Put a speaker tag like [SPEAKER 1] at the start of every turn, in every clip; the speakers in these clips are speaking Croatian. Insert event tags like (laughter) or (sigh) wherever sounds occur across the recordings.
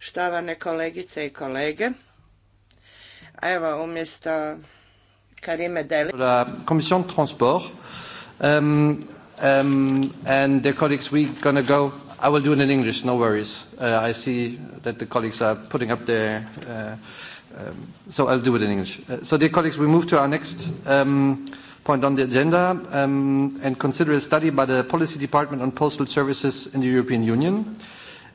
[SPEAKER 1] štavane kolegice i kolege. Evo, umjesto Karime Deli... La
[SPEAKER 2] Commission de Transport um, um, and the colleagues we to go... I will do it in English, no worries. Uh, I see that the colleagues are putting up their... Uh, um, so I'll do it in English. Uh, so dear colleagues, we move to our next um, point on the agenda um, and consider a study by the Policy Department on Postal Services in the European Union.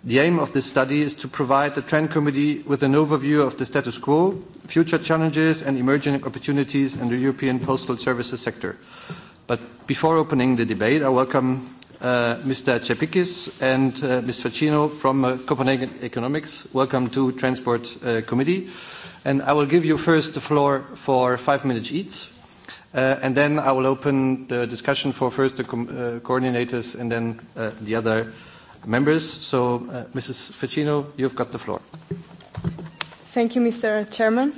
[SPEAKER 2] The aim of this study is to provide the Trend Committee with an overview of the status quo, future challenges and emerging opportunities in the European postal services sector. But before opening the debate, I welcome uh, Mr. Chepikis and uh, Ms. Facino from uh, Copenhagen Economics. Welcome to Transport uh, Committee. And I will give you first the floor for five minutes each. and then I will open the discussion for first the coordinators and then the other members. So, uh, Mrs. Ficino, you've got the floor.
[SPEAKER 3] Thank you, Mr. Chairman.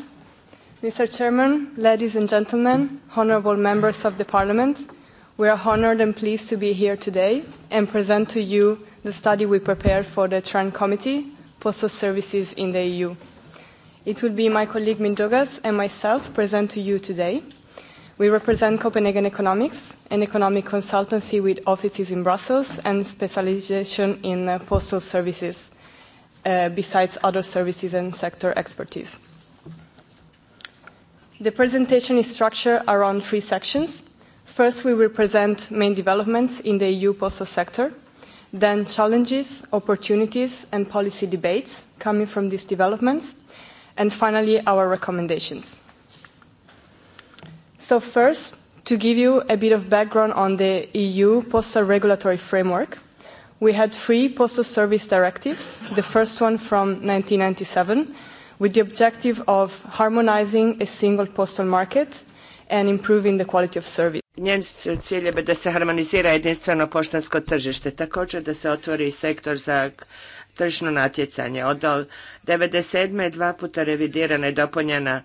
[SPEAKER 3] Mr. Chairman, ladies and gentlemen, honorable members of the Parliament, we are honored and pleased to be here today and present to you the study we prepared for the TRAN Committee, Postal Services in the EU. It will be my colleague Mindogas and myself present to you today. We represent Copenhagen Economics, an economic consultancy with offices in Brussels and specialization in uh, postal services, uh, besides other services and sector expertise. The presentation is structured around three sections. First, we will present main developments in the EU postal sector, then challenges, opportunities, and policy debates coming from these developments, and finally, our recommendations. So first, to give you a bit of background on the EU postal regulatory framework, we had three postal service directives, the first one from 1997, with the objective of harmonizing a single postal market and improving the quality of service. Njen cilj je da se harmonizira
[SPEAKER 1] jedinstveno poštansko tržište, također da se otvori sektor za tržno natjecanje. Od 1997. je dva puta revidirana i dopunjena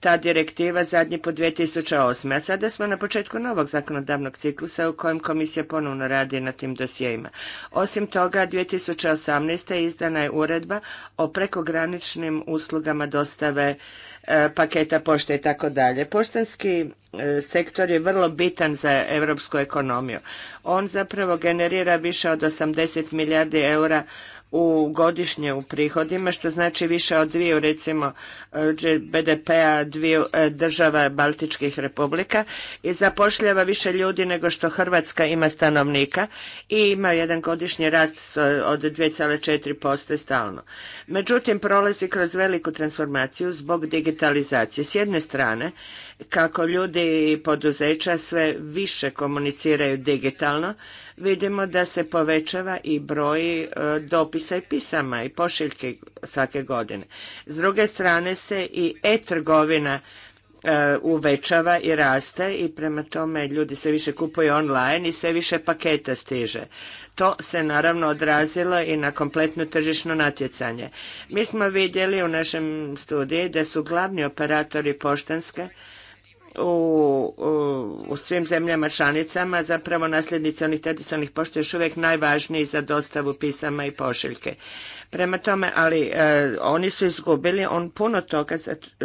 [SPEAKER 1] ta direktiva, zadnji po 2008. A sada smo na početku novog zakonodavnog ciklusa u kojem komisija ponovno radi na tim dosjejima. Osim toga, 2018. izdana je uredba o prekograničnim uslugama dostave e, paketa pošte i tako dalje. Poštanski e, sektor je vrlo bitan za europsku ekonomiju. On zapravo generira više od 80 milijardi eura u godišnje u prihodima, što znači više od dviju recimo e, BDP-a dviju e, država Baltičkih republika i zapošljava više ljudi nego što Hrvatska ima stanovnika i ima jedan godišnji rast od 2,4% stalno. Međutim, prolazi kroz veliku transformaciju zbog digitalizacije. S jedne strane, kako ljudi i poduzeća sve više komuniciraju digitalno, vidimo da se povećava i broj e, dopisa i pisama i pošiljki svake godine. S druge strane se i e-trgovina e, uvećava i raste i prema tome ljudi sve više kupuju online i sve više paketa stiže. To se naravno odrazilo i na kompletno tržišno natjecanje. Mi smo vidjeli u našem studiji da su glavni operatori poštanske u, u, svim zemljama članicama zapravo nasljednici onih tradicionalnih pošta još uvijek najvažniji za dostavu pisama i pošiljke. Prema tome, ali e, oni su izgubili on puno toga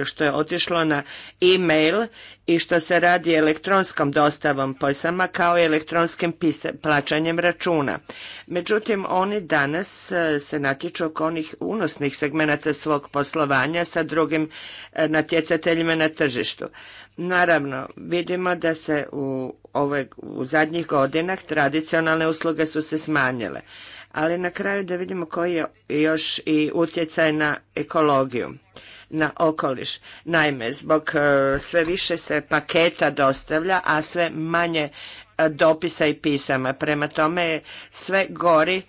[SPEAKER 1] što je otišlo na e-mail i što se radi elektronskom dostavom pojsama kao i elektronskim plaćanjem računa. Međutim, oni danas e, se natječu oko onih unosnih segmenata svog poslovanja sa drugim e, natjecateljima na tržištu. Naravno, vidimo da se u, ove, u zadnjih godinah tradicionalne usluge su se smanjile ali na kraju da vidimo koji je još i utjecaj na ekologiju na okoliš. Naime, zbog e, sve više se paketa dostavlja, a sve manje e, dopisa i pisama. Prema tome sve gori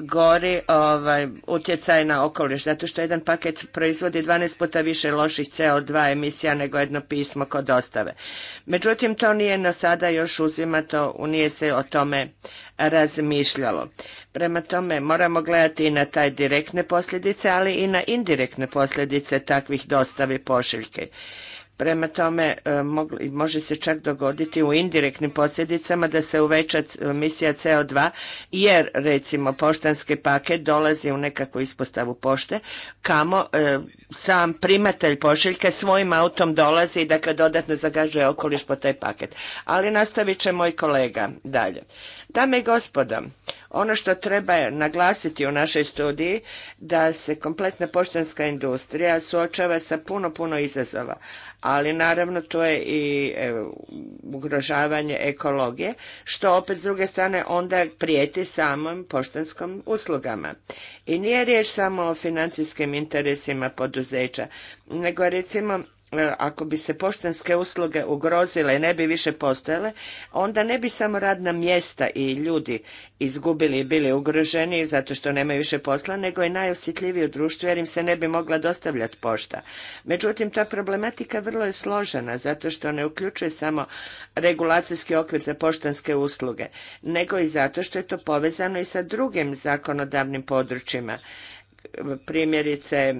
[SPEAKER 1] gori ovaj, utjecaj na okoliš, zato što jedan paket proizvodi 12 puta više loših CO2 emisija nego jedno pismo kod dostave. Međutim, to nije na sada još uzimato, nije se o tome razmišljalo. Prema tome, moramo gledati i na taj direktne posljedice, ali i na indirektne posljedice takvih dostavi pošiljke. Prema tome, e, može se čak dogoditi u indirektnim posljedicama da se uveća emisija CO2 jer recimo poštanski paket dolazi u nekakvu ispostavu pošte kamo e, sam primatelj pošiljke svojim autom dolazi i dakle dodatno zagađuje okoliš po taj paket. Ali nastavit će moj kolega dalje. Dame i gospodo, ono što treba naglasiti u našoj studiji da se kompletna poštanska industrija suočava sa puno, puno izazova, ali naravno to je i e, ugrožavanje ekologije, što opet s druge strane onda prijeti samom poštanskom uslugama. I nije riječ samo o financijskim interesima poduzeća, nego recimo E, ako bi se poštanske usluge ugrozile i ne bi više postojale, onda ne bi samo radna mjesta i ljudi izgubili i bili ugroženi zato što nemaju više posla, nego i najosjetljiviji u društvu jer im se ne bi mogla dostavljati pošta. Međutim, ta problematika vrlo je složena zato što ne uključuje samo regulacijski okvir za poštanske usluge, nego i zato što je to povezano i sa drugim zakonodavnim područjima primjerice e,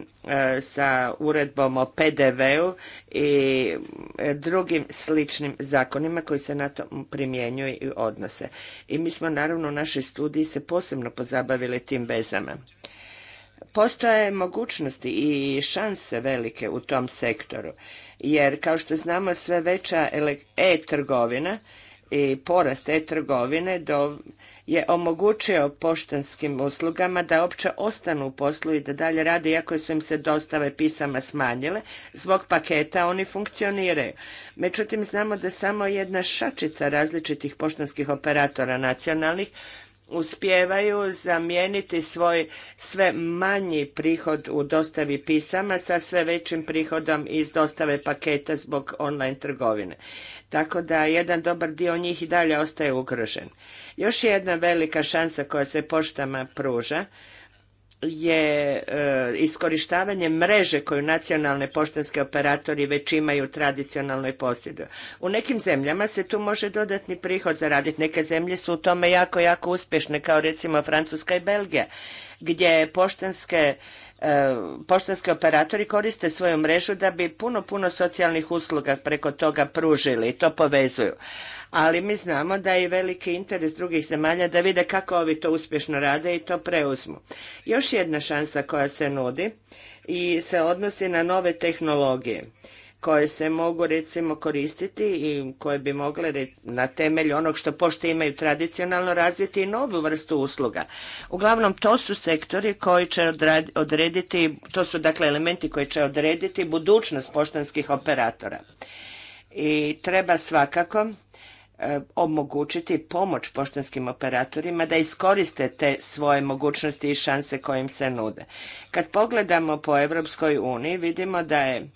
[SPEAKER 1] sa uredbom o PDV-u i drugim sličnim zakonima koji se na to primjenjuju i odnose. I mi smo naravno u našoj studiji se posebno pozabavili tim vezama. Postoje mogućnosti i šanse velike u tom sektoru, jer kao što znamo sve veća e-trgovina i porast e-trgovine do je omogućio poštanskim uslugama da opće ostanu u poslu i da dalje rade, iako su im se dostave pisama smanjile, zbog paketa oni funkcioniraju. Međutim, znamo da samo jedna šačica različitih poštanskih operatora nacionalnih uspijevaju zamijeniti svoj sve manji prihod u dostavi pisama sa sve većim prihodom iz dostave paketa zbog online trgovine. Tako da jedan dobar dio njih i dalje ostaje ugrožen. Još jedna velika šansa koja se poštama pruža je e, iskorištavanje mreže koju nacionalne poštanske operatori već imaju tradicionalno i posjeduju. U nekim zemljama se tu može dodatni prihod zaraditi. Neke zemlje su u tome jako, jako uspješne, kao recimo Francuska i Belgija, gdje poštanske e, poštanski operatori koriste svoju mrežu da bi puno, puno socijalnih usluga preko toga pružili i to povezuju ali mi znamo da je veliki interes drugih zemalja da vide kako ovi to uspješno rade i to preuzmu. Još jedna šansa koja se nudi i se odnosi na nove tehnologije koje se mogu recimo koristiti i koje bi mogle na temelju onog što pošte imaju tradicionalno razviti i novu vrstu usluga. Uglavnom to su sektori koji će odrediti, to su dakle elementi koji će odrediti budućnost poštanskih operatora. I treba svakako E, omogućiti pomoć poštanskim operatorima da iskoriste te svoje mogućnosti i šanse koje im se nude. Kad pogledamo po Evropskoj uniji vidimo da je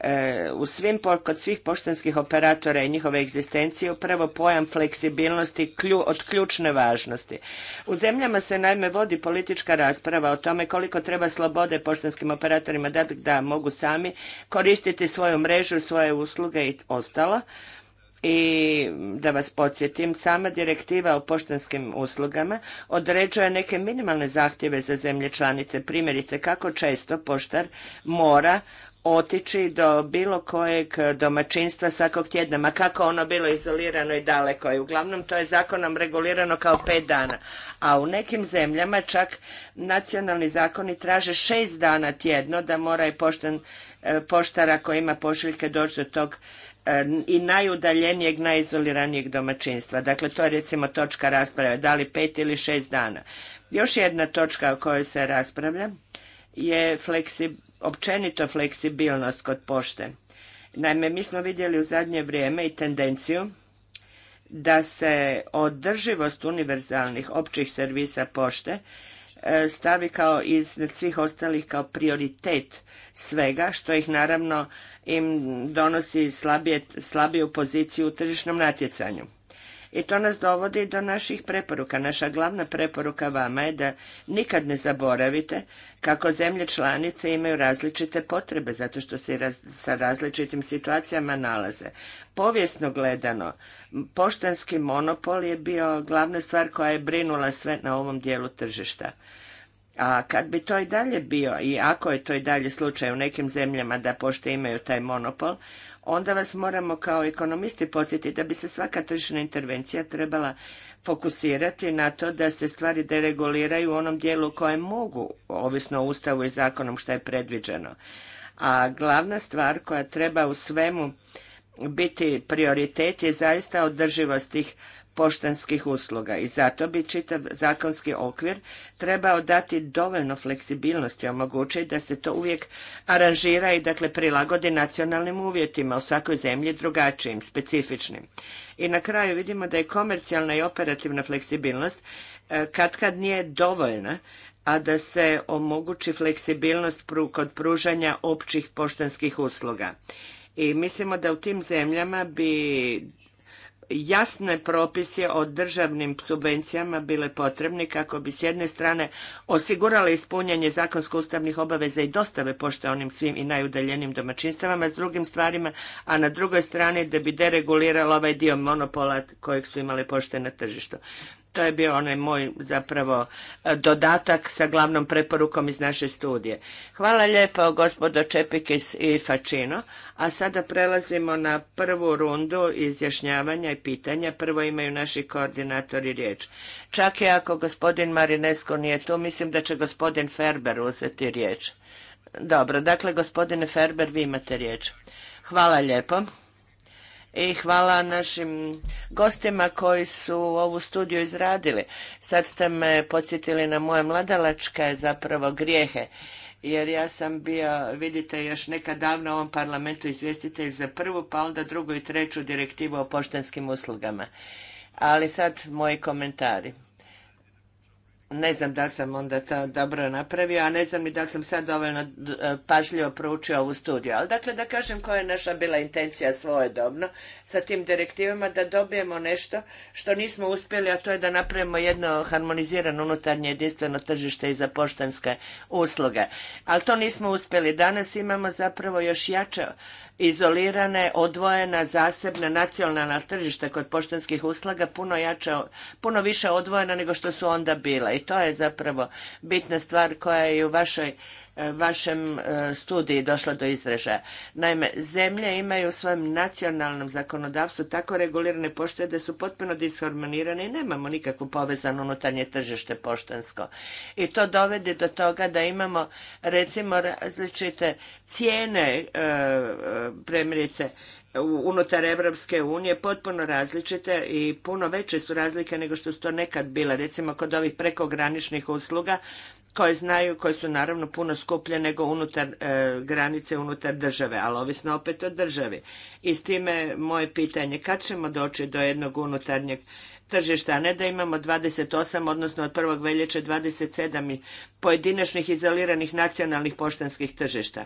[SPEAKER 1] e, u svim, kod svih poštanskih operatora i njihove egzistencije upravo pojam fleksibilnosti od ključne važnosti. U zemljama se naime vodi politička rasprava o tome koliko treba slobode poštanskim operatorima da, da mogu sami koristiti svoju mrežu, svoje usluge i ostalo, i da vas podsjetim, sama direktiva o poštanskim uslugama određuje neke minimalne zahtjeve za zemlje članice, primjerice kako često poštar mora otići do bilo kojeg domaćinstva svakog tjedna, ma kako ono bilo izolirano i daleko. I uglavnom to je zakonom regulirano kao pet dana. A u nekim zemljama čak nacionalni zakoni traže šest dana tjedno da mora i pošten, e, poštara koji ima pošiljke doći do tog i najudaljenijeg, najizoliranijeg domaćinstva. Dakle, to je recimo točka rasprave, da li pet ili šest dana. Još jedna točka o kojoj se raspravlja je općenito fleksibilnost kod pošte. Naime, mi smo vidjeli u zadnje vrijeme i tendenciju da se održivost univerzalnih općih servisa pošte e, stavi kao iznad svih ostalih kao prioritet svega, što ih naravno im donosi slabije, slabiju poziciju u tržišnom natjecanju. I to nas dovodi do naših preporuka. Naša glavna preporuka vama je da nikad ne zaboravite kako zemlje članice imaju različite potrebe zato što se raz, sa različitim situacijama nalaze. Povijesno gledano, poštanski monopol je bio glavna stvar koja je brinula sve na ovom dijelu tržišta. A kad bi to i dalje bio i ako je to i dalje slučaj u nekim zemljama da pošte imaju taj monopol, onda vas moramo kao ekonomisti podsjetiti da bi se svaka tržišna intervencija trebala fokusirati na to da se stvari dereguliraju u onom dijelu koje mogu, ovisno o Ustavu i zakonom što je predviđeno. A glavna stvar koja treba u svemu biti prioritet je zaista održivost tih poštanskih usluga i zato bi čitav zakonski okvir trebao dati dovoljno fleksibilnosti, omogućiti da se to uvijek aranžira i dakle prilagodi nacionalnim uvjetima u svakoj zemlji drugačijim, specifičnim. I na kraju vidimo da je komercijalna i operativna fleksibilnost e, kad kad nije dovoljna, a da se omogući fleksibilnost kod pružanja općih poštanskih usluga. I mislimo da u tim zemljama bi jasne propise o državnim subvencijama bile potrebne kako bi s jedne strane osigurale ispunjanje zakonsko-ustavnih obaveza i dostave pošte onim svim i najudaljenim domaćinstvama s drugim stvarima, a na drugoj strani da bi dereguliralo ovaj dio monopola kojeg su imale pošte na tržištu to je bio onaj moj zapravo e, dodatak sa glavnom preporukom iz naše studije. Hvala lijepo gospodo Čepikis i Fačino. A sada prelazimo na prvu rundu izjašnjavanja i pitanja. Prvo imaju naši koordinatori riječ. Čak i ako gospodin Marinesko nije tu, mislim da će gospodin Ferber uzeti riječ. Dobro, dakle gospodine Ferber vi imate riječ. Hvala lijepo i hvala našim gostima koji su ovu studiju izradili. Sad ste me podsjetili na moje mladalačke zapravo grijehe, jer ja sam bio, vidite, još nekad davno u ovom parlamentu izvjestitelj za prvu, pa onda drugu i treću direktivu o poštanskim uslugama. Ali sad moji komentari ne znam da li sam onda to dobro napravio, a ne znam i da li sam sad dovoljno e, pažljivo proučio ovu studiju. Ali dakle da kažem koja je naša bila intencija svojedobno sa tim direktivama da dobijemo nešto što nismo uspjeli, a to je da napravimo jedno harmonizirano unutarnje jedinstveno tržište i za poštanske usluge. Ali to nismo uspjeli. Danas imamo zapravo još jače izolirane, odvojena, zasebna, nacionalna tržišta kod poštanskih usluga puno jače, puno više odvojena nego što su onda bila. I to je zapravo bitna stvar koja je i u vašoj vašem e, studiji došlo do izražaja. Naime, zemlje imaju u svojem nacionalnom zakonodavstvu tako regulirane pošte da su potpuno disharmonirane i nemamo nikakvu povezano unutarnje tržište poštansko. I to dovedi do toga da imamo recimo različite cijene e, e, primjerice unutar Evropske unije potpuno različite i puno veće su razlike nego što su to nekad bile. Recimo kod ovih prekograničnih usluga koje znaju, koje su naravno puno skuplje nego unutar e, granice, unutar države, ali ovisno opet o državi. I s time moje pitanje, kad ćemo doći do jednog unutarnjeg tržišta, a ne da imamo 28, odnosno od 1. veljače 27 pojedinačnih izoliranih nacionalnih poštanskih tržišta.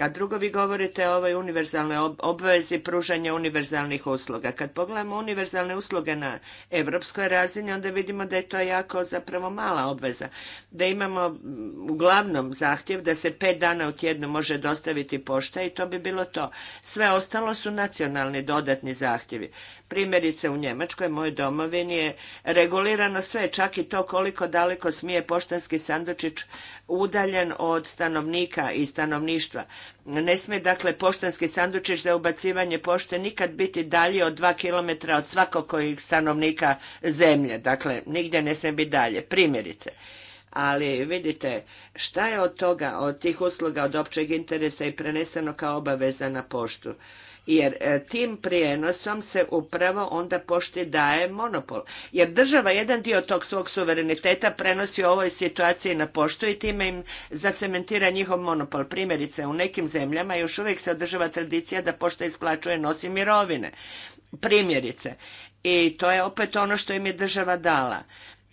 [SPEAKER 1] A drugo vi govorite o ovoj univerzalnoj obvezi pružanja univerzalnih usluga. Kad pogledamo univerzalne usluge na evropskoj razini, onda vidimo da je to jako zapravo mala obveza. Da imamo mm, uglavnom zahtjev da se pet dana u tjednu može dostaviti pošta i to bi bilo to. Sve ostalo su nacionalni dodatni zahtjevi. Primjerice u Njemačkoj, mojoj domovini, je regulirano sve, čak i to koliko daleko smije poštanski sandučić udaljen od stanovnika i stanovništva. Ne smije dakle poštanski sandučić za ubacivanje pošte nikad biti dalje od dva kilometra od svakog kojih stanovnika zemlje. Dakle, nigdje ne smije biti dalje. Primjerice. Ali vidite, šta je od toga, od tih usluga, od općeg interesa i preneseno kao obaveza na poštu? jer e, tim prijenosom se upravo onda pošti daje monopol. Jer država jedan dio tog svog suvereniteta prenosi u ovoj situaciji na poštu i time im zacementira njihov monopol. Primjerice, u nekim zemljama još uvijek se održava tradicija da pošta isplaćuje nosi mirovine. Primjerice. I to je opet ono što im je država dala.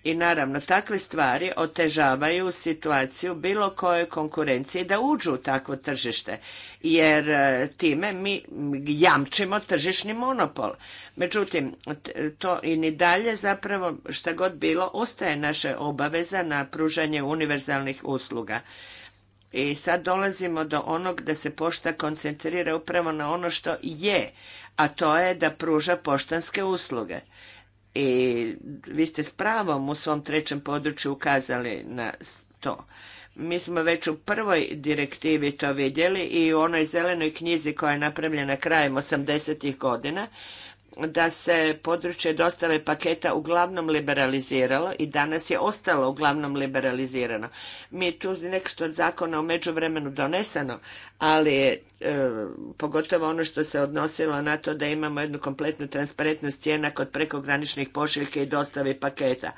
[SPEAKER 1] I naravno, takve stvari otežavaju situaciju bilo kojoj konkurenciji da uđu u takvo tržište, jer e, time mi jamčimo tržišni monopol. Međutim, to i ni dalje zapravo šta god bilo, ostaje naša obaveza na pružanje univerzalnih usluga. I sad dolazimo do onog da se pošta koncentrira upravo na ono što je, a to je da pruža poštanske usluge. I vi ste s pravom u svom trećem području ukazali na to. Mi smo već u prvoj direktivi to vidjeli i u onoj zelenoj knjizi koja je napravljena krajem 80. godina da se područje dostave paketa uglavnom liberaliziralo i danas je ostalo uglavnom liberalizirano. Mi je tu nešto zakona u međuvremenu doneseno, ali je e, pogotovo ono što se odnosilo na to da imamo jednu kompletnu transparentnost cijena kod prekograničnih pošiljke i dostave paketa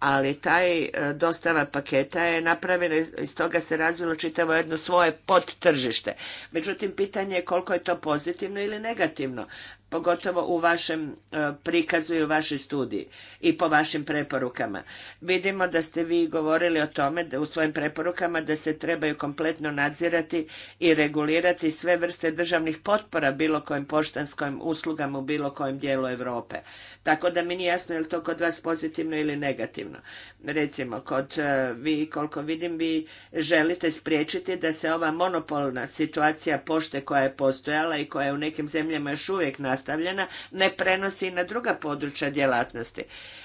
[SPEAKER 1] ali taj e, dostava paketa je napravila, iz toga se razvilo čitavo jedno svoje podtržište. Međutim, pitanje je koliko je to pozitivno ili negativno pogotovo u vašem e, prikazu i u vašoj studiji i po vašim preporukama. Vidimo da ste vi govorili o tome da u svojim preporukama da se trebaju kompletno nadzirati i regulirati sve vrste državnih potpora bilo kojim poštanskom uslugama u bilo kojem dijelu Europe. Tako da mi nije jasno je li to kod vas pozitivno ili negativno. Recimo, kod e, vi, koliko vidim, vi želite spriječiti da se ova monopolna situacija pošte koja je postojala i koja je u nekim zemljama još uvijek nastavlja stavljena, ne prenosi na druga područja djelatnosti.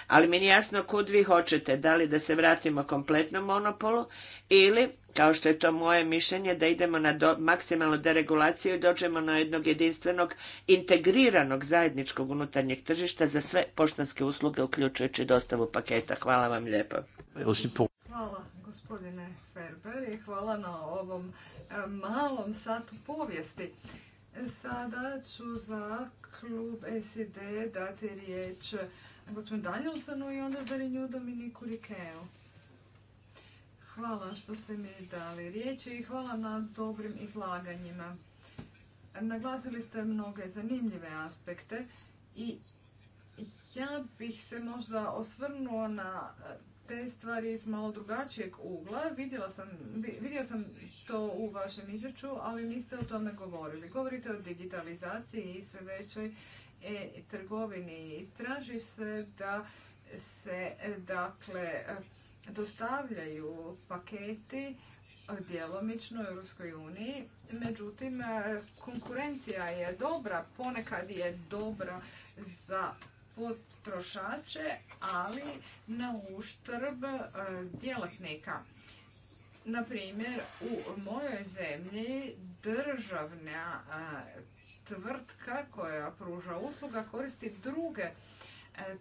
[SPEAKER 1] Ali mi nije jasno kud vi hoćete, da li da se vratimo kompletnom monopolu ili, kao što je to moje mišljenje, da idemo na maksimalnu deregulaciju i dođemo na jednog jedinstvenog, integriranog zajedničkog unutarnjeg tržišta za sve poštanske usluge, uključujući dostavu paketa. Hvala vam lijepo.
[SPEAKER 4] Hvala gospodine Ferber i hvala na ovom e, malom satu povijesti. E, sada ću za klub SED dati riječ gospodinu Danielsonu i onda za Renju Dominiku Rikeu. Hvala što ste mi dali riječ i hvala na dobrim izlaganjima. Naglasili ste mnoge zanimljive aspekte i ja bih se možda osvrnuo na te stvari iz malo drugačijeg ugla. Vidjela sam, sam to u vašem izvješću, ali niste o tome govorili. Govorite o digitalizaciji i sve većoj e, trgovini. Traži se da se dakle dostavljaju paketi djelomično u Europskoj uniji. Međutim, konkurencija je dobra, ponekad je dobra za potrošače, ali na uštrb e, djelatnika. Naprimjer, u mojoj zemlji državna e, tvrtka koja pruža usluga koristi druge e,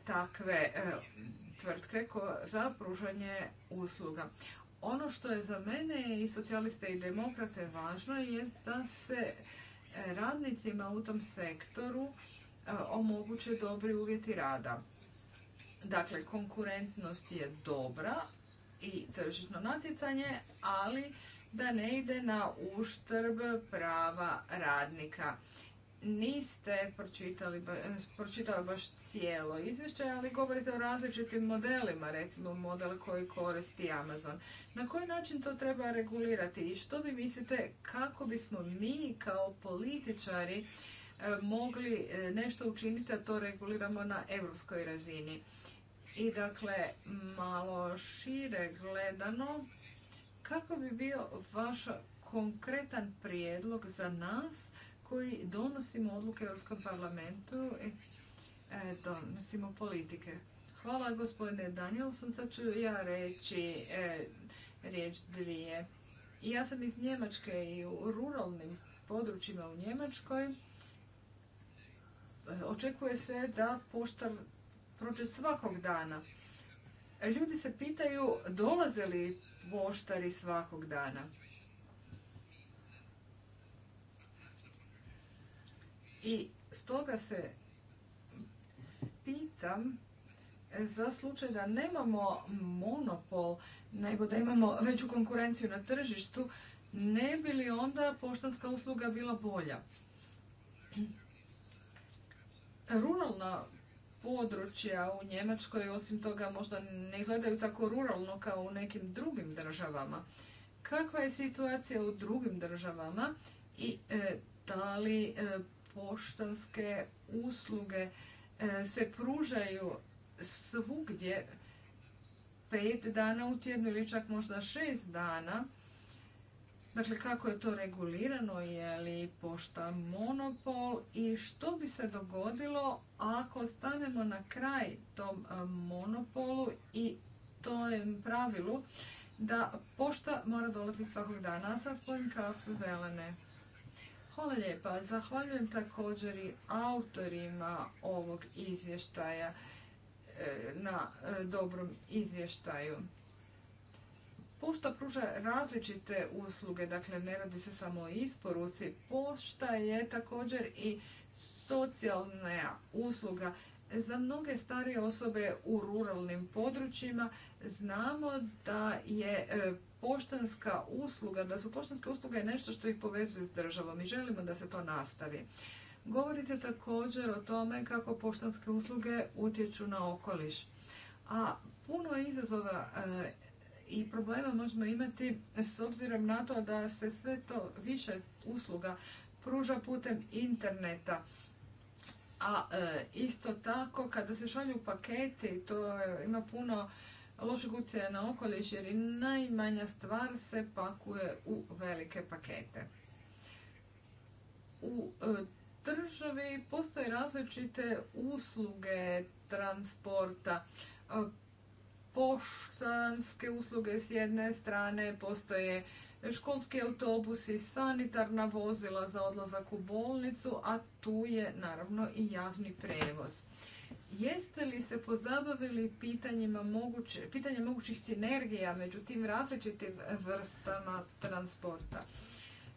[SPEAKER 4] takve tvrtke za pružanje usluga. Ono što je za mene i socijaliste i demokrate važno je da se radnicima u tom sektoru E, omoguće dobri uvjeti rada. Dakle, konkurentnost je dobra i tržišno natjecanje, ali da ne ide na uštrb prava radnika. Niste pročitali, e, pročitali baš cijelo izvješće, ali govorite o različitim modelima, recimo model koji koristi Amazon. Na koji način to treba regulirati i što vi mislite kako bismo mi kao političari E, mogli e, nešto učiniti, a to reguliramo na europskoj razini. I dakle, malo šire gledano, kako bi bio vaš konkretan prijedlog za nas koji donosimo odluke u Europskom parlamentu i e, donosimo politike? Hvala gospodine Danielson, sad ću ja reći riječ dvije. Ja sam iz Njemačke i u ruralnim područjima u Njemačkoj očekuje se da poštar prođe svakog dana. Ljudi se pitaju dolaze li poštari svakog dana. I stoga se pitam za slučaj da nemamo monopol, nego da imamo veću konkurenciju na tržištu, ne bi li onda poštanska usluga bila bolja? ruralna područja u Njemačkoj, osim toga možda ne gledaju tako ruralno kao u nekim drugim državama. Kakva je situacija u drugim državama i e, da li e, poštanske usluge e, se pružaju svugdje pet dana u tjednu ili čak možda šest dana Dakle, kako je to regulirano, je li pošta monopol i što bi se dogodilo ako stanemo na kraj tom e, monopolu i tom pravilu da pošta mora dolaziti svakog dana, a sad pojim su zelene. Hvala lijepa. Zahvaljujem također i autorima ovog izvještaja e, na e, dobrom izvještaju. Pošta pruža različite usluge, dakle ne radi se samo o isporuci. Pošta je također i socijalna usluga. Za mnoge starije osobe u ruralnim područjima znamo da je e, poštanska usluga, da su poštanske usluge nešto što ih povezuje s državom i želimo da se to nastavi. Govorite također o tome kako poštanske usluge utječu na okoliš. A puno izazova e, i problema možemo imati s obzirom na to da se sve to više usluga pruža putem interneta. A e, isto tako kada se šalju paketi, to ima puno lošeg utjecaja na okoliš jer i najmanja stvar se pakuje u velike pakete. U e, državi postoje različite usluge transporta poštanske usluge s jedne strane, postoje školski autobusi, sanitarna vozila za odlazak u bolnicu, a tu je naravno i javni prevoz. Jeste li se pozabavili pitanjima pitanje mogućih sinergija među tim različitim vrstama transporta?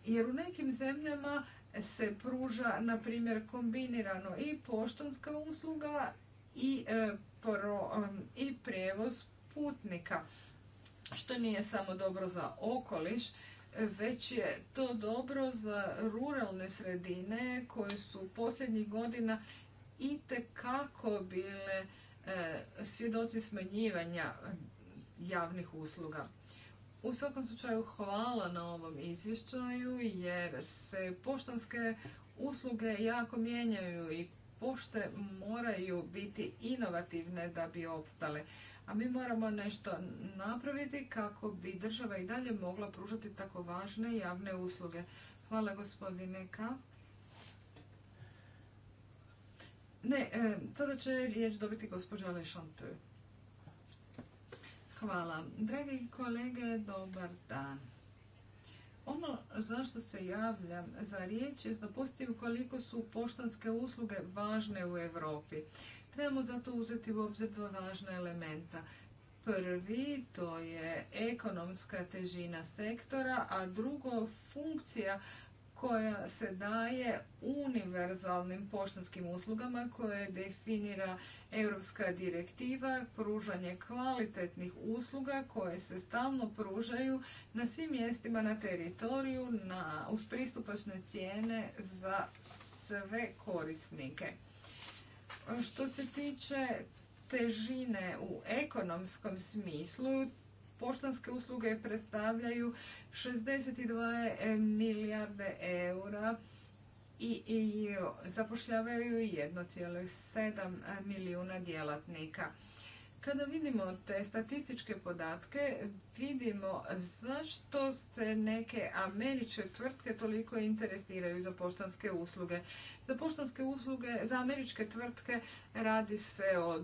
[SPEAKER 4] Jer u nekim zemljama se pruža, na primjer, kombinirano i poštanska usluga i, e, um, i prijevoz putnika. Što nije samo dobro za okoliš, već je to dobro za ruralne sredine koje su posljednjih godina i kako bile e, svjedoci smanjivanja javnih usluga. U svakom slučaju hvala na ovom izvješćaju jer se poštanske usluge jako mijenjaju i pošte moraju biti inovativne da bi opstale. A mi moramo nešto napraviti kako bi država i dalje mogla pružati tako važne javne usluge. Hvala gospodine K. Ne, e, sada će riječ dobiti gospođa Lešantu. Hvala. Dragi kolege, dobar dan. Ono zašto se javljam za riječ je da postavim koliko su poštanske usluge važne u Europi. Trebamo zato uzeti u obzir dva važna elementa. Prvi to je ekonomska težina sektora, a drugo funkcija koja se daje univerzalnim poštanskim uslugama koje definira europska direktiva, pružanje kvalitetnih usluga koje se stalno pružaju na svim mjestima na teritoriju na, uz pristupačne cijene za sve korisnike. Što se tiče težine u ekonomskom smislu, poštanske usluge predstavljaju 62 milijarde eura i, zapošljavaju 1,7 milijuna djelatnika. Kada vidimo te statističke podatke, vidimo zašto se neke američke tvrtke toliko interesiraju za poštanske usluge. Za poštanske usluge, za američke tvrtke radi se o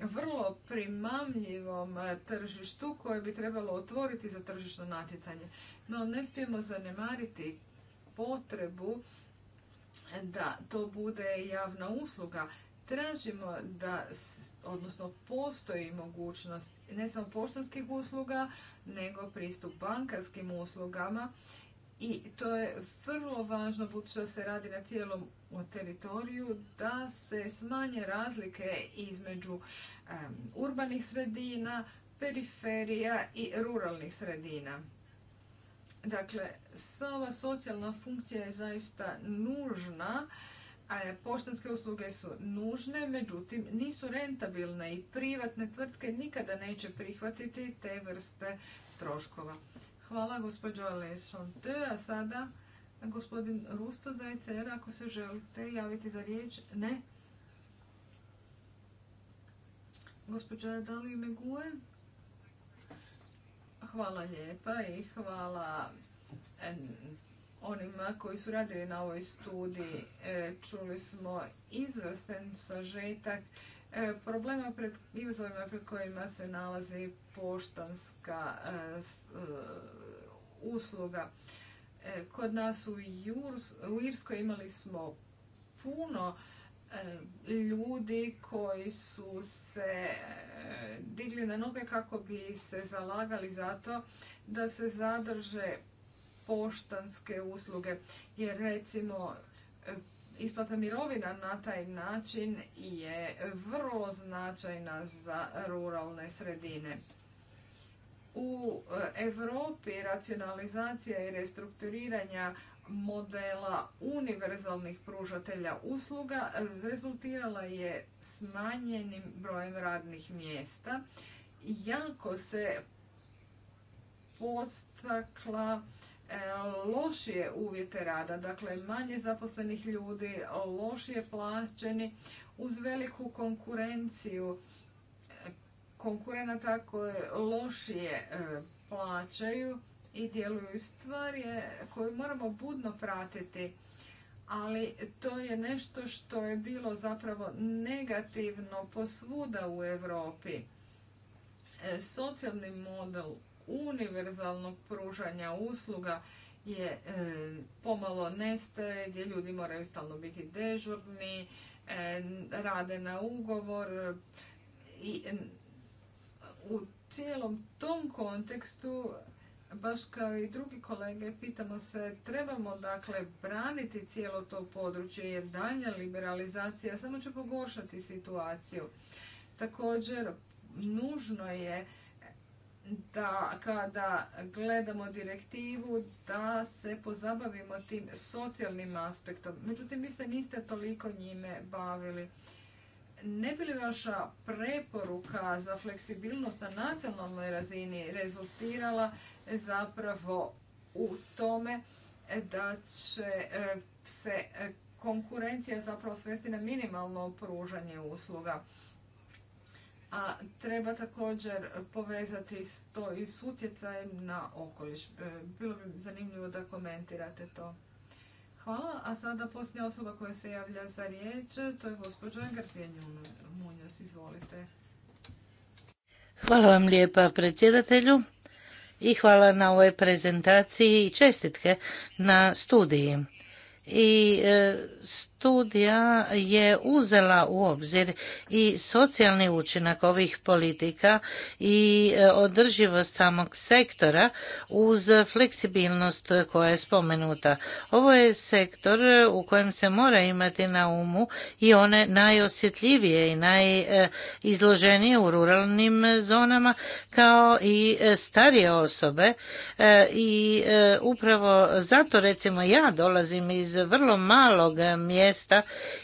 [SPEAKER 4] vrlo primamljivom e, tržištu koje bi trebalo otvoriti za tržišno natjecanje. No ne smijemo zanemariti potrebu da to bude javna usluga. Tražimo da, odnosno postoji mogućnost ne samo poštanskih usluga, nego pristup bankarskim uslugama i to je vrlo važno budući da se radi na cijelom teritoriju da se smanje razlike između urbanih sredina, periferija i ruralnih sredina. Dakle, sama socijalna funkcija je zaista nužna, a poštanske usluge su nužne, međutim nisu rentabilne i privatne tvrtke nikada neće prihvatiti te vrste troškova. Hvala gospođo Lešonte. A sada gospodin Rusto za ako se želite javiti za riječ. Ne. Gospođa Dali Megue. Hvala lijepa i hvala onima koji su radili na ovoj studiji. E, čuli smo izvrsten sažetak e, problema pred izazovima pred kojima se nalazi poštanska e, usluga. E, kod nas u, Jurs, u Irskoj imali smo puno e, ljudi koji su se e, digli na noge kako bi se zalagali za to da se zadrže poštanske usluge. Jer recimo isplata mirovina na taj način je vrlo značajna za ruralne sredine u eh, Europi racionalizacija i restrukturiranja modela univerzalnih pružatelja usluga eh, rezultirala je smanjenim brojem radnih mjesta. Jako se postakla eh, lošije uvjete rada, dakle manje zaposlenih ljudi, lošije plaćeni uz veliku konkurenciju konkurenata koje lošije e, plaćaju i djeluju stvari e, koje moramo budno pratiti. Ali to je nešto što je bilo zapravo negativno posvuda u Europi. E, socijalni model univerzalnog pružanja usluga je pomalo nestaje gdje ljudi moraju stalno biti dežurni, rade na ugovor i u cijelom tom kontekstu baš kao i drugi kolege pitamo se trebamo dakle braniti cijelo to područje jer danja liberalizacija samo će pogoršati situaciju. Također nužno je da kada gledamo direktivu da se pozabavimo tim socijalnim aspektom. Međutim, vi se niste toliko njime bavili. Ne bi li vaša preporuka za fleksibilnost na nacionalnoj razini rezultirala zapravo u tome da će e, se e, konkurencija zapravo svesti na minimalno pružanje usluga? A treba također povezati to i s utjecajem na okoliš. E, bilo bi zanimljivo da komentirate to. Hvala, a sada posljednja osoba koja se javlja za riječ, to je gospođa Garcija Munjos, izvolite.
[SPEAKER 5] Hvala vam lijepa predsjedatelju i hvala na ovoj prezentaciji i čestitke na studiji. I e, studija je uzela u obzir i socijalni učinak ovih politika i e, održivost samog sektora uz fleksibilnost koja je spomenuta. Ovo je sektor u kojem se mora imati na umu i one najosjetljivije i najizloženije u ruralnim zonama kao i e, starije osobe e, i upravo zato recimo ja dolazim iz vrlo malog mjesta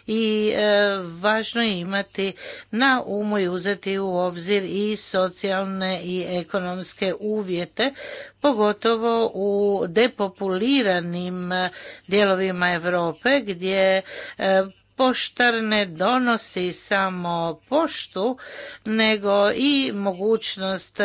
[SPEAKER 5] i e, važno je imati na umu i uzeti u obzir i socijalne i ekonomske uvjete pogotovo u depopuliranim e, dijelovima Europe gdje e, poštar ne donosi samo poštu, nego i mogućnost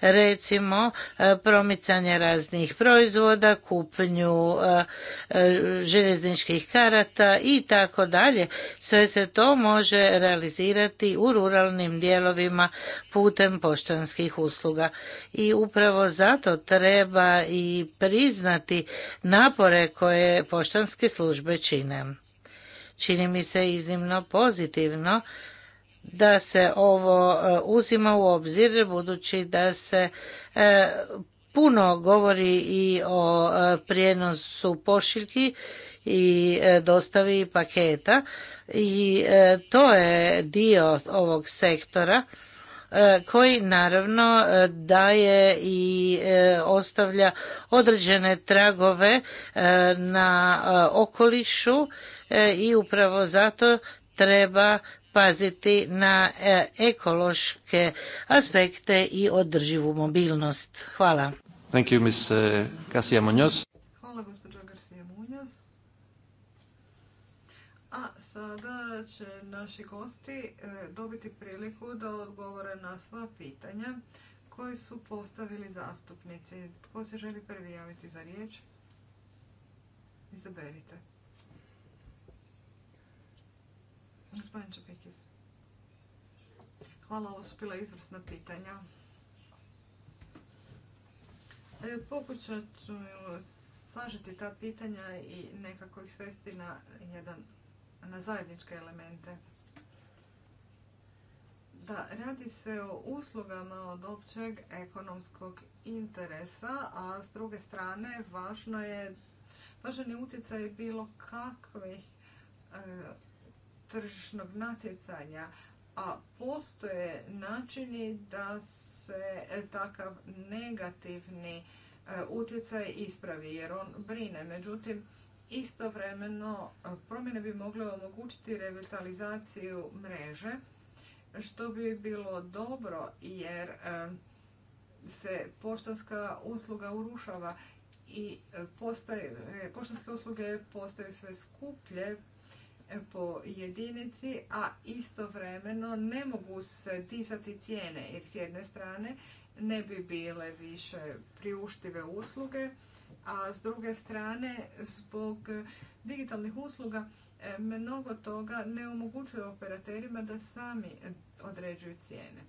[SPEAKER 5] recimo e, promicanja raznih proizvoda, kupnju e, e, željezničkih karata i tako dalje. Sve se to može realizirati u ruralnim dijelovima putem poštanskih usluga. I upravo zato treba i priznati napore koje poštanske službe čine čini mi se iznimno pozitivno da se ovo e, uzima u obzir budući da se e, puno govori i o e, prijenosu pošiljki i dostavi paketa i to je dio ovog sektora koji naravno daje i ostavlja određene tragove na okolišu E, i upravo zato treba paziti na e, ekološke aspekte i održivu mobilnost. Hvala.
[SPEAKER 2] Thank you, Ms. E,
[SPEAKER 4] Hvala, gospođo Garcia Munoz. A sada će naši gosti dobiti priliku da odgovore na sva pitanja koji su postavili zastupnici. Tko se želi prvi javiti za riječ? Izaberite. Gospodin Čepekis. Hvala, ovo su bila izvrsna pitanja. E, pokušat ću sažeti ta pitanja i nekako ih svesti na, jedan, na zajedničke elemente. Da, radi se o uslugama od općeg ekonomskog interesa, a s druge strane važno je, važan je utjecaj bilo kakvih e, tržišnog natjecanja, a postoje načini da se e, takav negativni e, utjecaj ispravi jer on brine. Međutim, istovremeno e, promjene bi mogle omogućiti revitalizaciju mreže što bi bilo dobro jer se poštanska usluga urušava i poštanske usluge postaju sve skuplje po jedinici, a istovremeno ne mogu se tisati cijene jer s jedne strane ne bi bile više priuštive usluge, a s druge strane zbog digitalnih usluga e, mnogo toga ne omogućuje operaterima da sami određuju cijene.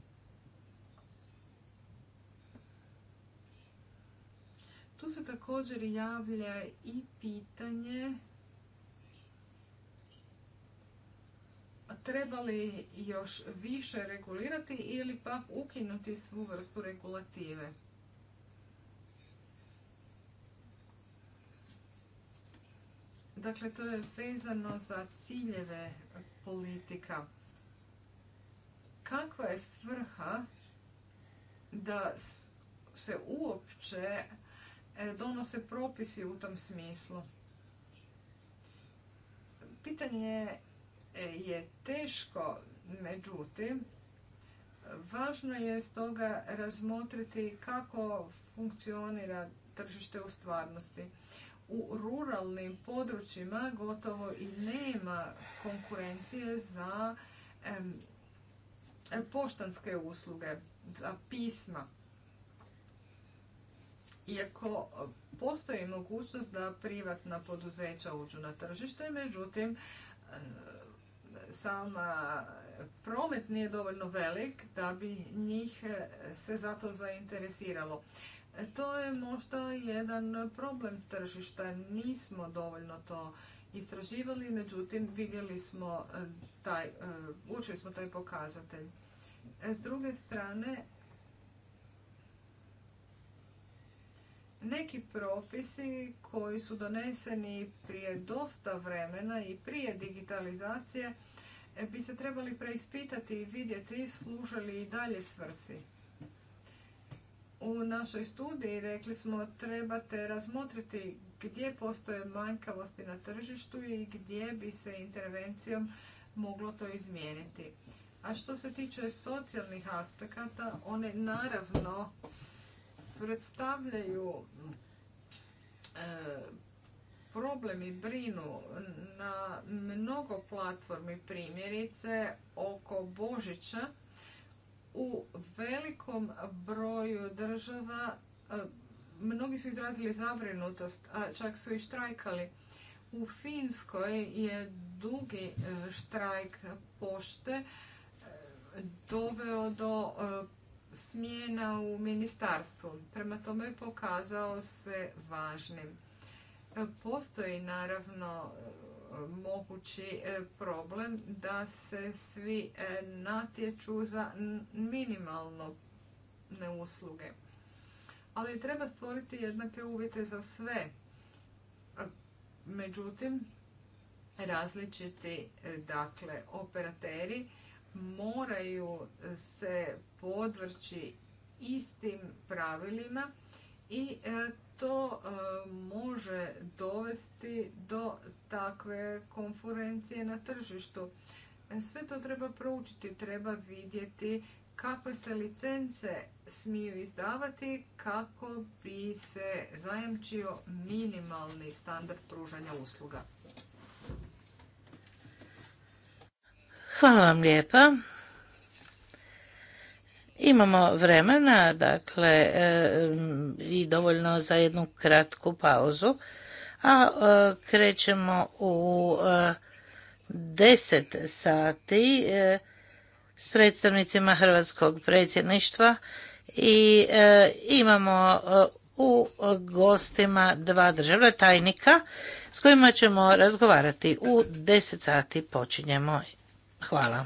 [SPEAKER 4] Tu se također javlja i pitanje trebali još više regulirati ili pak ukinuti svu vrstu regulative. Dakle, to je vezano za ciljeve politika. Kakva je svrha da se uopće e, donose propisi u tom smislu? Pitanje E, je teško, međutim, važno je stoga razmotriti kako funkcionira tržište u stvarnosti. U ruralnim područjima gotovo i nema konkurencije za poštanske usluge, za pisma. Iako postoji mogućnost da privatna poduzeća uđu na tržište, međutim, sam promet nije dovoljno velik da bi njih e, se zato zainteresiralo. E, to je možda jedan problem tržišta. Nismo dovoljno to istraživali, međutim vidjeli smo e, taj, učili smo taj pokazatelj. S druge strane, neki propisi koji su doneseni prije dosta vremena i prije digitalizacije e, bi se trebali preispitati i vidjeti služe li i dalje svrsi. U našoj studiji rekli smo trebate razmotriti gdje postoje manjkavosti na tržištu i gdje bi se intervencijom moglo to izmijeniti. A što se tiče socijalnih aspekata, one naravno predstavljaju e, problem i brinu na mnogo platformi primjerice oko Božića u velikom broju država e, mnogi su izrazili zabrinutost, a čak su i štrajkali. U Finskoj je dugi e, štrajk pošte doveo do smjena u ministarstvu. Prema tome pokazao se važnim. Postoji naravno mogući e, problem da se svi e, natječu za minimalno usluge. Ali treba stvoriti jednake uvjete za sve. Međutim, različiti e, dakle, operateri moraju se podvrći istim pravilima i e, to e, može dovesti do takve konferencije na tržištu. E, sve to treba proučiti, treba vidjeti kakve se licence smiju izdavati kako bi se zajamčio minimalni standard pružanja usluga.
[SPEAKER 5] Hvala vam lijepa. Imamo vremena, dakle, e, i dovoljno za jednu kratku pauzu, a e, krećemo u 10 e, sati s predstavnicima Hrvatskog predsjedništva i imamo u gostima dva državna tajnika s kojima ćemo razgovarati. U 10 sati počinjemo Hvala.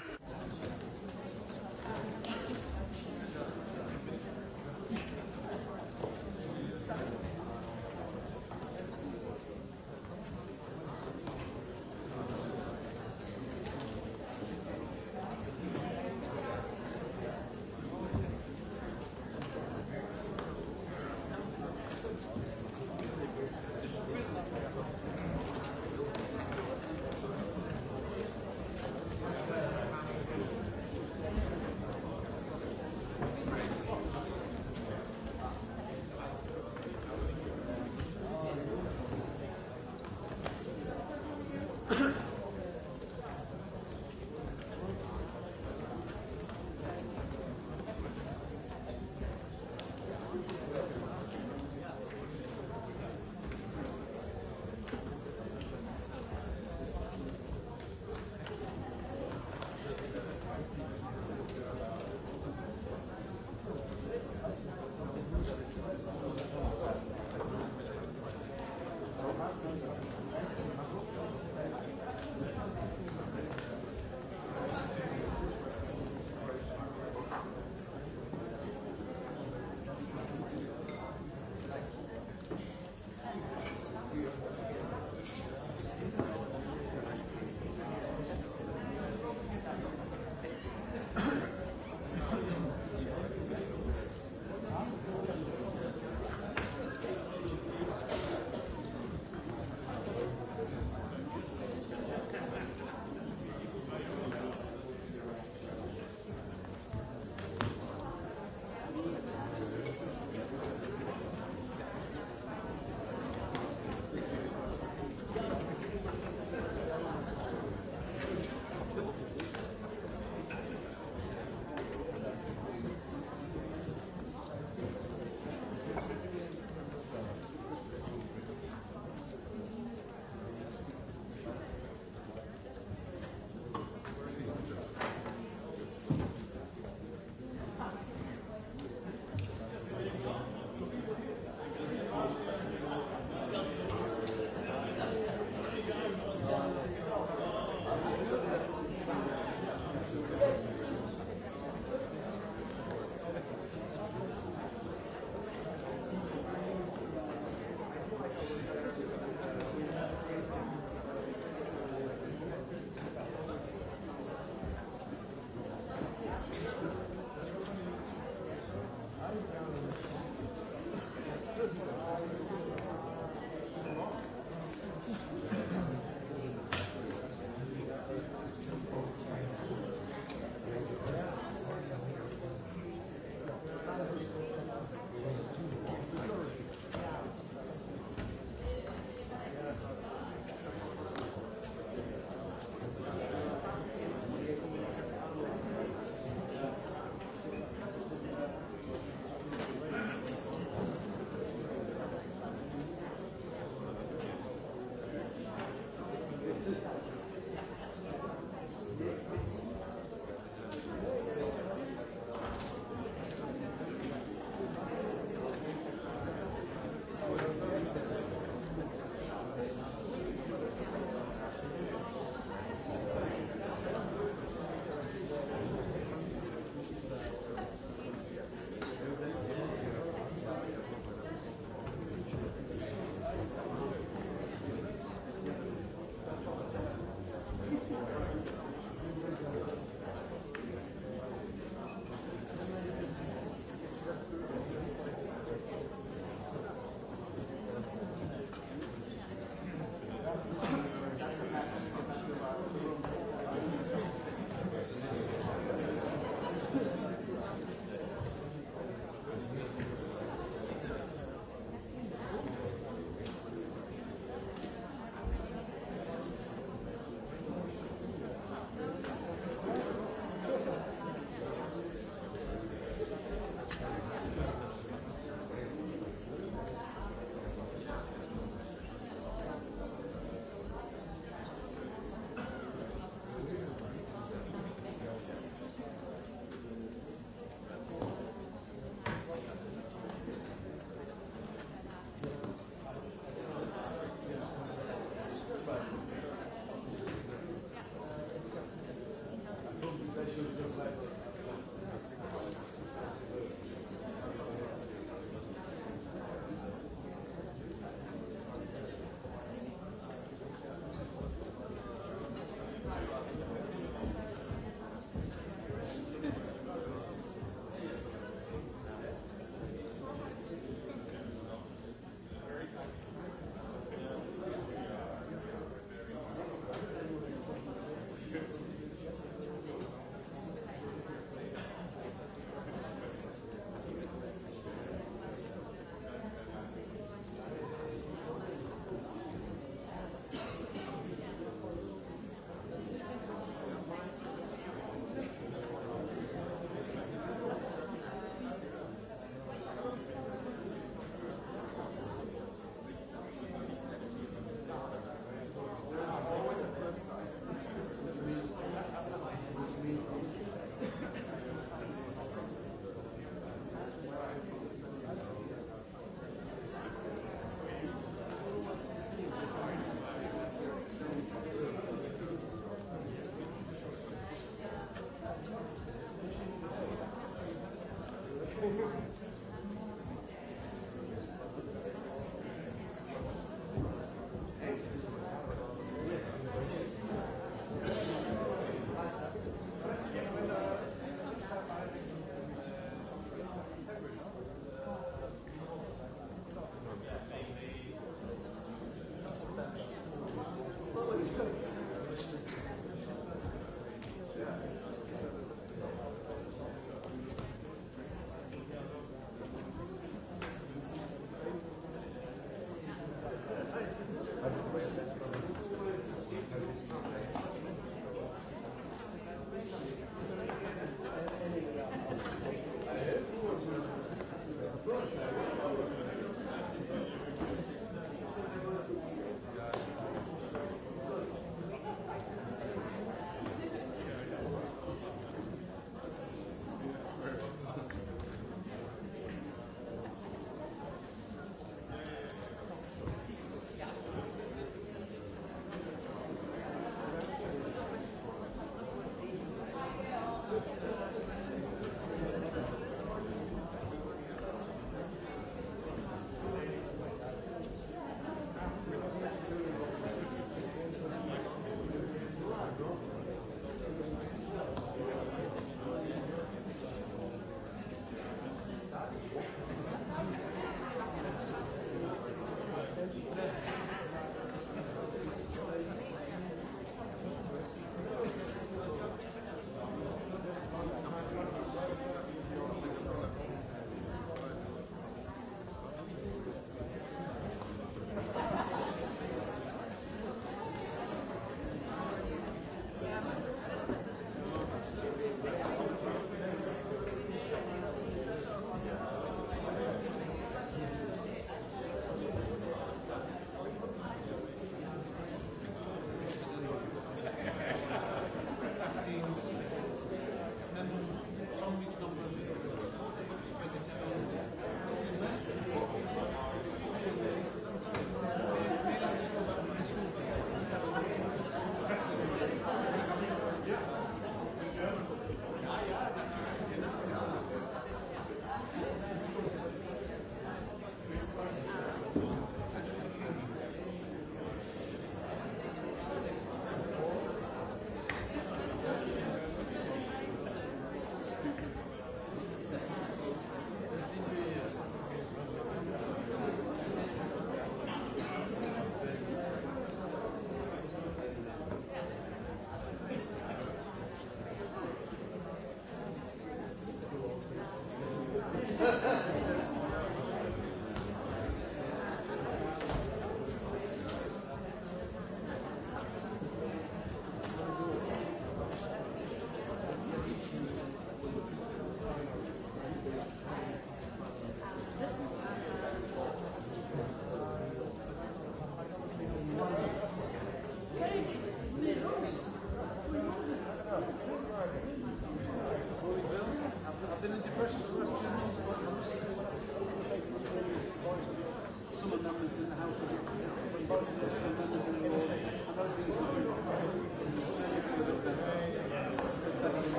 [SPEAKER 5] mm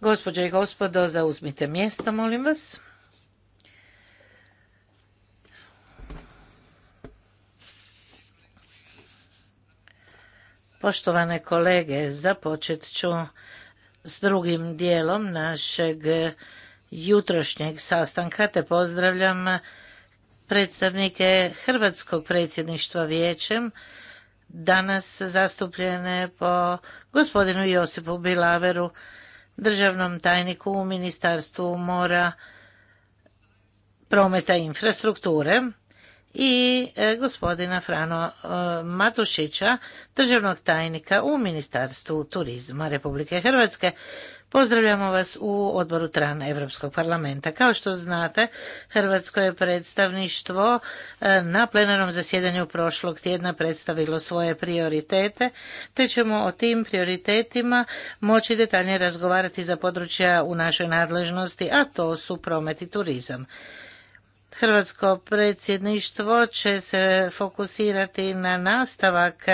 [SPEAKER 5] Gospođe i gospodo, zauzmite mjesto, molim vas. Poštovane kolege, započet ću s drugim dijelom našeg jutrošnjeg sastanka, te pozdravljam predstavnike Hrvatskog predsjedništva vijećem, danas zastupljene po gospodinu Josipu Bilaveru, državnom tajniku u Ministarstvu mora, prometa i infrastrukture i e, gospodina Frano e, Matušića, državnog tajnika u Ministarstvu turizma Republike Hrvatske. Pozdravljamo vas u odboru TRAN Europskog parlamenta. Kao što znate, Hrvatsko je predstavništvo e, na plenarnom zasjedanju prošlog tjedna predstavilo svoje prioritete, te ćemo o tim prioritetima moći detaljnije razgovarati za područja u našoj nadležnosti, a to su promet i turizam. Hrvatsko predsjedništvo će se fokusirati na nastavak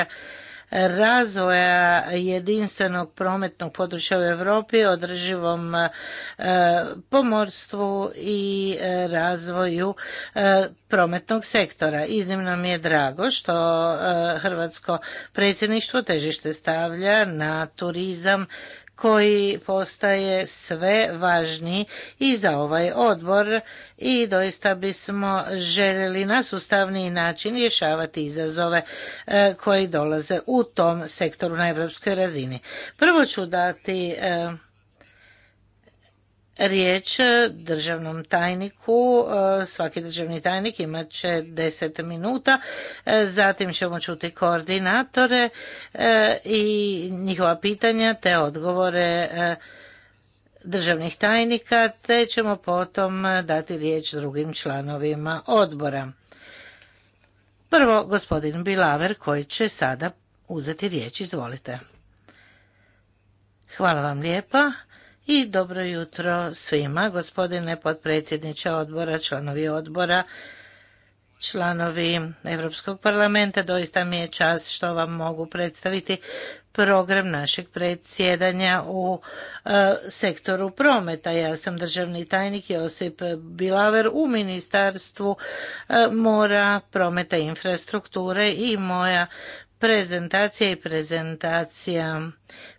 [SPEAKER 5] razvoja jedinstvenog prometnog područja u Europi, održivom e, pomorstvu i e, razvoju e, prometnog sektora. Iznimno mi je drago što Hrvatsko predsjedništvo težište stavlja na turizam koji postaje sve važniji i za ovaj odbor i doista bismo željeli na sustavniji način rješavati izazove e, koji dolaze u tom sektoru na europskoj razini. Prvo ću dati e, riječ državnom tajniku. E, svaki državni tajnik imat će deset minuta. E, zatim ćemo čuti koordinatore e, i njihova pitanja te odgovore državnih tajnika, te ćemo potom dati riječ drugim članovima odbora. Prvo, gospodin Bilaver, koji će sada uzeti riječ. Izvolite. Hvala vam lijepa i dobro jutro svima, gospodine potpredsjedniče odbora, članovi odbora, članovi Europskog parlamenta. Doista mi je čast što vam mogu predstaviti program našeg predsjedanja u e, sektoru prometa. Ja sam državni tajnik Josip Bilaver u Ministarstvu e, mora, prometa i infrastrukture i moja prezentacija i prezentacija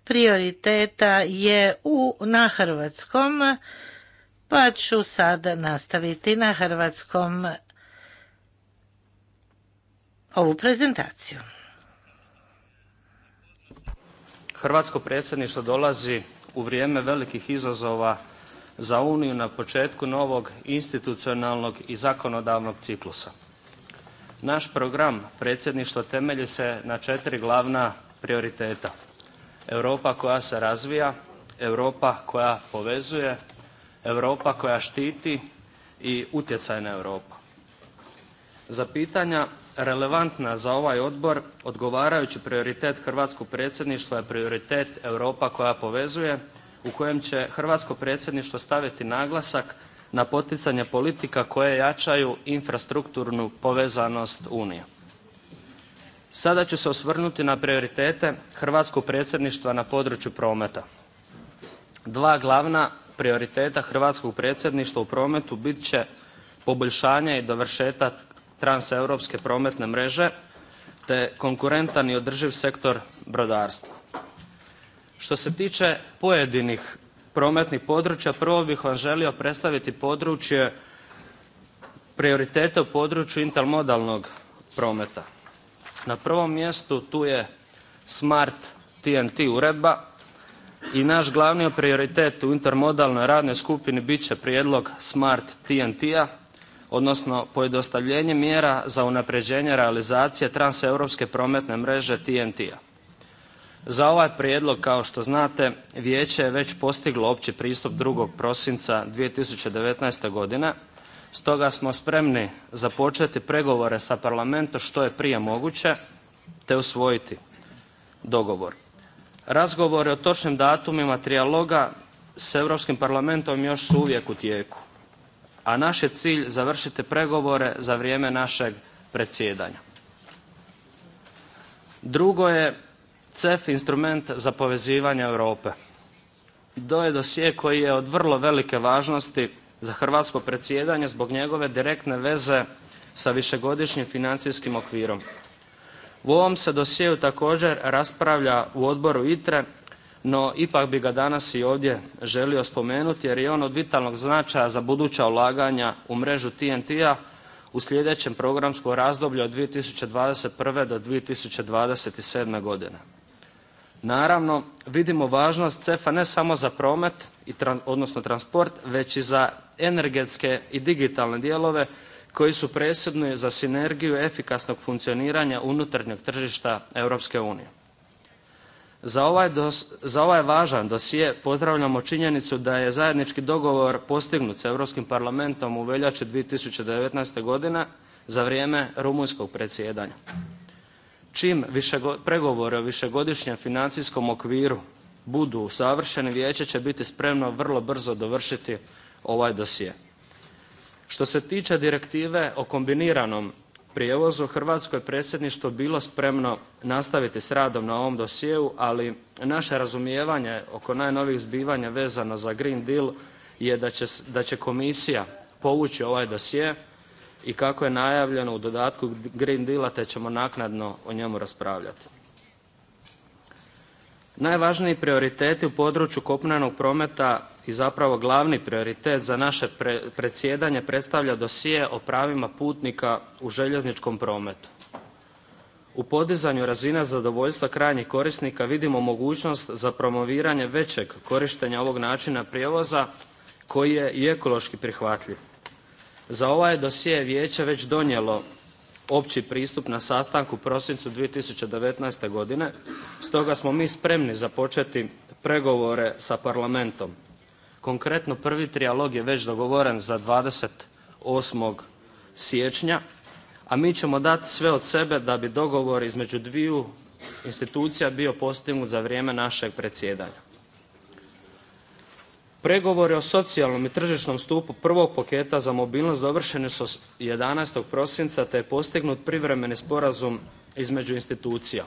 [SPEAKER 5] prioriteta je u, na hrvatskom, pa ću sad nastaviti na hrvatskom ovu prezentaciju.
[SPEAKER 6] Hrvatsko predsjedništvo dolazi u vrijeme velikih izazova za Uniju na početku novog institucionalnog i zakonodavnog ciklusa. Naš program predsjedništva temelji se na četiri glavna prioriteta: Europa koja se razvija, Europa koja povezuje, Europa koja štiti i utjecajna Europa. Za pitanja relevantna za ovaj odbor odgovarajući prioritet hrvatskog predsjedništva je prioritet Europa koja povezuje u kojem će hrvatsko predsjedništvo staviti naglasak na poticanje politika koje jačaju infrastrukturnu povezanost Unije. Sada ću se osvrnuti na prioritete hrvatskog predsjedništva na području prometa. Dva glavna prioriteta hrvatskog predsjedništva u prometu bit će poboljšanje i dovršetak transeuropske prometne mreže te konkurentan i održiv sektor brodarstva. Što se tiče pojedinih prometnih područja prvo bih vam želio predstaviti područje prioriteta u području intermodalnog prometa. Na prvom mjestu tu je Smart TNT uredba i naš glavni prioritet u intermodalnoj radnoj skupini bit će prijedlog Smart TNT-a odnosno pojednostavljenje mjera za unapređenje realizacije transeuropske prometne mreže TNT-a. Za ovaj prijedlog kao što znate Vijeće je već postiglo opći pristup 2. prosinca 2019. godine stoga smo spremni započeti pregovore sa Parlamentom što je prije moguće te usvojiti dogovor. Razgovori o točnim datumima trijaloga s Europskim parlamentom još su uvijek u tijeku, a naš je cilj završiti pregovore za vrijeme našeg predsjedanja. Drugo je CEF instrument za povezivanje Europe. To je dosje koji je od vrlo velike važnosti za hrvatsko predsjedanje zbog njegove direktne veze sa višegodišnjim financijskim okvirom. U ovom se dosjeu također raspravlja u odboru ITRE, no ipak bi ga danas i ovdje želio spomenuti jer je on od vitalnog značaja za buduća ulaganja u mrežu tnt a u sljedećem programskom razdoblju od 2021. do 2027. godine. Naravno, vidimo važnost cefa ne samo za promet, odnosno transport, već i za energetske i digitalne dijelove koji su presudni za sinergiju efikasnog funkcioniranja unutarnjeg tržišta Europske unije. Za ovaj, ovaj važan dosije pozdravljamo činjenicu da je zajednički dogovor postignut s Europskim parlamentom u veljači 2019. godine za vrijeme rumunjskog predsjedanja. Čim pregovore o višegodišnjem financijskom okviru budu savršeni vijeće će biti spremno vrlo brzo dovršiti ovaj dosje. Što se tiče direktive o kombiniranom prijevozu, hrvatsko je predsjedništvo bilo spremno nastaviti s radom na ovom dosjeu, ali naše razumijevanje oko najnovijih zbivanja vezano za Green Deal je da će komisija povući ovaj dosje i kako je najavljeno u dodatku Green Deala te ćemo naknadno o njemu raspravljati. Najvažniji prioriteti u području kopnenog prometa i zapravo glavni prioritet za naše predsjedanje predstavlja dosije o pravima putnika u željezničkom prometu. U podizanju razine zadovoljstva krajnjih korisnika vidimo mogućnost za promoviranje većeg korištenja ovog načina prijevoza koji je i ekološki prihvatljiv. Za ovaj je dosje Vijeće već donijelo opći pristup na sastanku u prosincu 2019. godine, stoga smo mi spremni započeti pregovore sa Parlamentom. Konkretno prvi trijalog je već dogovoren za 28. siječnja, a mi ćemo dati sve od sebe da bi dogovor između dviju institucija bio postignut za vrijeme našeg predsjedanja. Pregovori o socijalnom i tržišnom stupu prvog paketa za mobilnost završeni su 11. prosinca te je postignut privremeni sporazum između institucija.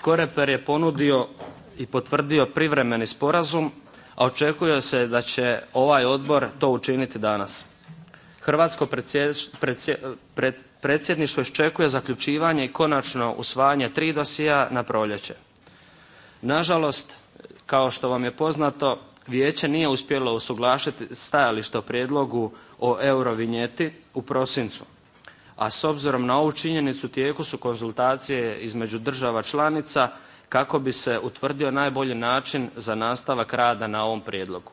[SPEAKER 6] Koreper je ponudio i potvrdio privremeni sporazum, a očekuje se da će ovaj odbor to učiniti danas. Hrvatsko predsjedništvo iščekuje zaključivanje i konačno usvajanje tri dosija na proljeće. Nažalost, kao što vam je poznato Vijeće nije uspjelo usuglašiti stajalište o prijedlogu o eurovinjeti u prosincu, a s obzirom na ovu činjenicu tijeku su konzultacije između država članica kako bi se utvrdio najbolji način za nastavak rada na ovom prijedlogu.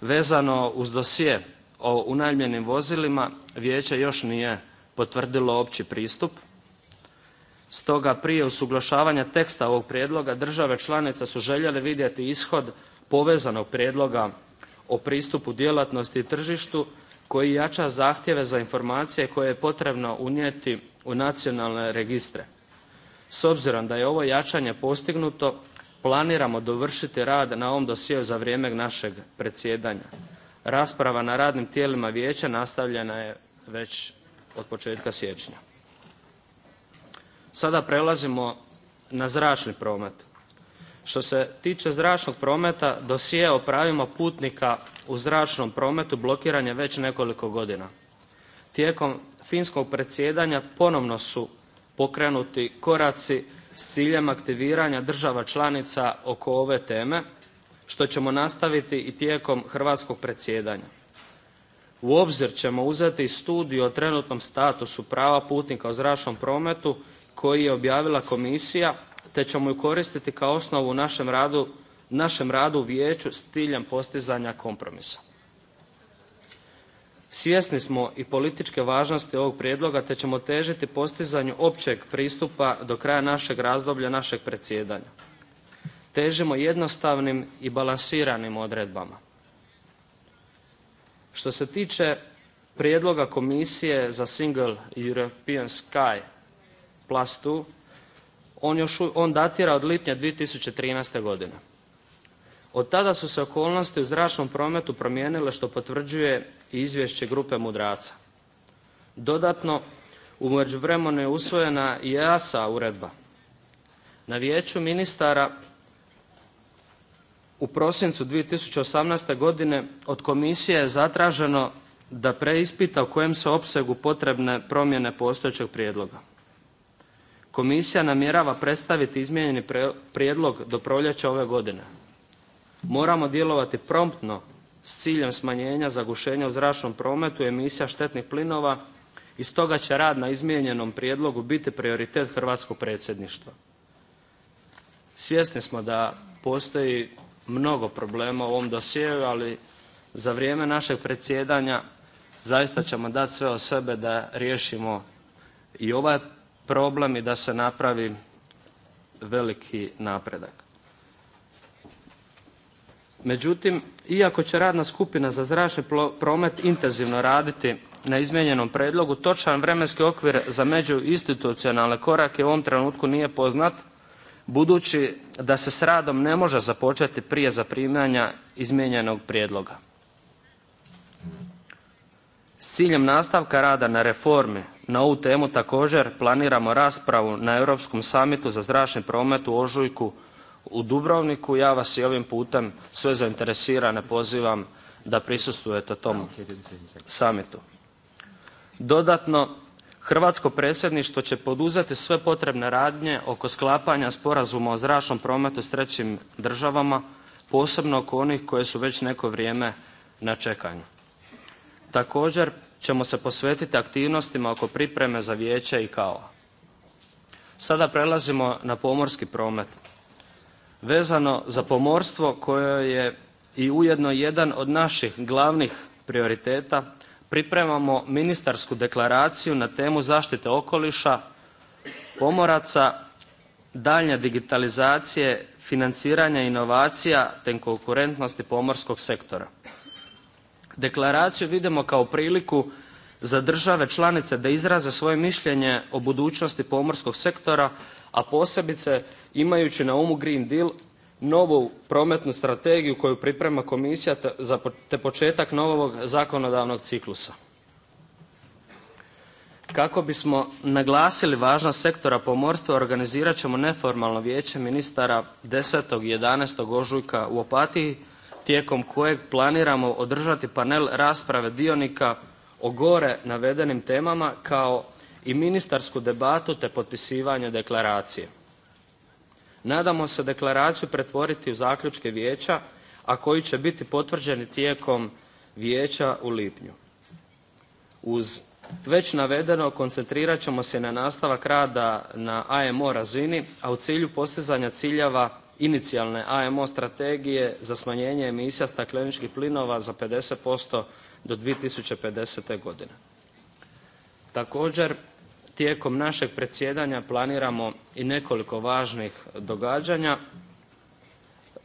[SPEAKER 6] Vezano uz dosije o unajmljenim vozilima Vijeće još nije potvrdilo opći pristup, stoga prije usuglašavanja teksta ovog prijedloga države članica su željele vidjeti ishod povezanog prijedloga o pristupu djelatnosti i tržištu koji jača zahtjeve za informacije koje je potrebno unijeti u nacionalne registre. S obzirom da je ovo jačanje postignuto planiramo dovršiti rad na ovom dosjeu za vrijeme našeg predsjedanja. Rasprava na radnim tijelima vijeća nastavljena je već od početka siječnja. Sada prelazimo na zračni promet. Što se tiče zračnog prometa, dosje o pravima putnika u zračnom prometu blokiran je već nekoliko godina. Tijekom finskog predsjedanja ponovno su pokrenuti koraci s ciljem aktiviranja država članica oko ove teme, što ćemo nastaviti i tijekom hrvatskog predsjedanja. U obzir ćemo uzeti studiju o trenutnom statusu prava putnika u zračnom prometu koji je objavila komisija te ćemo ju koristiti kao osnovu u našem radu u Vijeću s ciljem postizanja kompromisa. Svjesni smo i političke važnosti ovog prijedloga te ćemo težiti postizanju općeg pristupa do kraja našeg razdoblja, našeg predsjedanja. Težimo jednostavnim i balansiranim odredbama. Što se tiče prijedloga komisije za Single European Sky Plus on on datira od lipnja 2013. godine. Od tada su se okolnosti u zračnom prometu promijenile što potvrđuje i izvješće grupe mudraca. Dodatno, u međuvremenu je usvojena i EASA uredba. Na Vijeću ministara u prosincu 2018. godine od komisije je zatraženo da preispita u kojem se opsegu potrebne promjene postojećeg prijedloga. Komisija namjerava predstaviti izmijenjeni prijedlog do proljeća ove godine. Moramo djelovati promptno s ciljem smanjenja zagušenja u zračnom prometu i emisija štetnih plinova i stoga će rad na izmijenjenom prijedlogu biti prioritet hrvatskog predsjedništva. Svjesni smo da postoji mnogo problema u ovom dosjeu, ali za vrijeme našeg predsjedanja zaista ćemo dati sve od sebe da riješimo i ovaj problem i da se napravi veliki napredak. Međutim, iako će radna skupina za zračni promet intenzivno raditi na izmijenjenom predlogu, točan vremenski okvir za međuinstitucionalne korake u ovom trenutku nije poznat, budući da se s radom ne može započeti prije zaprimanja izmijenjenog prijedloga. S ciljem nastavka rada na reformi na ovu temu također planiramo raspravu na Europskom samitu za zračni promet u ožujku u Dubrovniku. Ja vas i ovim putem sve zainteresirane pozivam da prisustujete tom samitu. Dodatno, hrvatsko predsjedništvo će poduzeti sve potrebne radnje oko sklapanja sporazuma o zračnom prometu s trećim državama, posebno oko onih koje su već neko vrijeme na čekanju. Također ćemo se posvetiti aktivnostima oko pripreme za Vijeće kao. Sada prelazimo na pomorski promet. Vezano za pomorstvo koje je i ujedno jedan od naših glavnih prioriteta pripremamo ministarsku deklaraciju na temu zaštite okoliša, pomoraca, daljnje digitalizacije, financiranja inovacija te konkurentnosti pomorskog sektora. Deklaraciju vidimo kao priliku za države članice da izraze svoje mišljenje o budućnosti pomorskog sektora, a posebice imajući na umu Green Deal, novu prometnu strategiju koju priprema komisija te početak novog zakonodavnog ciklusa. Kako bismo naglasili važnost sektora pomorstva organizirat ćemo neformalno vijeće ministara 10. i 11. ožujka u Opatiji tijekom kojeg planiramo održati panel rasprave dionika o gore navedenim temama kao i ministarsku debatu te potpisivanje deklaracije. Nadamo se deklaraciju pretvoriti u zaključke vijeća, a koji će biti potvrđeni tijekom vijeća u lipnju. Uz već navedeno koncentrirat ćemo se na nastavak rada na AMO razini, a u cilju postizanja ciljeva inicijalne AMO strategije za smanjenje emisija stakleničkih plinova za 50% do 2050. godine. Također, tijekom našeg predsjedanja planiramo i nekoliko važnih događanja.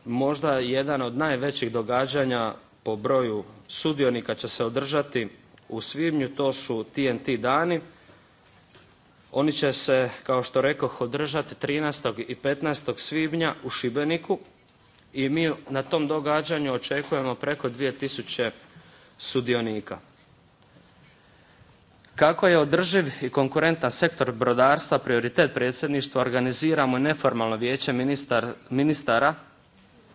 [SPEAKER 6] Možda jedan od najvećih događanja po broju sudionika će se održati u svibnju, to su TNT dani oni će se kao što rekoh održati 13. i 15. svibnja u Šibeniku i mi na tom događanju očekujemo preko 2000 sudionika. Kako je održiv i konkurentan sektor brodarstva prioritet predsjedništva organiziramo neformalno Vijeće ministara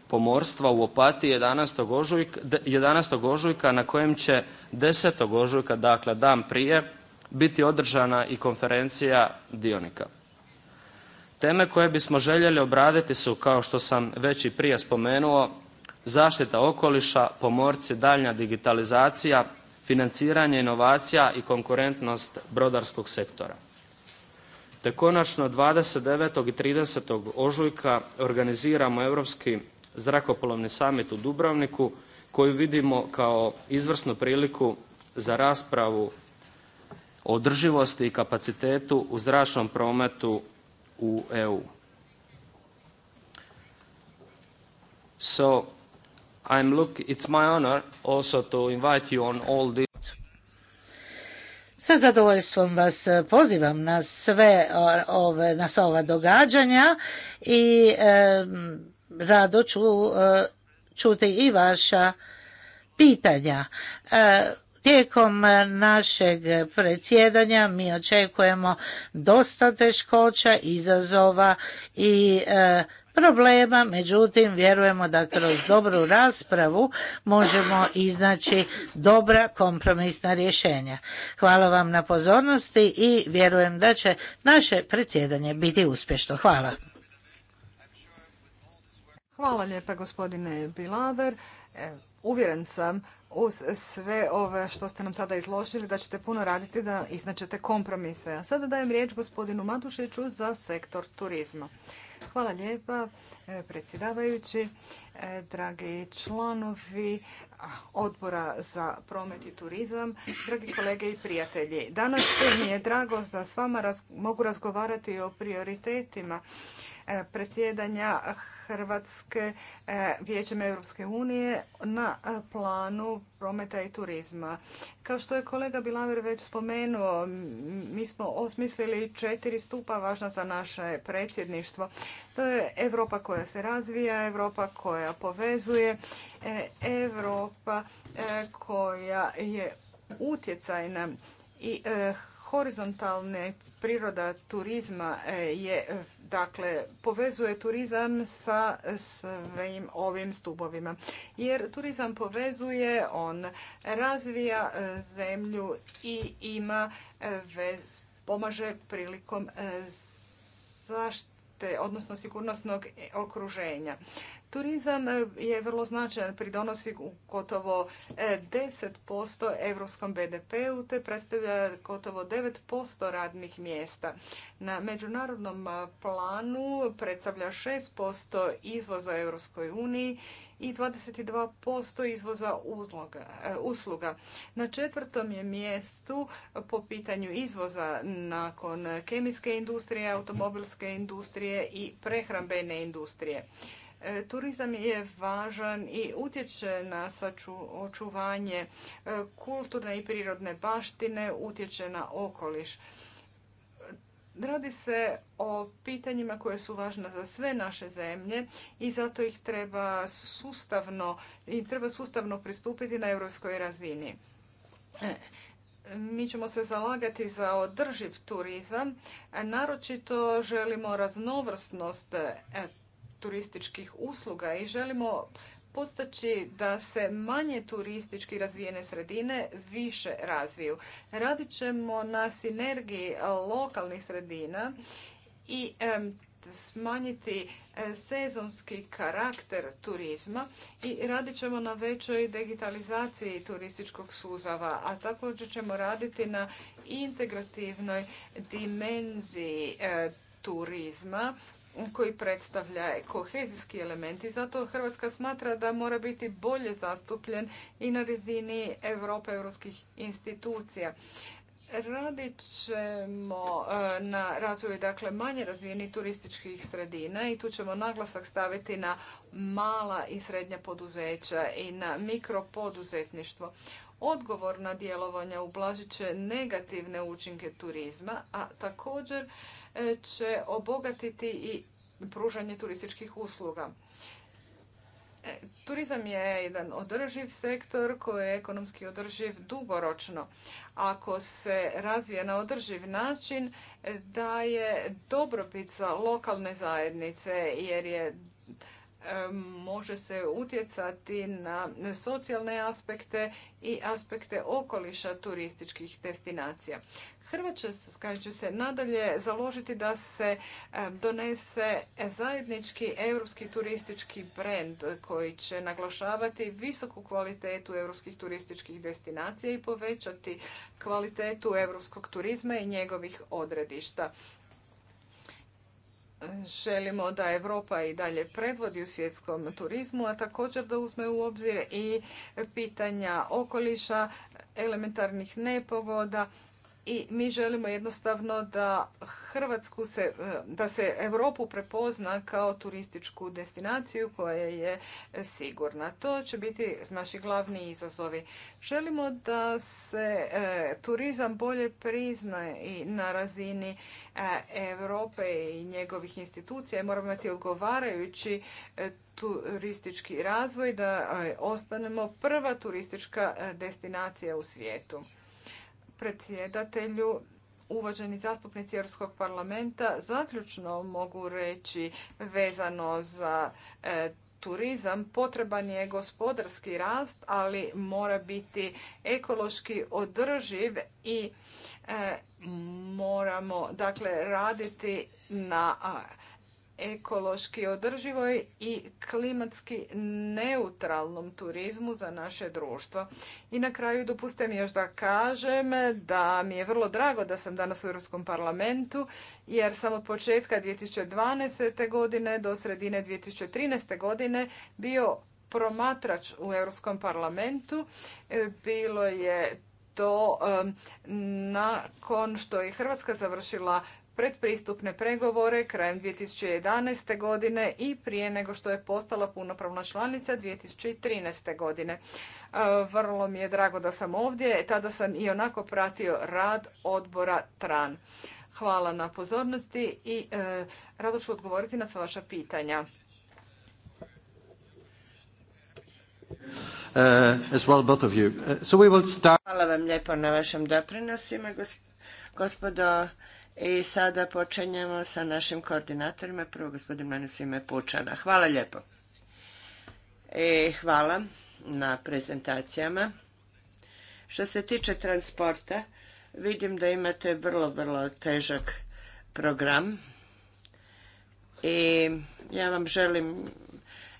[SPEAKER 6] pomorstva u opati 11. ožujka na kojem će 10. ožujka, dakle dan prije biti održana i konferencija dionika. Teme koje bismo željeli obraditi su kao što sam već i prije spomenuo zaštita okoliša, pomorci, daljnja digitalizacija, financiranje inovacija i konkurentnost brodarskog sektora. Te konačno 29. i 30. ožujka organiziramo Europski zrakoplovni samit u Dubrovniku koju vidimo kao izvrsnu priliku za raspravu održivosti i kapacitetu u zračnom prometu u EU. So I'm look, it's my honor also to invite you on all Sa
[SPEAKER 5] zadovoljstvom vas eh, pozivam na sve eh, ove, na sva ova događanja i rado ću eh, čuti i vaša pitanja. Tijekom e, našeg predsjedanja mi očekujemo dosta teškoća, izazova i e, problema, međutim vjerujemo da kroz dobru raspravu možemo iznaći dobra kompromisna rješenja. Hvala vam na pozornosti i vjerujem da će naše predsjedanje biti uspješno. Hvala.
[SPEAKER 4] Hvala lijepa gospodine Bilaver. E, uvjeren sam uz sve ove što ste nam sada izložili da ćete puno raditi da iznačete kompromise. A sada dajem riječ gospodinu Matušiću za sektor turizma. Hvala lijepa e, predsjedavajući, e, dragi članovi odbora za promet i turizam, dragi kolege i prijatelji. Danas mi je drago da s vama mogu razgovarati o prioritetima e, predsjedanja Hrvatske e, vijećem Europske unije na e, planu prometa i turizma. Kao što je kolega Bilaver već spomenuo, mi smo osmislili četiri stupa važna za naše predsjedništvo. To je Europa koja se razvija, Europa koja povezuje, e, Europa koja je utjecajna i horizontalne priroda turizma je dakle povezuje turizam sa svim ovim stubovima. Jer turizam povezuje, on razvija e, zemlju i ima e, vez, pomaže prilikom e, zaštite odnosno sigurnosnog okruženja. Turizam je vrlo značajan, pridonosi gotovo 10% e, evropskom BDP-u te predstavlja gotovo 9% radnih mjesta. Na međunarodnom planu predstavlja 6% izvoza Europskoj uniji i 22% izvoza e, usluga. Na četvrtom je mjestu po pitanju izvoza nakon kemijske industrije, automobilske industrije i prehrambene industrije. E, turizam je važan i utječe na očuvanje e, kulturne i prirodne baštine, utječe na okoliš. Radi se o pitanjima koje su važna za sve naše zemlje i zato ih treba sustavno i treba sustavno pristupiti na europskoj razini. E, mi ćemo se zalagati za održiv turizam, naročito želimo raznovrsnost turističkih usluga i želimo postaći da se manje turistički razvijene sredine više razviju. Radit ćemo na sinergiji lokalnih sredina i smanjiti e, sezonski karakter turizma i radit ćemo na većoj digitalizaciji turističkog suzava, a također ćemo raditi na integrativnoj dimenziji e, turizma koji predstavlja kohezijski element i zato Hrvatska smatra da mora biti bolje zastupljen i na rezini Europe, europskih institucija. Radit ćemo e, na razvoju dakle, manje razvijenih turističkih sredina i tu ćemo naglasak staviti na mala i srednja poduzeća i na mikropoduzetništvo. Odgovorna djelovanja ublažit će negativne učinke turizma, a također će obogatiti i pružanje turističkih usluga. E, turizam je jedan održiv sektor koji je ekonomski održiv dugoročno. Ako se razvije na održiv način, e, daje dobrobit za lokalne zajednice jer je može se utjecati na socijalne aspekte i aspekte okoliša turističkih destinacija. Hrvatska će se nadalje založiti da se e, donese zajednički europski turistički brend koji će naglašavati visoku kvalitetu europskih turističkih destinacija i povećati kvalitetu europskog turizma i njegovih odredišta želimo da Europa i dalje predvodi u svjetskom turizmu, a također da uzme u obzir i pitanja okoliša, elementarnih nepogoda, i mi želimo jednostavno da Hrvatsku se, e, da se Europu prepozna kao turističku destinaciju koja je sigurna. To će biti naši glavni izazovi. Želimo da se e, turizam bolje prizna i na razini e, Europe i njegovih institucija. Moramo imati odgovarajući turistički razvoj da ostanemo prva turistička destinacija u svijetu predsjedatelju. Uvaženi zastupnici Europskog parlamenta zaključno mogu reći vezano za e, turizam potreban je gospodarski rast, ali mora biti ekološki održiv i e, moramo dakle raditi na ekološki održivoj i klimatski neutralnom turizmu za naše društvo. I na kraju dopustite još da kažem da mi je vrlo drago da sam danas u Europskom parlamentu jer sam od početka 2012. godine do sredine 2013. godine bio promatrač u Europskom parlamentu. E, bilo je to nakon što je Hrvatska završila predpristupne pregovore krajem 2011. godine i prije nego što je postala punopravna članica 2013. godine. E, vrlo mi je drago da sam ovdje, e, tada sam i onako pratio rad odbora TRAN. Hvala na pozornosti i e, rado ću odgovoriti na sva
[SPEAKER 1] vaša pitanja.
[SPEAKER 2] Uh, uh, Hvala
[SPEAKER 1] vam lijepo na doprinosima, gospodo i sada počinjemo sa našim koordinatorima. Prvo gospodin Manus ime Pučana. Hvala lijepo. I e, hvala na prezentacijama. Što se tiče transporta, vidim da imate vrlo, vrlo težak program. I ja vam želim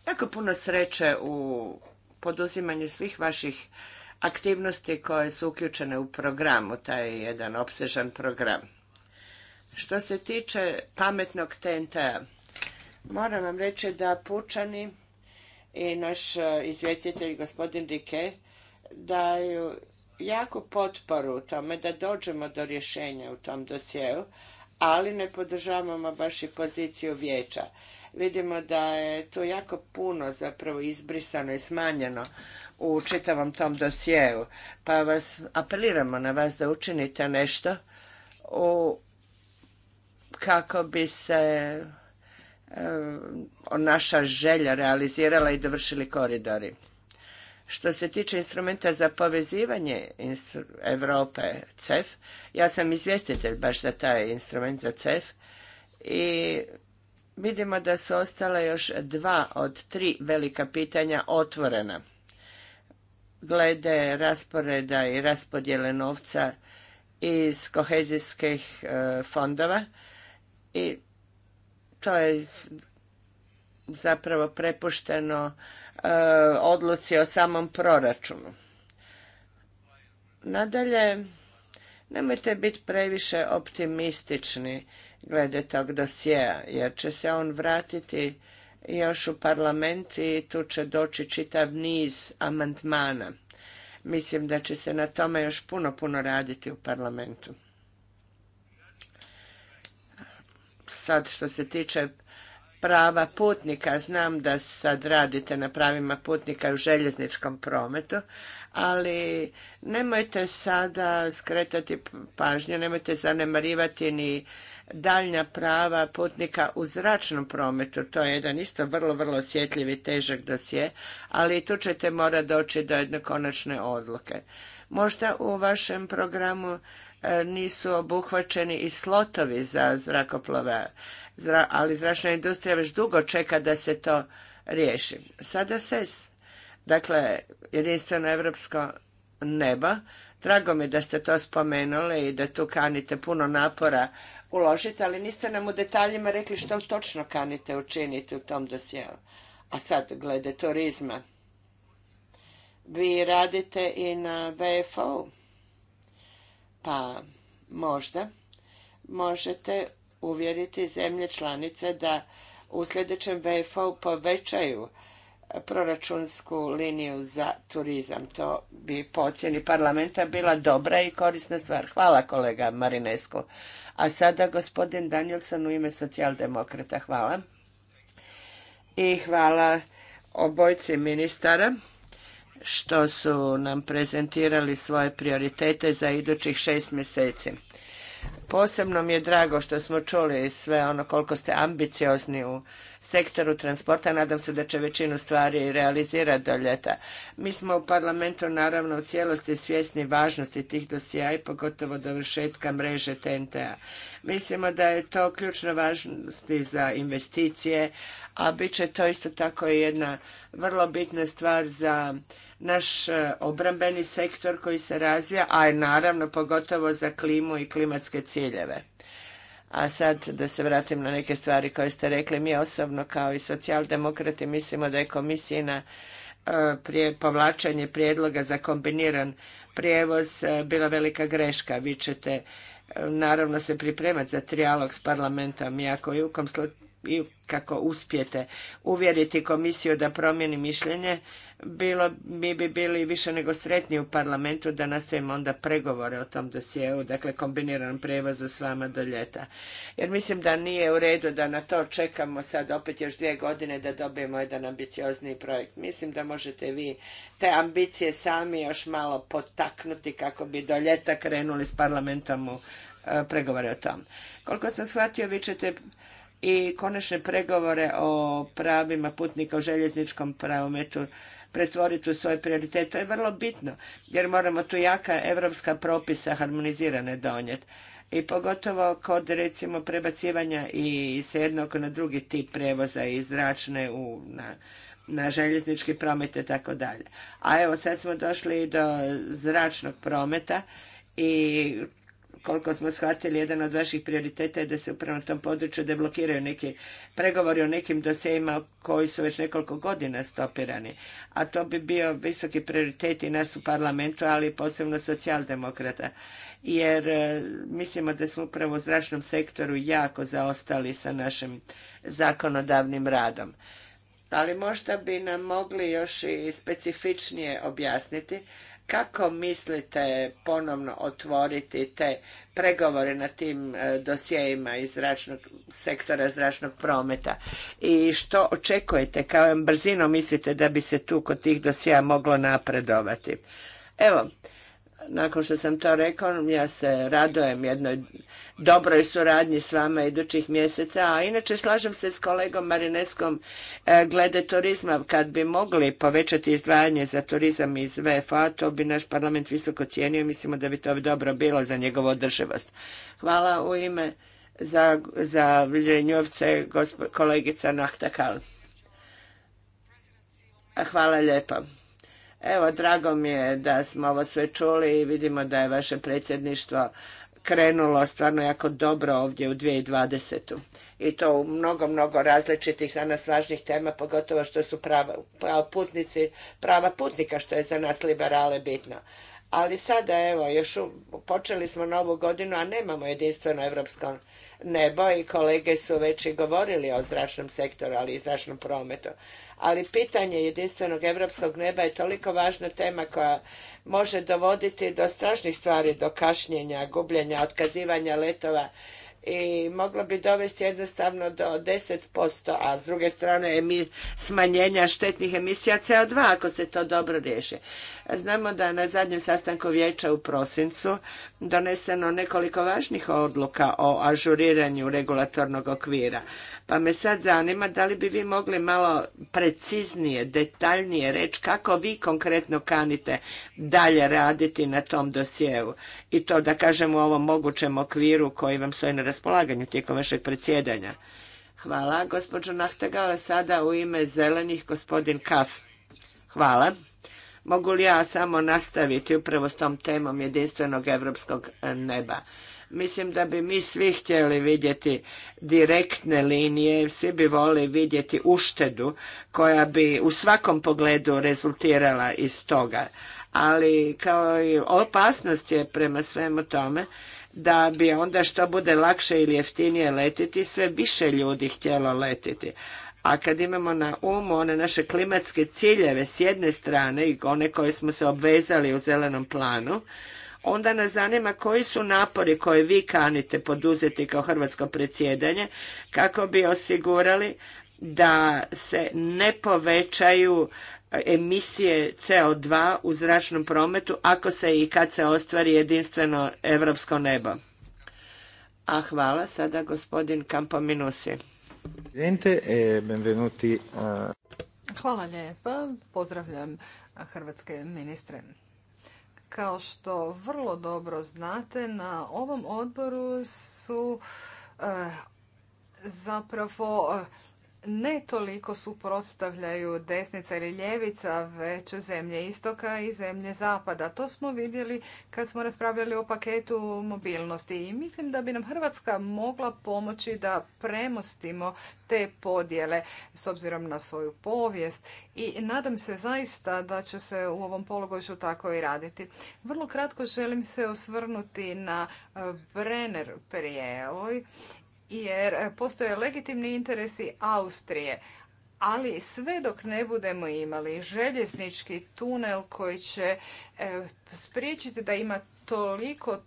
[SPEAKER 1] jako puno sreće u poduzimanju svih vaših aktivnosti koje su uključene u programu, taj jedan opsežan program. Što se tiče pametnog TNT-a, moram vam reći da pučani i naš e, izvjestitelj gospodin Dike daju jako potporu tome da dođemo do rješenja u tom dosjeu, ali ne podržavamo baš i poziciju vijeća. Vidimo da je tu jako puno zapravo izbrisano i smanjeno u čitavom tom dosjeu, pa vas apeliramo na vas da učinite nešto u kako bi se eh, naša želja realizirala i dovršili koridori. Što se tiče instrumenta za povezivanje Europe CEF, ja sam izvjestitelj baš za taj instrument za CEF i vidimo da su ostala još dva od tri velika pitanja otvorena glede rasporeda i raspodjele novca iz kohezijskih eh, fondova i to je zapravo prepušteno e, odluci o samom proračunu. Nadalje, nemojte biti previše optimistični glede tog dosjea, jer će se on vratiti još u parlament i tu će doći čitav niz amandmana. Mislim da će se na tome još puno, puno raditi u parlamentu. sad što se tiče prava putnika. Znam da sad radite na pravima putnika u željezničkom prometu, ali nemojte sada skretati pažnju, nemojte zanemarivati ni daljnja prava putnika u zračnom prometu. To je jedan isto vrlo, vrlo osjetljiv i težak dosje, ali tu ćete morati doći do jedne konačne odluke. Možda u vašem programu nisu obuhvaćeni i slotovi za zrakoplove, ali zračna industrija već dugo čeka da se to riješi. Sada se, dakle, jedinstveno evropsko nebo, drago mi da ste to spomenuli i da tu kanite puno napora uložiti, ali niste nam u detaljima rekli što točno kanite učiniti u tom dosjeu. A sad, glede turizma, vi radite i na VFO-u. Pa možda možete uvjeriti zemlje članice da u sljedećem VFO povećaju proračunsku liniju za turizam. To bi po ocjeni parlamenta bila dobra i korisna stvar. Hvala kolega Marinesku. A sada gospodin Danielson u ime socijaldemokrata. Hvala. I hvala obojci ministara što su nam prezentirali svoje prioritete za idućih šest mjeseci. Posebno mi je drago što smo čuli sve ono koliko ste ambiciozni u sektoru transporta. Nadam se da će većinu stvari realizirati do ljeta. Mi smo u parlamentu naravno u cijelosti svjesni važnosti tih dosija i pogotovo dovršetka mreže TNT-a. Mislimo da je to ključno važnosti za investicije, a bit će to isto tako jedna vrlo bitna stvar za naš e, obrambeni sektor koji se razvija, a je naravno pogotovo za klimu i klimatske ciljeve. A sad da se vratim na neke stvari koje ste rekli. Mi osobno kao i socijaldemokrati mislimo da je komisija e, prije povlačenje prijedloga za kombiniran prijevoz e, bila velika greška. Vi ćete naravno se pripremati za trijalog s parlamentom, iako i u kom slučaju i kako uspijete uvjeriti komisiju da promijeni mišljenje, bilo, mi bi bili više nego sretni u parlamentu da nastavimo onda pregovore o tom dosjeu, dakle kombiniranom prijevozu s vama do ljeta. Jer mislim da nije u redu da na to čekamo sad opet još dvije godine da dobijemo jedan ambiciozni projekt. Mislim da možete vi te ambicije sami još malo potaknuti kako bi do ljeta krenuli s parlamentom u e, pregovore o tom. Koliko sam shvatio, vi ćete i konačne pregovore o pravima putnika u željezničkom prometu pretvoriti u svoj prioritet. To je vrlo bitno jer moramo tu jaka evropska propisa harmonizirane donijeti. I pogotovo kod recimo prebacivanja i s jednog na drugi tip prevoza i zračne u, na, na željeznički promet i tako dalje. A evo sad smo došli do zračnog prometa i koliko smo shvatili, jedan od vaših prioriteta je da se upravo na tom području deblokiraju neki pregovori o nekim dosjeima koji su već nekoliko godina stopirani. A to bi bio visoki prioritet i nas u parlamentu, ali posebno socijaldemokrata. Jer e, mislimo da smo upravo u zračnom sektoru jako zaostali sa našim zakonodavnim radom. Ali možda bi nam mogli još i specifičnije objasniti kako mislite ponovno otvoriti te pregovore na tim e, dosjejima iz zračnog, sektora zračnog prometa i što očekujete, kao brzinom mislite da bi se tu kod tih dosjea moglo napredovati? Evo, nakon što sam to rekao, ja se radojem jednoj dobroj suradnji s vama idućih mjeseca, a inače slažem se s kolegom Marineskom e, glede turizma. Kad bi mogli povećati izdvajanje za turizam iz VFA, to bi naš parlament visoko cijenio i mislimo da bi to dobro bilo za njegovu održivost. Hvala u ime za, za Ljenjovce kolegica Nahtakal. Hvala lijepa. Evo, drago mi je da smo ovo sve čuli i vidimo da je vaše predsjedništvo krenulo stvarno jako dobro ovdje u 2020. I to u mnogo, mnogo različitih za nas važnih tema, pogotovo što su prava, putnici, prava putnika, što je za nas liberale bitno ali sada evo još počeli smo novu godinu, a nemamo jedinstveno europsko nebo i kolege su već i govorili o zračnom sektoru, ali i zračnom prometu. Ali pitanje jedinstvenog europskog neba je toliko važna tema koja može dovoditi do strašnih stvari, do kašnjenja, gubljenja, otkazivanja letova i moglo bi dovesti jednostavno do 10%, a s druge strane smanjenja štetnih emisija CO2 ako se to dobro riješi. Znamo da na zadnjem sastanku vijeća u prosincu doneseno nekoliko važnih odluka o ažuriranju regulatornog okvira. Pa me sad zanima da li bi vi mogli malo preciznije, detaljnije reći kako vi konkretno kanite dalje raditi na tom dosjeu i to da kažem u ovom mogućem okviru koji vam stoji na raspolaganju tijekom vašeg predsjedanja. Hvala, gospođo nahtegao Sada u ime zelenih gospodin Kaf. Hvala. Mogu li ja samo nastaviti upravo s tom temom jedinstvenog evropskog e, neba? Mislim da bi mi svi htjeli vidjeti direktne linije, svi bi voli vidjeti uštedu koja bi u svakom pogledu rezultirala iz toga. Ali kao i opasnost je prema svemu tome da bi onda što bude lakše ili jeftinije letiti, sve više ljudi htjelo letiti. A kad imamo na umu one naše klimatske ciljeve s jedne strane i one koje smo se obvezali u zelenom planu, onda nas zanima koji su napori koje vi kanite poduzeti kao hrvatsko predsjedanje kako bi osigurali da se ne povećaju emisije CO2 u zračnom prometu ako se i kad se ostvari jedinstveno europsko nebo. A hvala sada gospodin Kampominusi.
[SPEAKER 7] E, e.
[SPEAKER 4] Hvala lijepa, pozdravljam hrvatske ministre. Kao što vrlo dobro znate, na ovom odboru su e, zapravo ne toliko suprotstavljaju desnica ili ljevica, već zemlje istoka i zemlje zapada. To smo vidjeli kad smo raspravljali o paketu mobilnosti i mislim da bi nam Hrvatska mogla pomoći da premostimo te podjele s obzirom na svoju povijest i nadam se zaista da će se u ovom pologođu tako i raditi. Vrlo kratko želim se osvrnuti na eh, Brenner prijeloj jer e, postoje legitimni interesi Austrije. Ali sve dok ne budemo imali željeznički tunel koji će e, spriječiti da ima toliko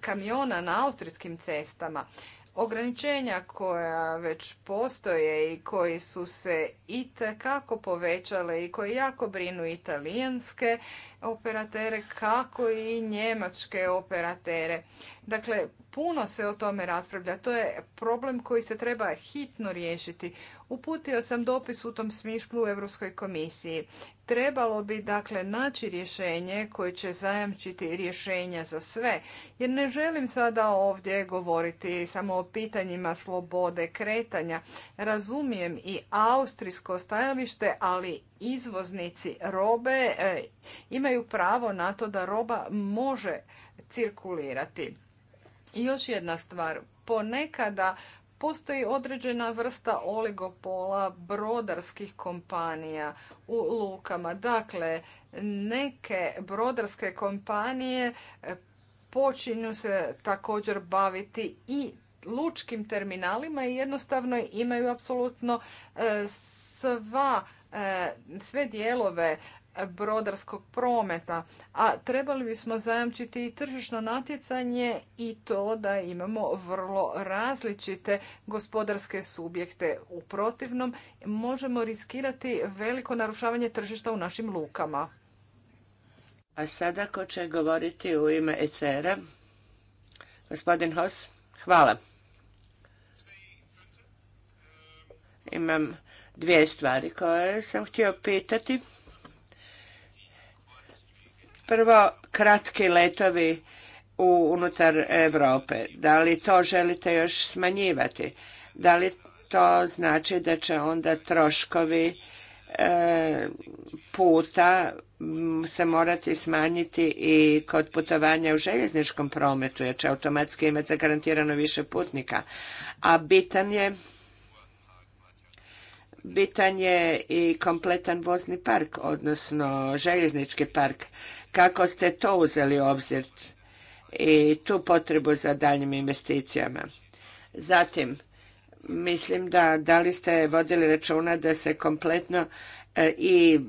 [SPEAKER 4] kamiona na austrijskim cestama, ograničenja koja već postoje i koji su se itekako povećale i koji jako brinu italijanske operatere kako i njemačke operatere. Dakle, puno se o tome raspravlja. To je problem koji se treba hitno riješiti. Uputio sam dopis u tom smislu u Europskoj komisiji. Trebalo bi dakle naći rješenje koje će zajamčiti rješenja za sve, jer ne želim sada ovdje govoriti samo o pitanjima slobode kretanja. Razumijem i austrijsko stajalište, ali izvoznici robe e, imaju pravo na to da roba može cirkulirati. Još jedna stvar, ponekada postoji određena vrsta oligopola brodarskih kompanija u lukama. Dakle, neke brodarske kompanije e, počinju se također baviti i lučkim terminalima i jednostavno imaju apsolutno e, sva e, sve dijelove brodarskog prometa, a trebali bismo zajamčiti i tržišno natjecanje i to da imamo vrlo različite gospodarske subjekte. U protivnom možemo riskirati veliko narušavanje tržišta u našim lukama.
[SPEAKER 1] A sada ko će govoriti u ime ECR-a? Gospodin Hos, hvala. Imam dvije stvari koje sam htio pitati. Prvo, kratki letovi u, unutar Europe. Da li to želite još smanjivati? Da li to znači da će onda troškovi e, puta se morati smanjiti i kod putovanja u željezničkom prometu jer će automatski imati zagarantirano više putnika. A bitan je bitan je i kompletan vozni park, odnosno željeznički park. Kako ste to uzeli u obzir i tu potrebu za daljnjim investicijama? Zatim, mislim da da li ste vodili računa da se kompletno e, i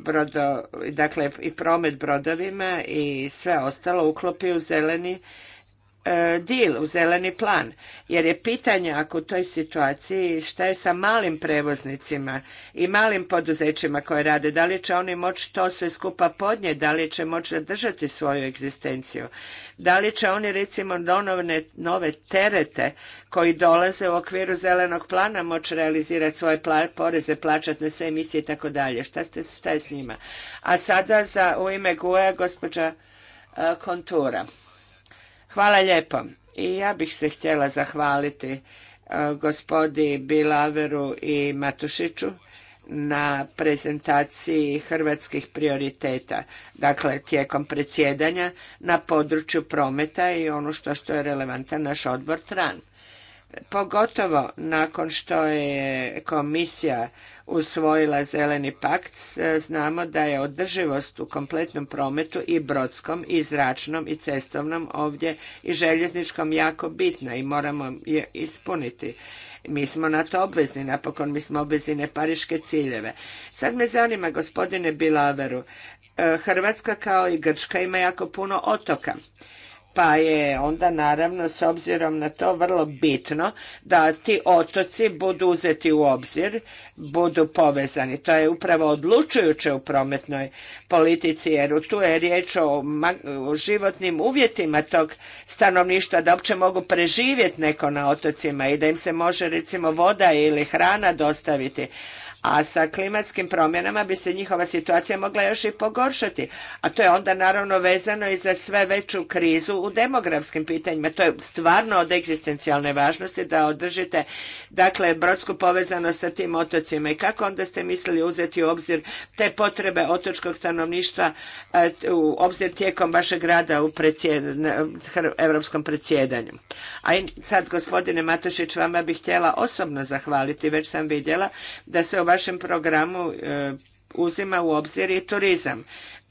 [SPEAKER 1] dakle i promet brodovima i sve ostalo uklopi u zeleni E, deal, u zeleni plan. Jer je pitanje ako u toj situaciji šta je sa malim prevoznicima i malim poduzećima koje rade, da li će oni moći to sve skupa podnijeti, da li će moći zadržati svoju egzistenciju, da li će oni recimo donovne, nove terete koji dolaze u okviru zelenog plana moći realizirati svoje poreze, plaćati na sve emisije i tako dalje. Šta, ste, šta je s njima? A sada za, u ime Guja e, gospođa e, Kontura. Hvala lijepo. I ja bih se htjela zahvaliti e, gospodi Bilaveru i Matušiću na prezentaciji hrvatskih prioriteta, dakle tijekom predsjedanja na području prometa i ono što, što je relevantan naš odbor TRAN pogotovo nakon što je komisija usvojila zeleni pakt, e, znamo da je održivost u kompletnom prometu i brodskom, i zračnom, i cestovnom ovdje, i željezničkom jako bitna i moramo je ispuniti. Mi smo na to obvezni, napokon mi smo obvezni na pariške ciljeve. Sad me zanima, gospodine Bilaveru, e, Hrvatska kao i Grčka ima jako puno otoka pa je onda naravno s obzirom na to vrlo bitno da ti otoci budu uzeti u obzir, budu povezani. To je upravo odlučujuće u prometnoj politici jer tu je riječ o, životnim uvjetima tog stanovništva da uopće mogu preživjeti neko na otocima i da im se može recimo voda ili hrana dostaviti a sa klimatskim promjenama bi se njihova situacija mogla još i pogoršati. A to je onda naravno vezano i za sve veću krizu u demografskim pitanjima. To je stvarno od egzistencijalne važnosti da održite dakle brodsku povezanost sa tim otocima i kako onda ste mislili uzeti u obzir te potrebe otočkog stanovništva e, u obzir tijekom vašeg rada u europskom predsjedanju. A i sad gospodine Matošić vama bih htjela osobno zahvaliti, već sam vidjela da se u vašem programu e, uzima u obzir i turizam.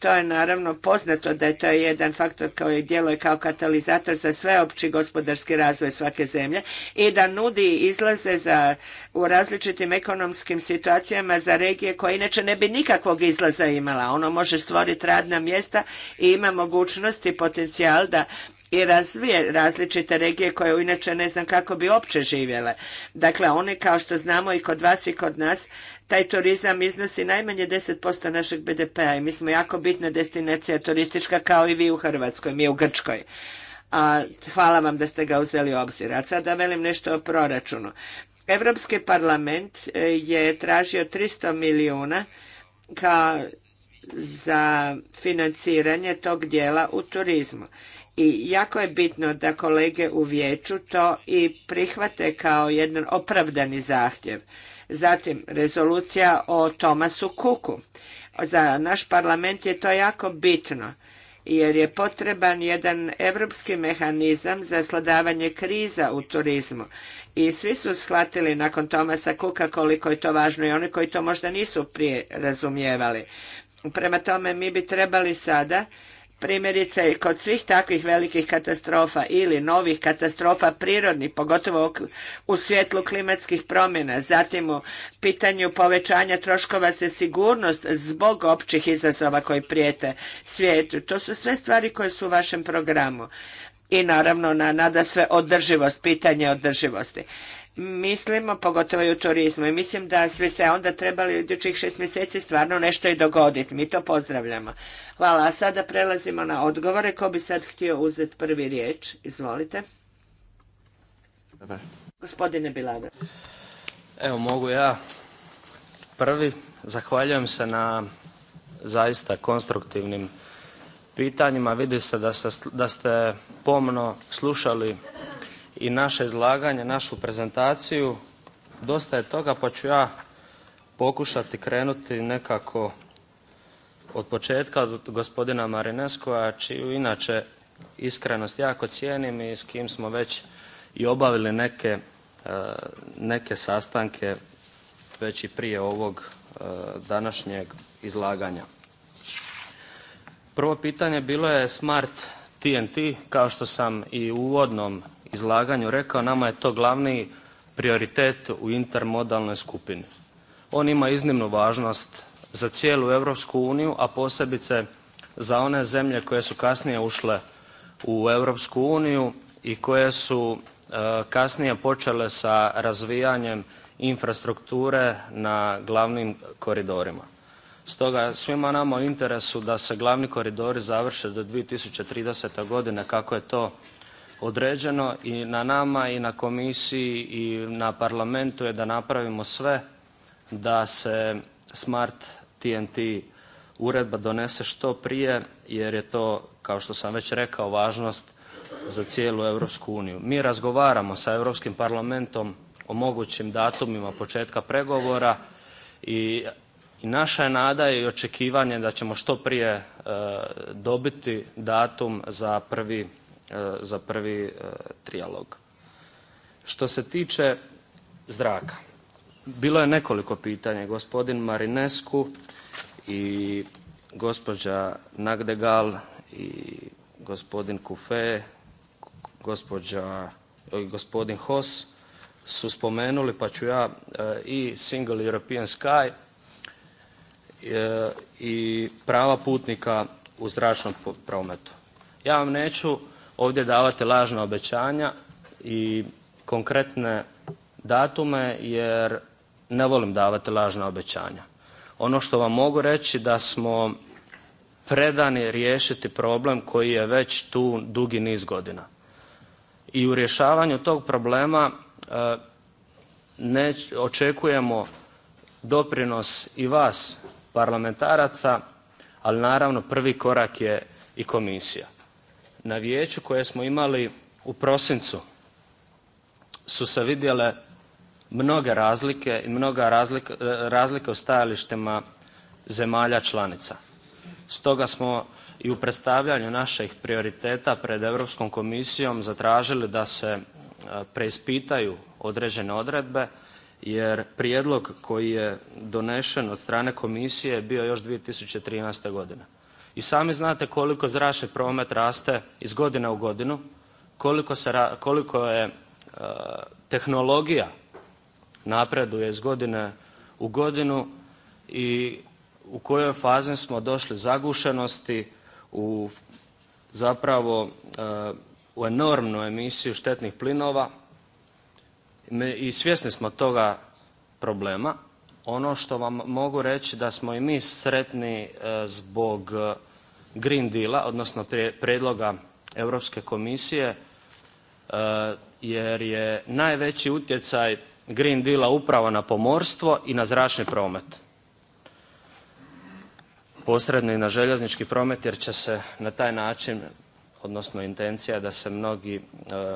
[SPEAKER 1] To je naravno poznato da je to jedan faktor koji djeluje kao katalizator za sveopći gospodarski razvoj svake zemlje i da nudi izlaze za, u različitim ekonomskim situacijama za regije koje inače ne bi nikakvog izlaza imala. Ono može stvoriti radna mjesta i ima mogućnosti i potencijal da i razvije različite regije koje inače ne znam kako bi opće živjele. Dakle, one kao što znamo i kod vas i kod nas, taj turizam iznosi najmanje 10% našeg BDP-a i mi smo jako bitna destinacija turistička kao i vi u Hrvatskoj, mi u Grčkoj. A hvala vam da ste ga uzeli u obzir. A sada da velim nešto o proračunu. Europski parlament e, je tražio 300 milijuna za financiranje tog dijela u turizmu i jako je bitno da kolege u vijeću to i prihvate kao jedan opravdani zahtjev. Zatim, rezolucija o Tomasu Kuku. Za naš parlament je to jako bitno jer je potreban jedan europski mehanizam za sladavanje kriza u turizmu. I svi su shvatili nakon Tomasa Kuka koliko je to važno i oni koji to možda nisu prije razumijevali. Prema tome mi bi trebali sada primjerice kod svih takvih velikih katastrofa ili novih katastrofa prirodnih, pogotovo u svjetlu klimatskih promjena, zatim u pitanju povećanja troškova se sigurnost zbog općih izazova koji prijete svijetu. To su sve stvari koje su u vašem programu i naravno na nada sve održivost, pitanje održivosti mislimo, pogotovo i u turizmu, i mislim da svi se onda trebali u idućih šest mjeseci stvarno nešto i dogoditi. Mi to pozdravljamo. Hvala. A sada prelazimo na odgovore. Ko bi sad htio uzeti prvi riječ? Izvolite. Gospodine Bilaga.
[SPEAKER 6] Evo, mogu ja prvi. Zahvaljujem se na zaista konstruktivnim pitanjima. Vidi se da, se, da ste pomno slušali i naše izlaganje, našu prezentaciju. Dosta je toga pa ću ja pokušati krenuti nekako od početka od gospodina Marineskova čiju inače iskrenost jako cijenim i s kim smo već i obavili neke, e, neke sastanke već i prije ovog e, današnjeg izlaganja. Prvo pitanje bilo je Smart TNT kao što sam i u uvodnom izlaganju rekao nama je to glavni prioritet u intermodalnoj skupini, on ima iznimnu važnost za cijelu uniju, a posebice za one zemlje koje su kasnije ušle u uniju i koje su e, kasnije počele sa razvijanjem infrastrukture na glavnim koridorima, stoga svima nama u interesu da se glavni koridori završe do 2030. godine kako je to određeno i na nama i na komisiji i na parlamentu je da napravimo sve da se Smart TNT uredba donese što prije jer je to kao što sam već rekao važnost za cijelu Europsku uniju. Mi razgovaramo sa Europskim parlamentom o mogućim datumima početka pregovora i naša je nada i očekivanje da ćemo što prije e, dobiti datum za prvi E, za prvi e, trijalog. Što se tiče zraka, bilo je nekoliko pitanja. Gospodin Marinescu i gospođa Nagdegal i gospodin Kufe, e, gospodin Hos su spomenuli, pa ću ja i Single European Sky i prava putnika u zračnom prometu. Ja vam neću ovdje davati lažna obećanja i konkretne datume jer ne volim davati lažna obećanja. Ono što vam mogu reći da smo predani riješiti problem koji je već tu dugi niz godina. I u rješavanju tog problema e, ne, očekujemo doprinos i vas parlamentaraca, ali naravno prvi korak je i komisija na vijeću koje smo imali u prosincu su se vidjele mnoge razlike i mnoga razlike u stajalištima zemalja članica. Stoga smo i u predstavljanju naših prioriteta pred Europskom komisijom zatražili da se e, preispitaju određene odredbe jer prijedlog koji je donesen od strane komisije je bio još 2013. godine. I sami znate koliko zračni promet raste iz godine u godinu, koliko je e, tehnologija napreduje iz godine u godinu i u kojoj fazi smo došli zagušenosti u zapravo e, u enormnu emisiju štetnih plinova i svjesni smo toga problema. Ono što vam mogu reći da smo i mi sretni e, zbog e, Green Deala, odnosno predloga Europske komisije e, jer je najveći utjecaj Green Deala upravo na pomorstvo i na zračni promet. Posredno i na željeznički promet jer će se na taj način, odnosno intencija da se mnogi,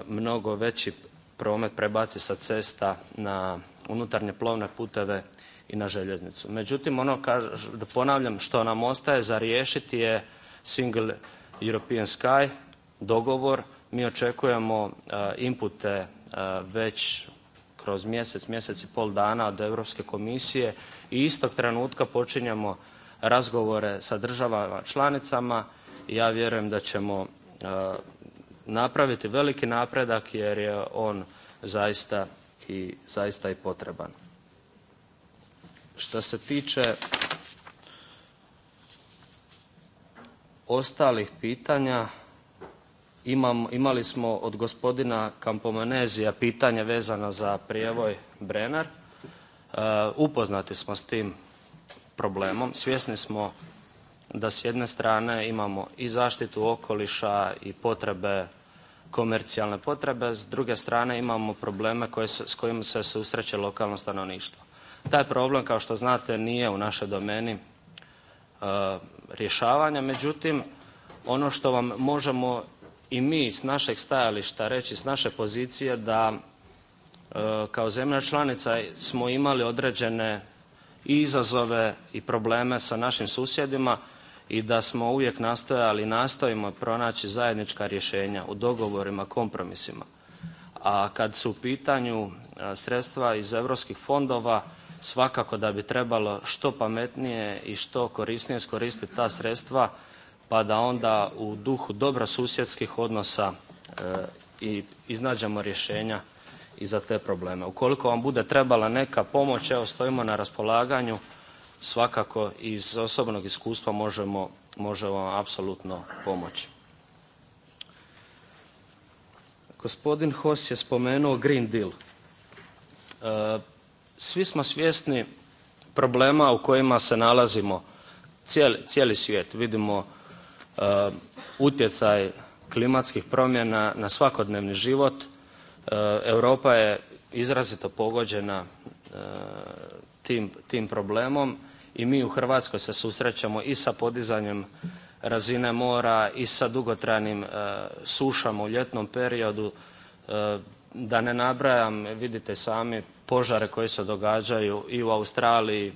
[SPEAKER 6] mnogo veći promet prebaci sa cesta na unutarnje plovne puteve i na željeznicu. Međutim, ono da ponavljam što nam ostaje za riješiti je Single European Sky dogovor. Mi očekujemo e, inpute e, već kroz mjesec, mjesec i pol dana od Europske komisije i istog trenutka počinjemo razgovore sa državama članicama i ja vjerujem da ćemo e, napraviti veliki napredak jer je on zaista i, zaista i potreban. Što se tiče ostalih pitanja, imali smo od gospodina Kampomenezija pitanje vezano za prijevoj Brenner. E, upoznati smo s tim problemom, svjesni smo da s jedne strane imamo i zaštitu okoliša i potrebe, komercijalne potrebe, s druge strane imamo probleme koje s kojim se susreće lokalno stanovništvo. Taj problem kao što znate nije u našoj domeni e, rješavanja, međutim ono što vam možemo i mi s našeg stajališta reći, s naše pozicije da e, kao zemlja članica smo imali određene i izazove i probleme sa našim susjedima i da smo uvijek nastojali i nastojimo pronaći zajednička rješenja u dogovorima, kompromisima. A kad su u pitanju e, sredstva iz europskih fondova svakako da bi trebalo što pametnije i što korisnije iskoristiti ta sredstva pa da onda u duhu dobrosusjedskih odnosa e, i iznađemo rješenja i za te probleme. Ukoliko vam bude trebala neka pomoć, evo stojimo na raspolaganju, svakako iz osobnog iskustva možemo vam apsolutno pomoći. Gospodin Hos je spomenuo Green Deal. E, svi smo svjesni problema u kojima se nalazimo, cijeli, svijet. Vidimo e, utjecaj klimatskih promjena na svakodnevni život. E, Europa je izrazito pogođena e, tim, tim problemom i mi u Hrvatskoj se susrećemo i sa podizanjem razine mora i sa dugotrajnim sušama u ljetnom periodu, da ne nabrajam, vidite sami požare koji se događaju i u Australiji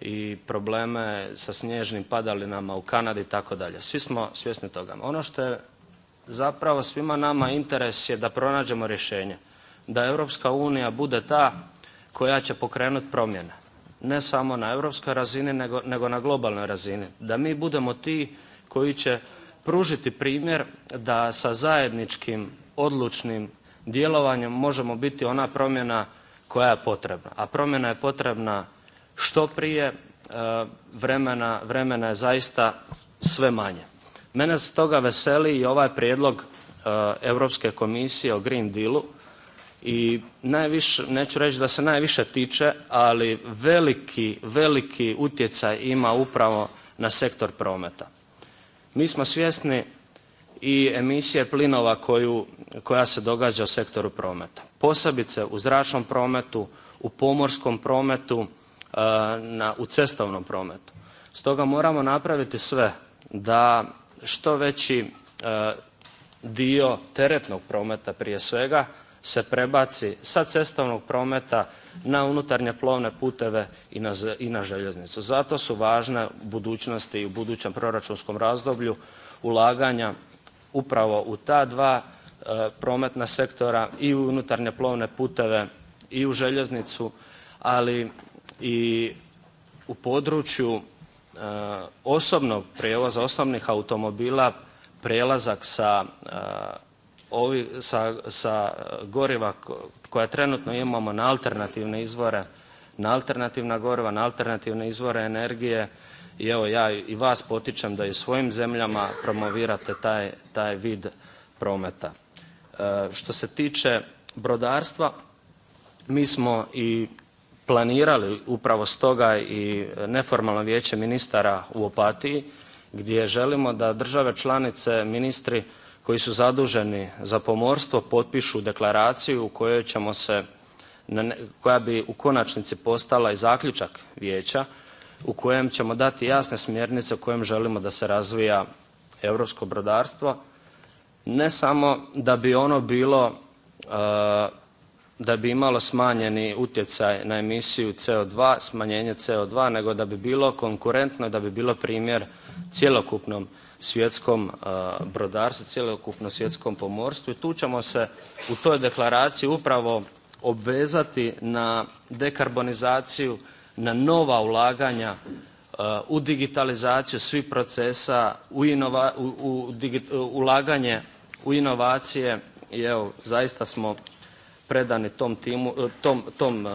[SPEAKER 6] i probleme sa snježnim padalinama u Kanadi i tako dalje. Svi smo svjesni toga. Ono što je zapravo svima nama interes je da pronađemo rješenje, da Europska unija bude ta koja će pokrenuti promjene, ne samo na europskoj razini nego, nego na globalnoj razini, da mi budemo ti koji će pružiti primjer da sa zajedničkim odlučnim djelovanjem možemo biti ona promjena koja je potrebna, a promjena je potrebna što prije, e, vremena je zaista sve manje. Mene toga veseli i ovaj prijedlog e, Europske komisije o Green Dealu i najviše, neću reći da se najviše tiče, ali veliki, veliki utjecaj ima upravo na sektor prometa. Mi smo svjesni i emisije plinova koja se događa u sektoru prometa, posebice u zračnom prometu, u pomorskom prometu, e, u cestovnom prometu. Stoga moramo napraviti sve da što veći e, dio teretnog prometa prije svega se prebaci sa cestovnog prometa na unutarnje plovne puteve i na željeznicu. Zato su važne u budućnosti i u budućem proračunskom razdoblju ulaganja upravo u ta dva e, prometna sektora i u unutarnje plovne puteve i u željeznicu, ali i u području e, osobnog prijevoza, osobnih automobila, prelazak sa e, sa goriva koja trenutno imamo na alternativne izvore, na alternativna goriva, na alternativne izvore energije i evo ja i vas potičem da i svojim zemljama promovirate taj, taj vid prometa. E, što se tiče brodarstva, mi smo i planirali upravo stoga i neformalno vijeće ministara u Opatiji gdje želimo da države članice, ministri koji su zaduženi za pomorstvo potpišu deklaraciju u kojoj ćemo se, koja bi u konačnici postala i zaključak vijeća u kojem ćemo dati jasne smjernice u kojem želimo da se razvija europsko brodarstvo, ne samo da bi ono bilo, eh, da bi imalo smanjeni utjecaj na emisiju CO2, smanjenje CO2, nego da bi bilo konkurentno, da bi bilo primjer cjelokupnom svjetskom eh, brodarstvu, cjelokupnom svjetskom pomorstvu i tu ćemo se u toj deklaraciji upravo obvezati na dekarbonizaciju, na nova ulaganja uh, u digitalizaciju svih procesa, u, ulaganje u inovacije i evo zaista smo predani tom, timu, uh, tom, tom uh,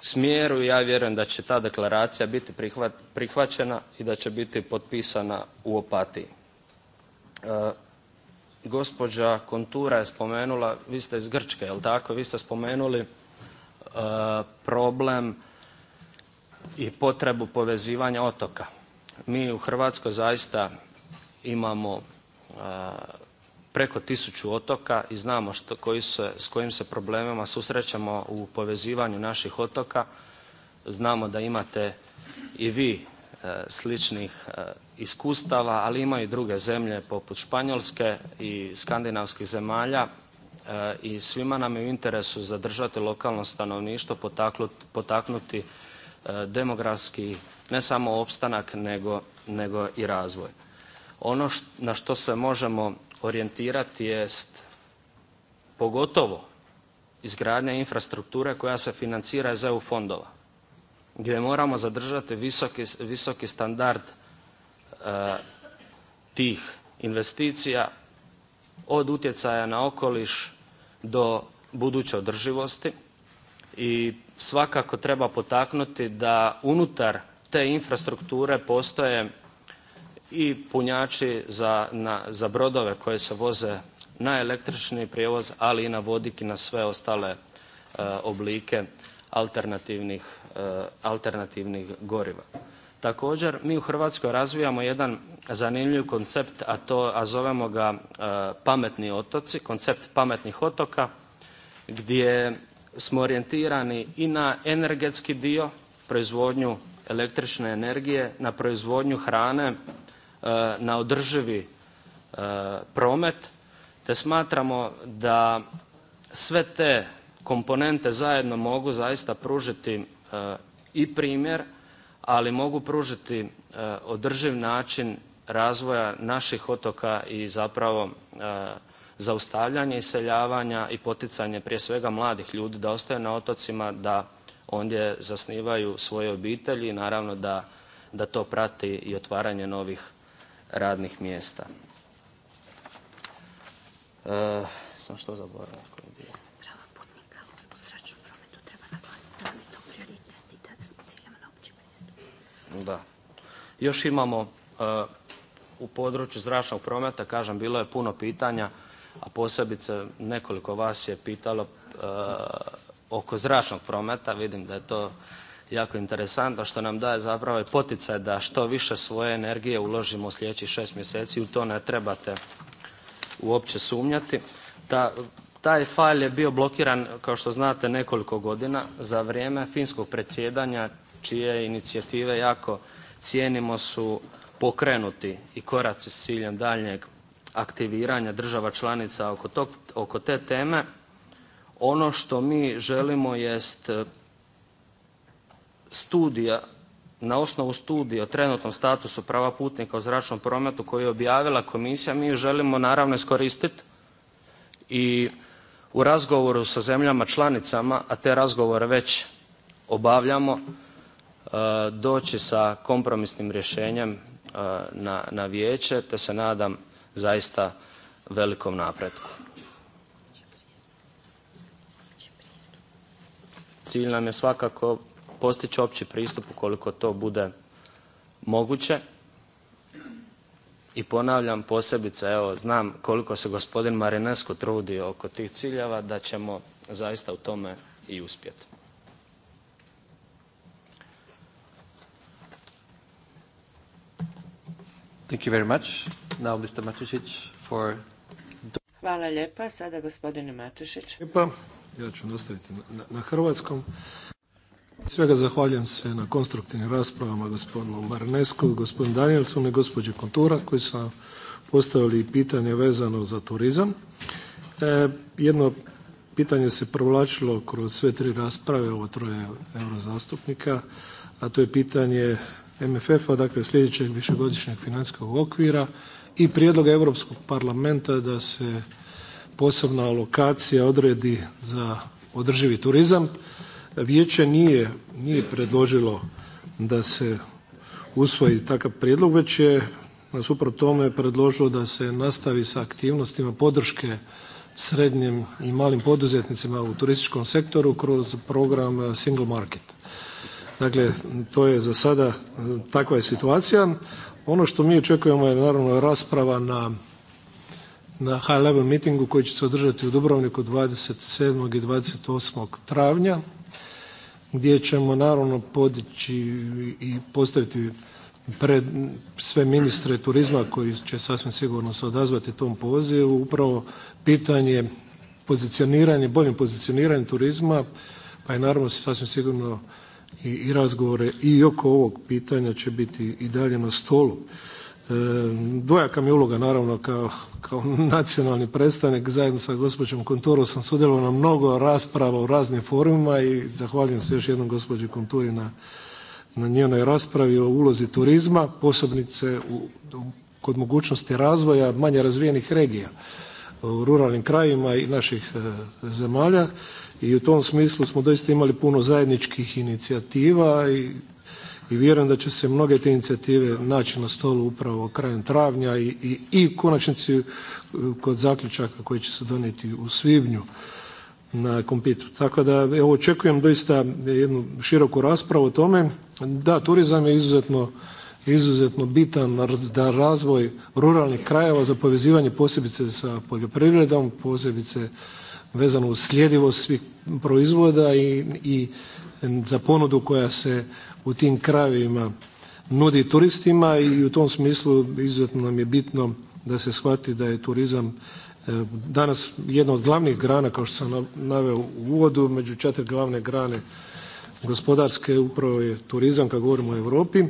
[SPEAKER 6] smjeru i ja vjerujem da će ta deklaracija biti prihvaćena i da će biti potpisana u Opatiji. gospođa Kontura je spomenula, vi ste iz Grčke, jel tako? Vi ste spomenuli problem i potrebu povezivanja otoka. Mi u Hrvatskoj zaista imamo e, preko tisuću otoka i znamo s kojim se problemima susrećemo u povezivanju naših otoka. Znamo da imate i vi e, sličnih e, iskustava, ali imaju i druge zemlje poput Španjolske i skandinavskih zemalja i svima nam je u interesu zadržati lokalno stanovništvo, potaknuti E, demografski ne samo opstanak nego, i razvoj. Ono na što se možemo orijentirati jest pogotovo izgradnja infrastrukture koja se financira iz EU fondova gdje moramo zadržati visoki, standard e, tih investicija od utjecaja na okoliš do buduće održivosti i svakako treba potaknuti da unutar te infrastrukture postoje i punjači za brodove koji se voze na električni prijevoz, ali i na vodik i na sve ostale e, oblike e, alternativnih goriva. Također, mi u Hrvatskoj razvijamo jedan zanimljiv koncept, a zovemo ga e, pametni otoci, koncept pametnih otoka gdje smo orijentirani i na energetski dio, proizvodnju električne energije, na proizvodnju hrane, e, na održivi e, promet te smatramo da sve te komponente zajedno mogu zaista pružiti e, i primjer, ali mogu pružiti održiv način razvoja naših otoka i zapravo zaustavljanje iseljavanja i poticanje prije svega mladih ljudi da ostaju na otocima, da ondje zasnivaju svoje obitelji i naravno da to prati i otvaranje novih radnih mjesta. E, sam što Još imamo e, u području zračnog prometa, kažem, bilo je puno pitanja a posebice nekoliko vas je pitalo eh, oko zračnog prometa, vidim da je to jako interesantno što nam daje zapravo i poticaj da što više svoje energije uložimo u sljedećih šest mjeseci u to ne trebate uopće sumnjati. taj fajl je bio blokiran kao što znate nekoliko godina za vrijeme finskog predsjedanja čije inicijative jako cijenimo su pokrenuti i koraci s ciljem daljnjeg aktiviranja država članica oko te teme. Ono što mi želimo jest e, studija, na osnovu studija o trenutnom statusu prava putnika u zračnom prometu koju je objavila komisija, mi ju želimo naravno iskoristiti i u razgovoru sa zemljama članicama, a te razgovore već obavljamo, e, doći sa kompromisnim rješenjem e, na vijeće te se nadam zaista velikom napretku. Cilj nam je svakako postići opći pristup ukoliko to bude moguće i ponavljam posebice, evo znam koliko se gospodin Marinesko trudi oko tih ciljeva da ćemo zaista u tome i uspjeti.
[SPEAKER 2] Thank you very much.
[SPEAKER 1] Hvala lijepa. Sada gospodine Matušić. Lijepa.
[SPEAKER 8] Ja ću nastaviti na, na hrvatskom. Svega zahvaljujem se na konstruktivnim raspravama gospodinu Marinesku, gospodinu Danielsu i gospođi Kontura koji su postavili pitanje vezano za turizam. E, jedno pitanje se provlačilo kroz sve tri rasprave, ovo troje eurozastupnika, a to je pitanje MFF-a, dakle sljedećeg višegodišnjeg financijskog okvira i prijedloga Europskog parlamenta da se posebna alokacija odredi za održivi turizam. Vijeće nije, nije predložilo da se usvoji takav prijedlog već je nasuprot tome predložilo da se nastavi sa aktivnostima podrške srednjim i malim poduzetnicima u turističkom sektoru kroz program Single Market. Dakle, to je za sada, e, takva je situacija. Ono što mi očekujemo je naravno rasprava na na high level meetingu koji će se održati u Dubrovniku 27. i 28. travnja gdje ćemo naravno podići i postaviti pred sve ministre turizma koji će sasvim sigurno se odazvati tom pozivu upravo pitanje pozicioniranje, boljem pozicioniranju turizma pa je naravno sasvim sigurno i, razgovore i oko ovog pitanja će biti i dalje na stolu. E, dvojaka mi je uloga naravno kao, kao nacionalni predstavnik zajedno sa gospođom Kontoru sam sudjelovao na mnogo rasprava u raznim forumima i zahvaljujem se još jednom gospođi Konturi na, njenoj raspravi o ulozi turizma, posebice kod mogućnosti razvoja manje razvijenih regija u ruralnim krajevima i naših e, zemalja i u tom smislu smo doista imali puno zajedničkih inicijativa i, i vjerujem da će se mnoge te inicijative naći na stolu upravo krajem travnja i, i, i u konačnici e, kod zaključaka koji će se donijeti u svibnju na kompitu. Tako da evo očekujem doista jednu široku raspravu o tome. Da, turizam je izuzetno izuzetno bitan za razvoj ruralnih krajeva, za povezivanje posebice sa poljoprivredom, posebice vezano uz sljedivost svih proizvoda i, za ponudu koja se u tim krajevima nudi turistima i u tom smislu izuzetno nam je bitno da se shvati da je turizam e, danas jedna od glavnih grana kao što sam naveo u uvodu među četiri glavne grane gospodarske upravo je turizam kad govorimo o Europi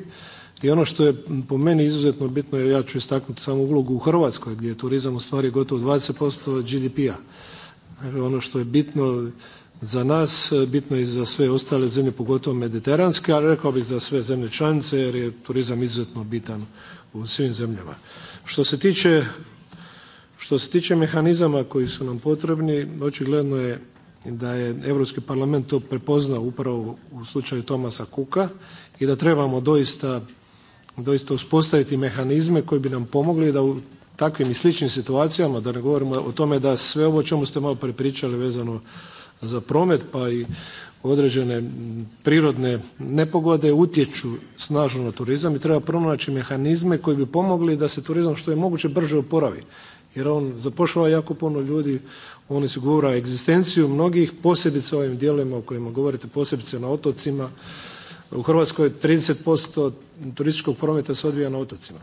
[SPEAKER 8] i ono što je po meni izuzetno bitno ja ću istaknuti samo ulogu u Hrvatskoj gdje je turizam ostvario gotovo 20% GDP-a Dakle, ono što je bitno za nas, bitno je i za sve ostale zemlje, pogotovo mediteranske, ali rekao bih za sve zemlje članice jer je turizam izuzetno bitan u svim zemljama. Što se tiče, što se tiče mehanizama koji su nam potrebni, očigledno je da je Europski parlament to prepoznao upravo u slučaju Tomasa Kuka i da trebamo doista, doista uspostaviti mehanizme koji bi nam pomogli da u takvim i sličnim situacijama, da ne govorimo o tome da sve ovo o čemu ste malo pričali vezano za promet pa i određene prirodne nepogode utječu snažno na turizam i treba pronaći mehanizme koji bi pomogli da se turizam što je moguće brže oporavi jer on zapošljava jako puno ljudi, on osigura egzistenciju mnogih, posebice ovim dijelovima o kojima govorite, posebice na otocima. U Hrvatskoj 30% turističkog prometa se odvija na otocima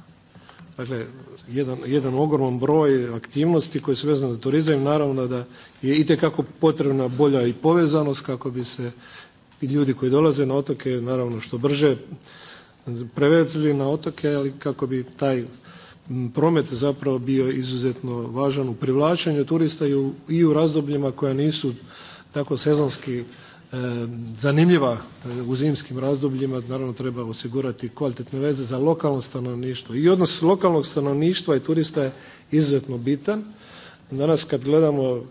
[SPEAKER 8] dakle jedan, jedan ogroman broj aktivnosti koje su vezane za turizam naravno da je itekako potrebna bolja i povezanost kako bi se ti ljudi koji dolaze na otoke naravno što brže prevezli na otoke, ali kako bi taj promet zapravo bio izuzetno važan u privlačenju turista i u razdobljima koja nisu tako sezonski zanimljiva u zimskim razdobljima. Naravno treba osigurati kvalitetne veze za lokalno stanovništvo. I odnos lokalnog stanovništva i turista je izuzetno bitan. Danas kad gledamo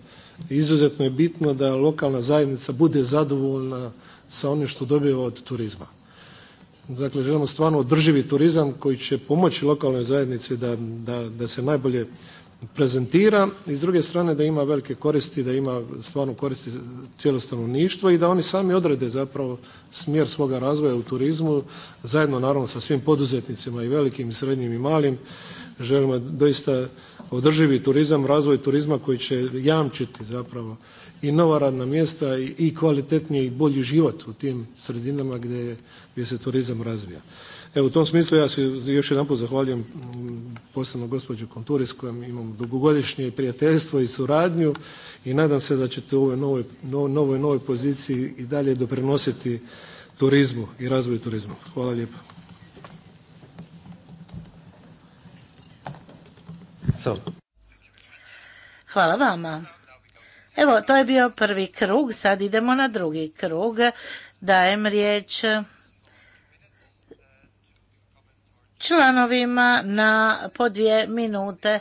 [SPEAKER 8] izuzetno je bitno da lokalna zajednica bude zadovoljna sa onim što dobiva od turizma. Dakle, želimo stvarno održivi turizam koji će pomoći lokalnoj zajednici da, da se najbolje prezentira i s druge strane da ima velike koristi, da ima stvarno koristi cijelo stanovništvo i da oni sami odrede zapravo smjer svoga razvoja u turizmu zajedno naravno sa svim poduzetnicima i velikim i srednjim i malim. Želimo doista održivi turizam, razvoj turizma koji će jamčiti zapravo i nova radna mjesta i kvalitetniji i bolji život u tim sredinama gdje se turizam razvija. Evo u tom smislu ja se još jedanput zahvaljujem mm, posebno gospođi Konturi s kojom imam dugogodišnje prijateljstvo i suradnju i nadam se da ćete u ovoj novoj, novoj, poziciji i dalje doprinositi turizmu i razvoju turizma. Hvala lijepo.
[SPEAKER 5] Hvala vama. Evo, to je bio prvi krug, sad idemo na drugi krug. Dajem riječ članovima na po dvije minute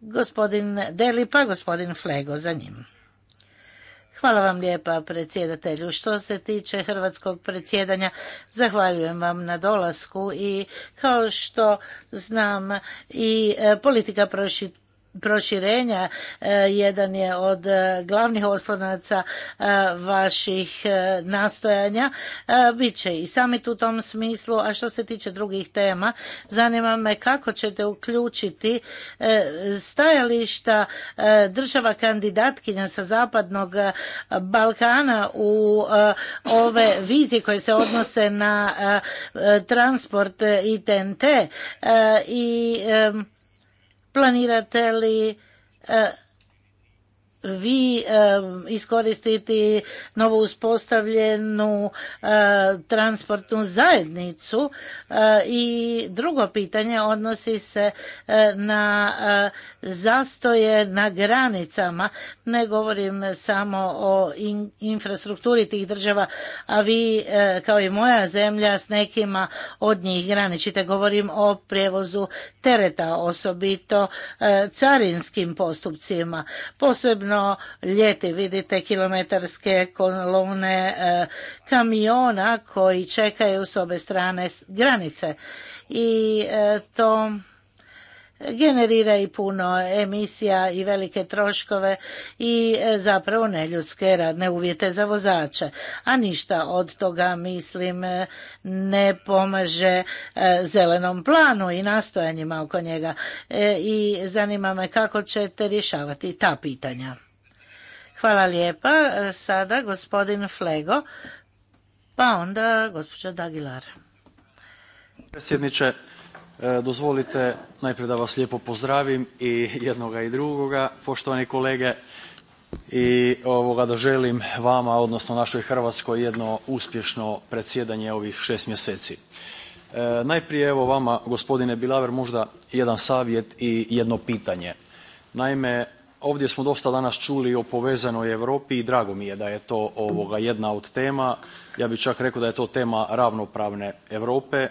[SPEAKER 5] gospodin Deli pa gospodin Flego za njim. Hvala vam lijepa predsjedatelju. Što se tiče hrvatskog predsjedanja, zahvaljujem vam na dolasku i kao što znam i e, politika prošit proširenja e, jedan je od e, glavnih oslonaca e, vaših nastojanja. Biće i samit u tom smislu, a što se tiče drugih tema, zanima me kako ćete uključiti stajališta država kandidatkinja sa Zapadnog Balkana u ove vizije koje se odnose na transport i TNT i Planirate li eh, vi iskoristiti novo uspostavljenu e, transportnu zajednicu e, i drugo pitanje odnosi se e, na zastoje na granicama ne govorim samo o infrastrukturi tih država a vi kao i moja zemlja s nekima od njih graničite govorim o prijevozu tereta osobito carinskim postupcima posebno ljeti vidite kilometarske kolone e, kamiona koji čekaju s obe strane granice i e, to generira i puno emisija i velike troškove i e, zapravo neljudske radne uvjete za vozače. A ništa od toga, mislim, e, ne pomaže e, zelenom planu i nastojanjima oko njega. I zanima me kako ćete rješavati ta pitanja. Hvala lijepa. Sada gospodin Flego, pa onda gospođa Dagilar.
[SPEAKER 7] Predsjedniče, E, dozvolite najprije da vas lijepo pozdravim i jednoga i drugoga, poštovani kolege, i ovoga da želim vama, odnosno našoj Hrvatskoj jedno uspješno predsjedanje ovih šest mjeseci. E, najprije evo vama, gospodine Bilaver, možda jedan savjet i jedno pitanje. Naime, ovdje smo dosta danas čuli o povezanoj Europi i drago mi je da je to ovoga jedna od tema. Ja bih čak rekao da je to tema ravnopravne Europe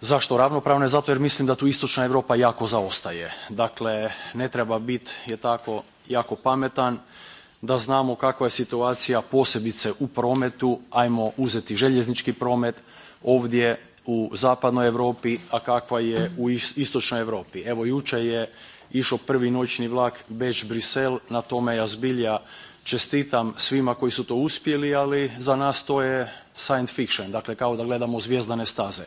[SPEAKER 7] Zašto ravnopravne? Zato jer mislim da tu istočna Evropa jako zaostaje. Dakle, ne treba biti je tako jako pametan da znamo kakva je situacija posebice u prometu, ajmo uzeti željeznički promet ovdje u zapadnoj Europi, a kakva je u istočnoj Europi. Evo jučer je išao prvi noćni vlak Beč Brisel, na tome ja zbilja čestitam svima koji su to uspjeli, ali za nas to je science fiction, dakle kao da gledamo zvijezdane staze.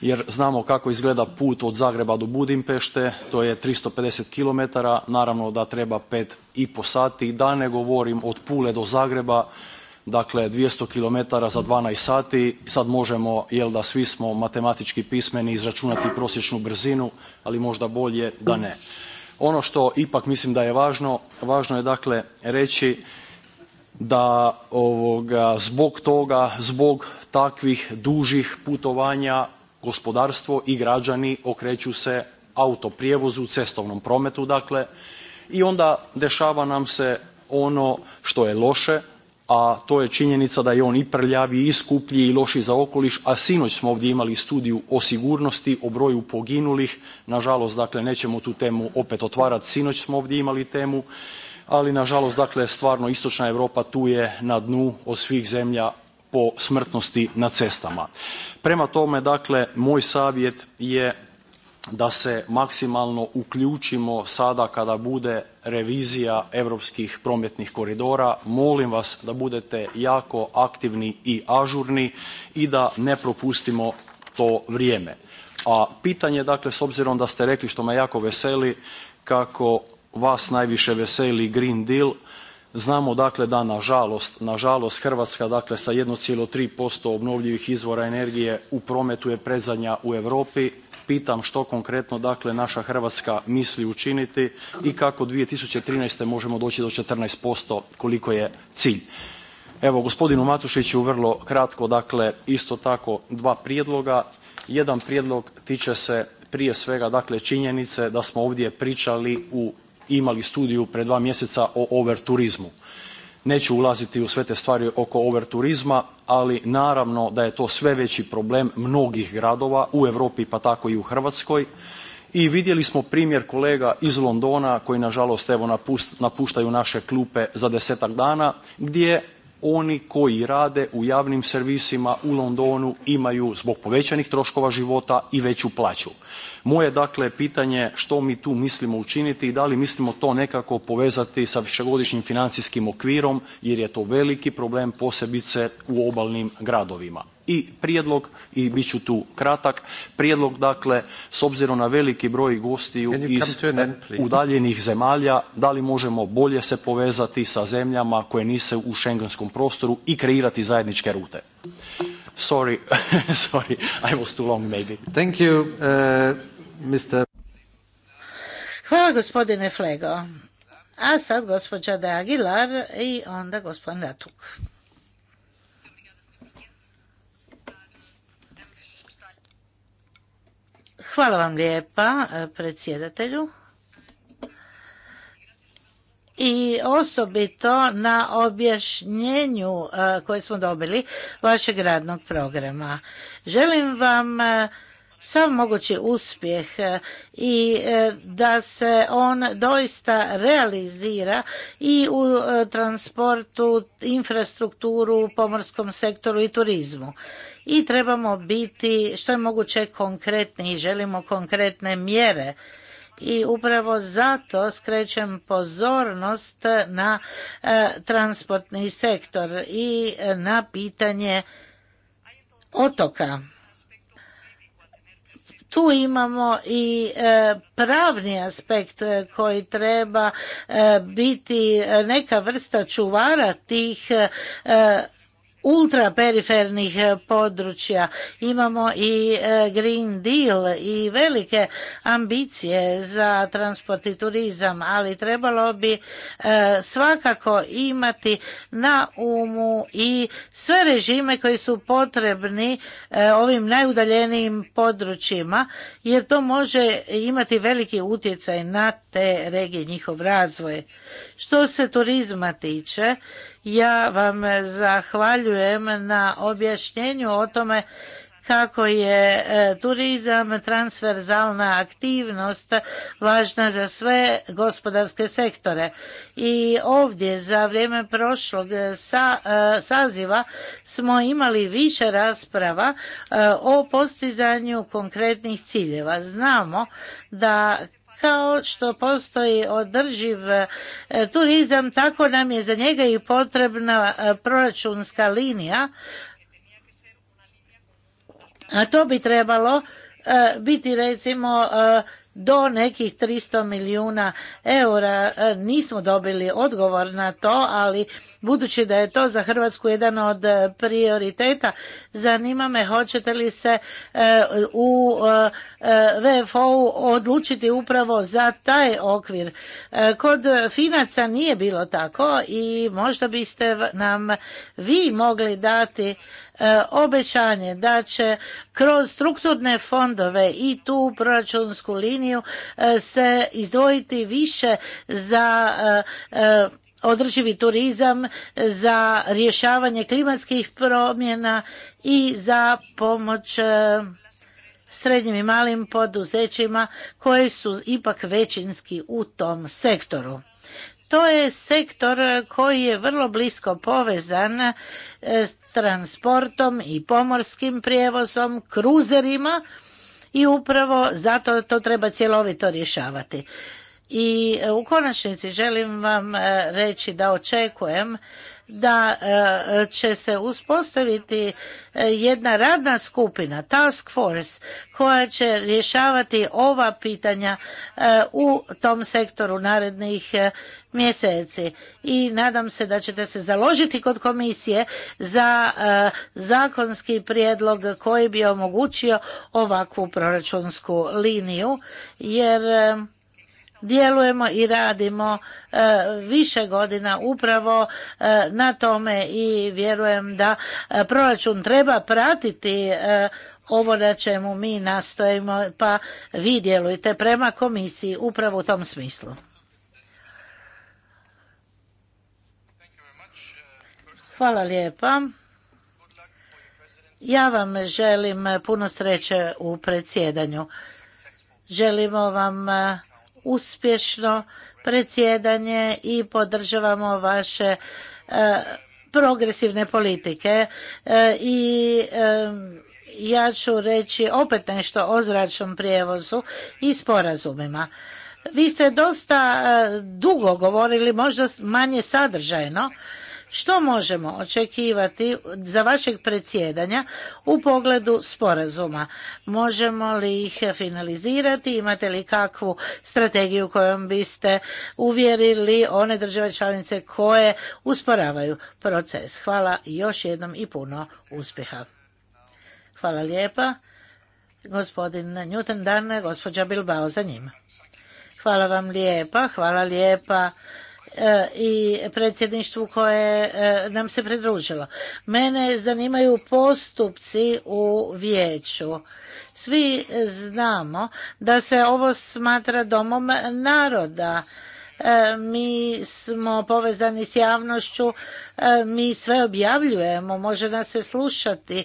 [SPEAKER 7] Jer znamo kako izgleda put od Zagreba do Budimpešte, to je 350 km, naravno da treba pet i po sati, da ne govorim od Pule do Zagreba, dakle 200 km za 12 sati. Sad možemo, jel da svi smo matematički pismeni, izračunati prosječnu brzinu, ali možda bolje da ne. Ono što ipak mislim da je važno, važno je dakle reći da zbog toga, zbog takvih dužih putovanja gospodarstvo i građani okreću se autoprijevozu, cestovnom prometu dakle i onda dešava nam se ono što je loše, a to je činjenica da je on i prljavi i skuplji i loši za okoliš, a sinoć smo ovdje imali studiju o sigurnosti, o broju poginulih, nažalost dakle nećemo tu temu opet otvarati, sinoć smo ovdje imali temu ali nažalost dakle stvarno istočna Europa tu je na dnu od svih zemlja po smrtnosti na cestama. Prema tome dakle moj savjet je da se maksimalno uključimo sada kada bude revizija europskih prometnih koridora. Molim vas da budete jako aktivni i ažurni i da ne propustimo to vrijeme. A pitanje dakle s obzirom da ste rekli što me jako veseli kako vas najviše veseli Green Deal. Znamo dakle da nažalost, nažalost Hrvatska dakle sa 1,3% obnovljivih izvora energije u prometu je prezanja u Europi. Pitam što konkretno dakle naša Hrvatska misli učiniti i kako 2013. možemo doći do 14% koliko je cilj. Evo gospodinu Matušiću vrlo kratko dakle isto tako dva prijedloga. Jedan prijedlog tiče se prije svega dakle činjenice da smo ovdje pričali u imali studiju pred dva mjeseca o overturizmu. Neću ulaziti u sve te stvari oko overturizma, ali naravno da je to sve veći problem mnogih gradova u Europi pa tako i u Hrvatskoj. I vidjeli smo primjer kolega iz Londona koji nažalost evo napuštaju naše klupe za desetak dana gdje oni koji rade u javnim servisima u Londonu imaju zbog povećanih troškova života i veću plaću. Moje dakle pitanje što mi tu mislimo učiniti i da li mislimo to nekako povezati sa višegodišnjim financijskim okvirom jer je to veliki problem posebice u obalnim gradovima. I prijedlog, i bit ću tu kratak, prijedlog dakle s obzirom na veliki broj gostiju iz udaljenih zemalja da li možemo bolje se povezati sa zemljama koje nisu u šengenskom prostoru i kreirati zajedničke rute. Sorry, (laughs) sorry, I was too long maybe. Thank you. Uh,
[SPEAKER 5] Hvala gospodine Flego. A sad gospođa De Aguilar i onda gospodin Datuk. Hvala vam lijepa predsjedatelju i osobito na objašnjenju e, koje smo dobili vašeg radnog programa. Želim vam e, sav mogući uspjeh e, i e, da se on doista realizira i u e, transportu, infrastrukturu, pomorskom sektoru i turizmu i trebamo biti što je moguće konkretni i želimo konkretne mjere i upravo zato skrećem pozornost na transportni sektor i na pitanje otoka tu imamo i e, pravni aspekt e, koji treba e, biti neka vrsta čuvara tih ultraperifernih e, područja. Imamo i e, Green Deal i velike ambicije za transport i turizam, ali trebalo bi e, svakako imati na umu i sve režime koji su potrebni ovim najudaljenijim područjima, jer to može imati veliki utjecaj na te regije, njihov razvoj. Što se turizma tiče, ja vam zahvaljujem na objašnjenju o tome kako je e, turizam transverzalna aktivnost važna za sve gospodarske sektore. I ovdje za vrijeme prošlog e, e, saziva smo imali više rasprava o postizanju konkretnih ciljeva. Znamo da kao što postoji održiv e, turizam, tako nam je za njega i potrebna e, proračunska linija. A to bi trebalo e, biti recimo do nekih 300 milijuna eura. E, nismo dobili odgovor na to, ali budući da je to za Hrvatsku jedan od e, prioriteta, zanima me hoćete li se e, u VFO-u odlučiti upravo za taj okvir. Kod Finaca nije bilo tako i možda biste nam vi mogli dati E, obećanje da će kroz strukturne fondove i tu proračunsku liniju e, se izdvojiti više za e, održivi turizam, za rješavanje klimatskih promjena i za pomoć srednjim i malim poduzećima koji su ipak većinski u tom sektoru. To je sektor koji je vrlo blisko povezan transportom i pomorskim prijevozom, kruzerima i upravo zato to treba cjelovito rješavati. I e, u konačnici želim vam e, reći da očekujem da e, će se uspostaviti e, jedna radna skupina, task force, koja će rješavati ova pitanja e, u tom sektoru narednih mjeseci. I nadam se da ćete se založiti kod komisije za zakonski prijedlog koji bi omogućio ovakvu proračunsku liniju, jer djelujemo i radimo e, više godina upravo e, na tome i vjerujem da e, proračun treba pratiti ovo na čemu mi nastojimo, pa vi djelujte prema komisiji upravo u tom smislu. Hvala lijepa. Ja vam želim puno sreće u predsjedanju. Želimo vam uspješno predsjedanje i podržavamo vaše e, progresivne politike e, i e, ja ću reći opet nešto o zračnom prijevozu i sporazumima. Vi ste dosta dugo govorili, možda manje sadržajno, što možemo očekivati za vašeg predsjedanja u pogledu sporazuma? Možemo li ih finalizirati? Imate li kakvu strategiju kojom biste uvjerili one države članice koje usporavaju proces? Hvala još jednom i puno uspjeha. Hvala lijepa. Gospodin Newton Dan, gospođa Bilbao za njim. Hvala vam lijepa, hvala lijepa E, i predsjedništvu koje e, nam se pridružilo. Mene zanimaju postupci u vijeću. Svi znamo da se ovo smatra domom naroda. E, mi smo povezani s javnošću, mi sve objavljujemo, može nas se slušati,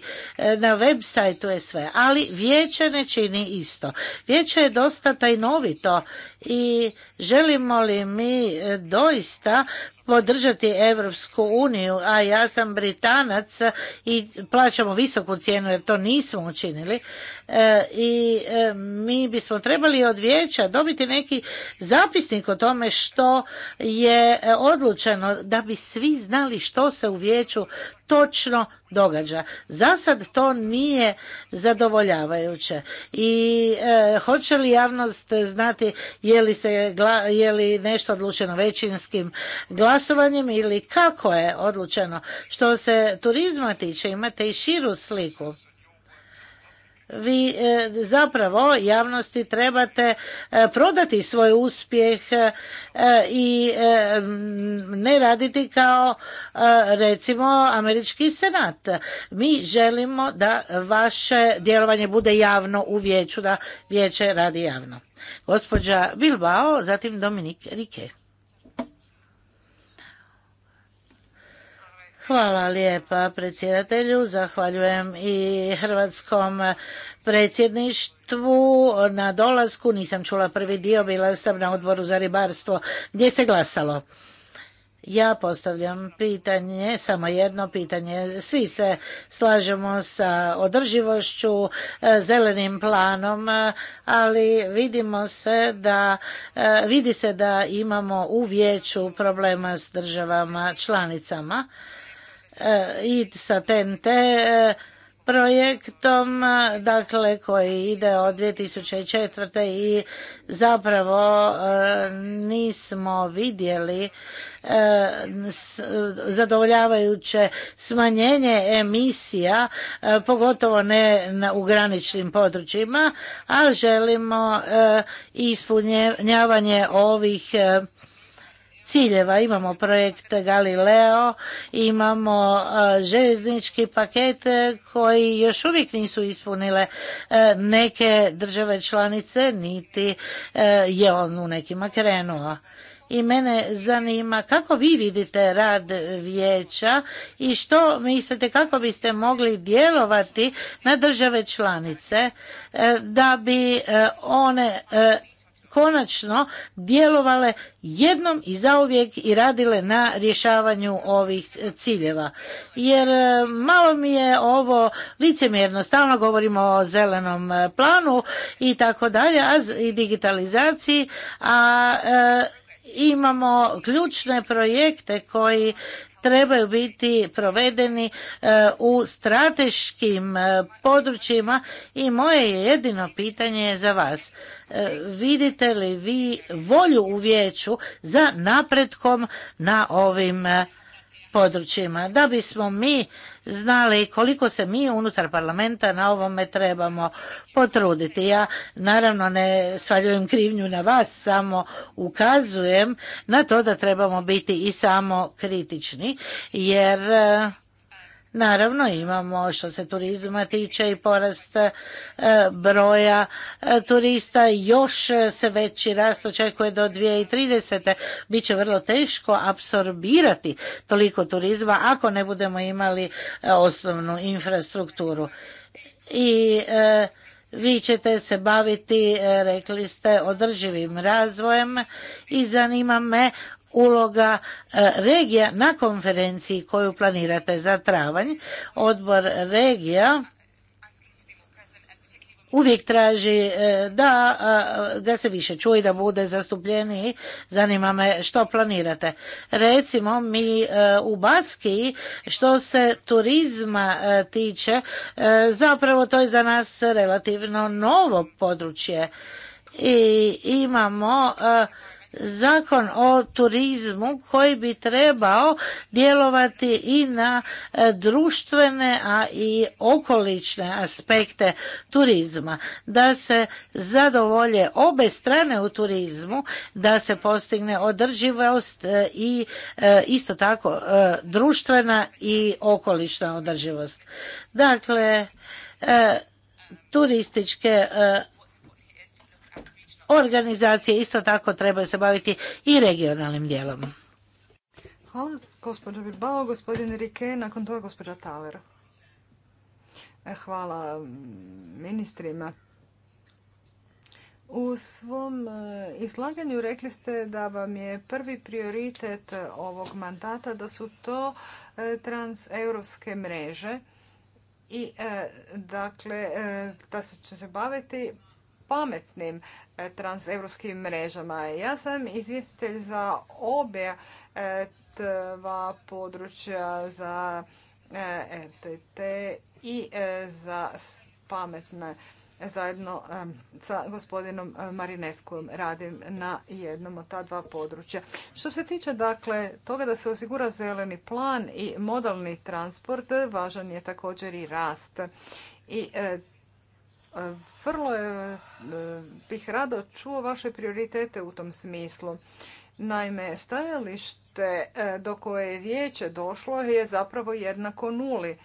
[SPEAKER 5] na web sajtu je sve, ali vijeće ne čini isto. Vijeće je dosta tajnovito i želimo li mi e, doista podržati Evropsku uniju, a ja sam Britanac i plaćamo visoku cijenu jer to nismo učinili e, i e, mi bismo trebali od vijeća dobiti neki zapisnik o tome što je odlučeno da bi svi znali što se u vijeću točno događa. Za sad to nije zadovoljavajuće. I e, hoće li javnost znati je li, se, je li nešto odlučeno većinskim glasovanjem ili kako je odlučeno. Što se turizma tiče imate i širu sliku vi e, zapravo javnosti trebate e, prodati svoj uspjeh e, i ne raditi kao recimo američki senat. Mi želimo da vaše djelovanje bude javno u vijeću, da vijeće radi javno. Gospođa Bilbao, zatim Dominik Rike. Hvala lijepa predsjedatelju, zahvaljujem i hrvatskom predsjedništvu na dolasku. Nisam čula prvi dio, bila sam na odboru za ribarstvo gdje se glasalo. Ja postavljam pitanje, samo jedno pitanje. Svi se slažemo sa održivošću, e, zelenim planom, e, ali vidimo se da, e, vidi se da imamo u vijeću problema s državama članicama i sa TNT e, projektom, e, dakle koji ide od 2004. i zapravo e, nismo vidjeli zadovoljavajuće smanjenje emisija, pogotovo ne u graničnim područjima, ali želimo ispunjavanje ovih ciljeva. Imamo projekt Galileo, imamo e, željeznički paket e, koji još uvijek nisu ispunile e, neke države članice, niti je on u nekima krenuo. I mene zanima kako vi vidite rad vijeća i što mislite kako biste mogli djelovati na države članice da bi one konačno djelovale jednom i zauvijek i radile na rješavanju ovih ciljeva. Jer e, malo mi je ovo licemjerno, stalno govorimo o zelenom e, planu i tako dalje, i digitalizaciji, a e, imamo ključne projekte koji trebaju biti provedeni e, u strateškim e, područjima i moje je jedino pitanje za vas. E, vidite li vi volju u vijeću za napretkom na ovim područjima, da bismo mi znali koliko se mi unutar parlamenta na ovome trebamo potruditi. Ja naravno ne svaljujem krivnju na vas, samo ukazujem na to da trebamo biti i samo kritični, jer Naravno imamo što se turizma tiče i porast e, broja e, turista, još se veći rast očekuje do 2030. Biće vrlo teško apsorbirati toliko turizma ako ne budemo imali e, osnovnu infrastrukturu. I vi ćete se baviti, rekli ste, održivim razvojem i zanima me uloga e, regija na konferenciji koju planirate za travanj. Odbor regija uvijek traži e, da e, ga se više čuje da bude zastupljeniji. Zanima me što planirate. Recimo mi u Baski, što se turizma tiče, zapravo to je za nas relativno novo područje i imamo zakon o turizmu koji bi trebao djelovati i na e, društvene, a i okolične aspekte turizma. Da se zadovolje obe strane u turizmu, da se postigne održivost e, i e, isto tako društvena i okolišna održivost. Dakle, turističke organizacije isto tako trebaju se baviti i regionalnim dijelom.
[SPEAKER 4] Hvala gospođo Bilbao, gospodin Rike, nakon toga gospođa Taler. E, hvala mm, ministrima. U svom e, izlaganju rekli ste da vam je prvi prioritet ovog mandata da su to e, transeuropske mreže i dakle da se će se baviti pametnim e, transeuropskim mrežama. Ja sam izvjestitelj za obje e, tva područja za e, RTT i za pametne zajedno sa gospodinom Marineskom radim na jednom od ta dva područja. Što se tiče dakle toga da se osigura zeleni plan i modalni transport, važan je također i rast. I vrlo e, e, bih rado čuo vaše prioritete u tom smislu. Naime, stajalište e, do koje je vijeće došlo je zapravo jednako nuli.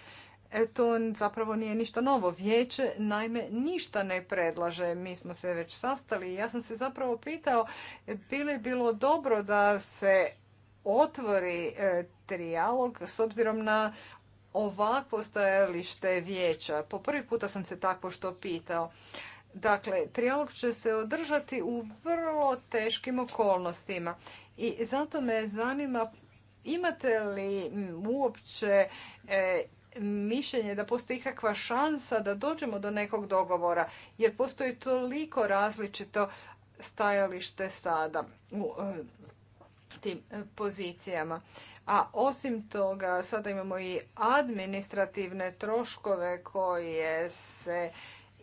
[SPEAKER 4] to zapravo nije ništa novo. Vijeće naime ništa ne predlaže. Mi smo se već sastali i ja sam se zapravo pitao bi li bilo dobro da se otvori trijalog s obzirom na ovakvo stajalište vijeća. Po prvi puta sam se tako što pitao. Dakle, trijalog će se održati u vrlo teškim okolnostima i zato me zanima imate li uopće e, mišljenje da postoji ikakva šansa da dođemo do nekog dogovora jer postoji toliko različito stajalište sada u e, tim e, pozicijama. A osim toga, sada imamo i administrativne troškove koje se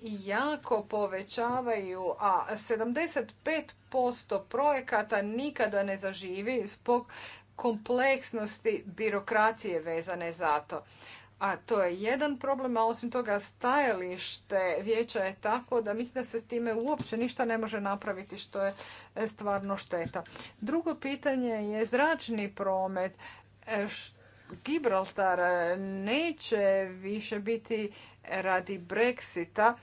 [SPEAKER 4] jako povećavaju, a 75% projekata nikada ne zaživi zbog kompleksnosti birokracije vezane za to. A to je jedan problem, a osim toga stajalište vijeća je tako da mislim da se time uopće ništa ne može napraviti što je e, stvarno šteta. Drugo pitanje je zračni promet. E, Gibraltar e, neće više biti radi Brexita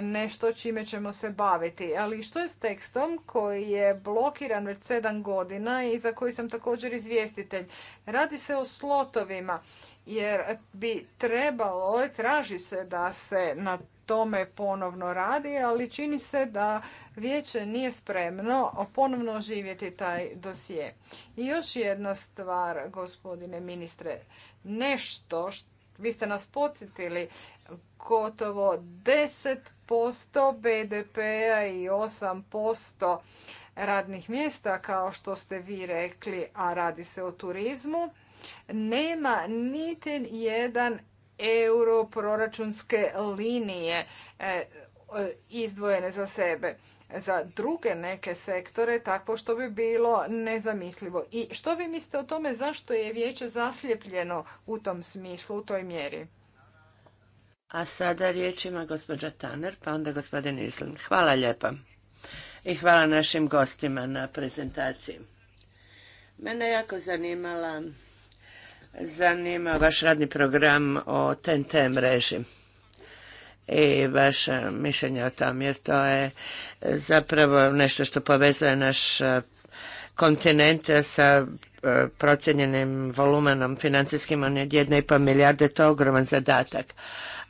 [SPEAKER 4] nešto čime ćemo se baviti. Ali što je s tekstom koji je blokiran već sedam godina i za koji sam također izvjestitelj? Radi se o slotovima jer bi trebalo, traži se da se na tome ponovno radi, ali čini se da vijeće nije spremno ponovno oživjeti taj dosje. I još jedna stvar, gospodine ministre, nešto, što, vi ste nas podsjetili, gotovo 10% BDP-a i 8% radnih mjesta, kao što ste vi rekli, a radi se o turizmu nema niti jedan euro proračunske linije e, e, izdvojene za sebe za druge neke sektore tako što bi bilo nezamislivo. I što vi mislite o tome zašto je vijeće zasljepljeno u tom smislu, u toj mjeri?
[SPEAKER 1] A sada riječ ima gospođa Taner, pa onda gospodin Islam. Hvala lijepa. I hvala našim gostima na prezentaciji. Mene jako zanimala zanima vaš radni program o TNT mreži i vaše mišljenje o tom, jer to je zapravo nešto što povezuje naš e, kontinent sa e, procijenjenim volumenom financijskim od jedne i milijarde, to je ogroman zadatak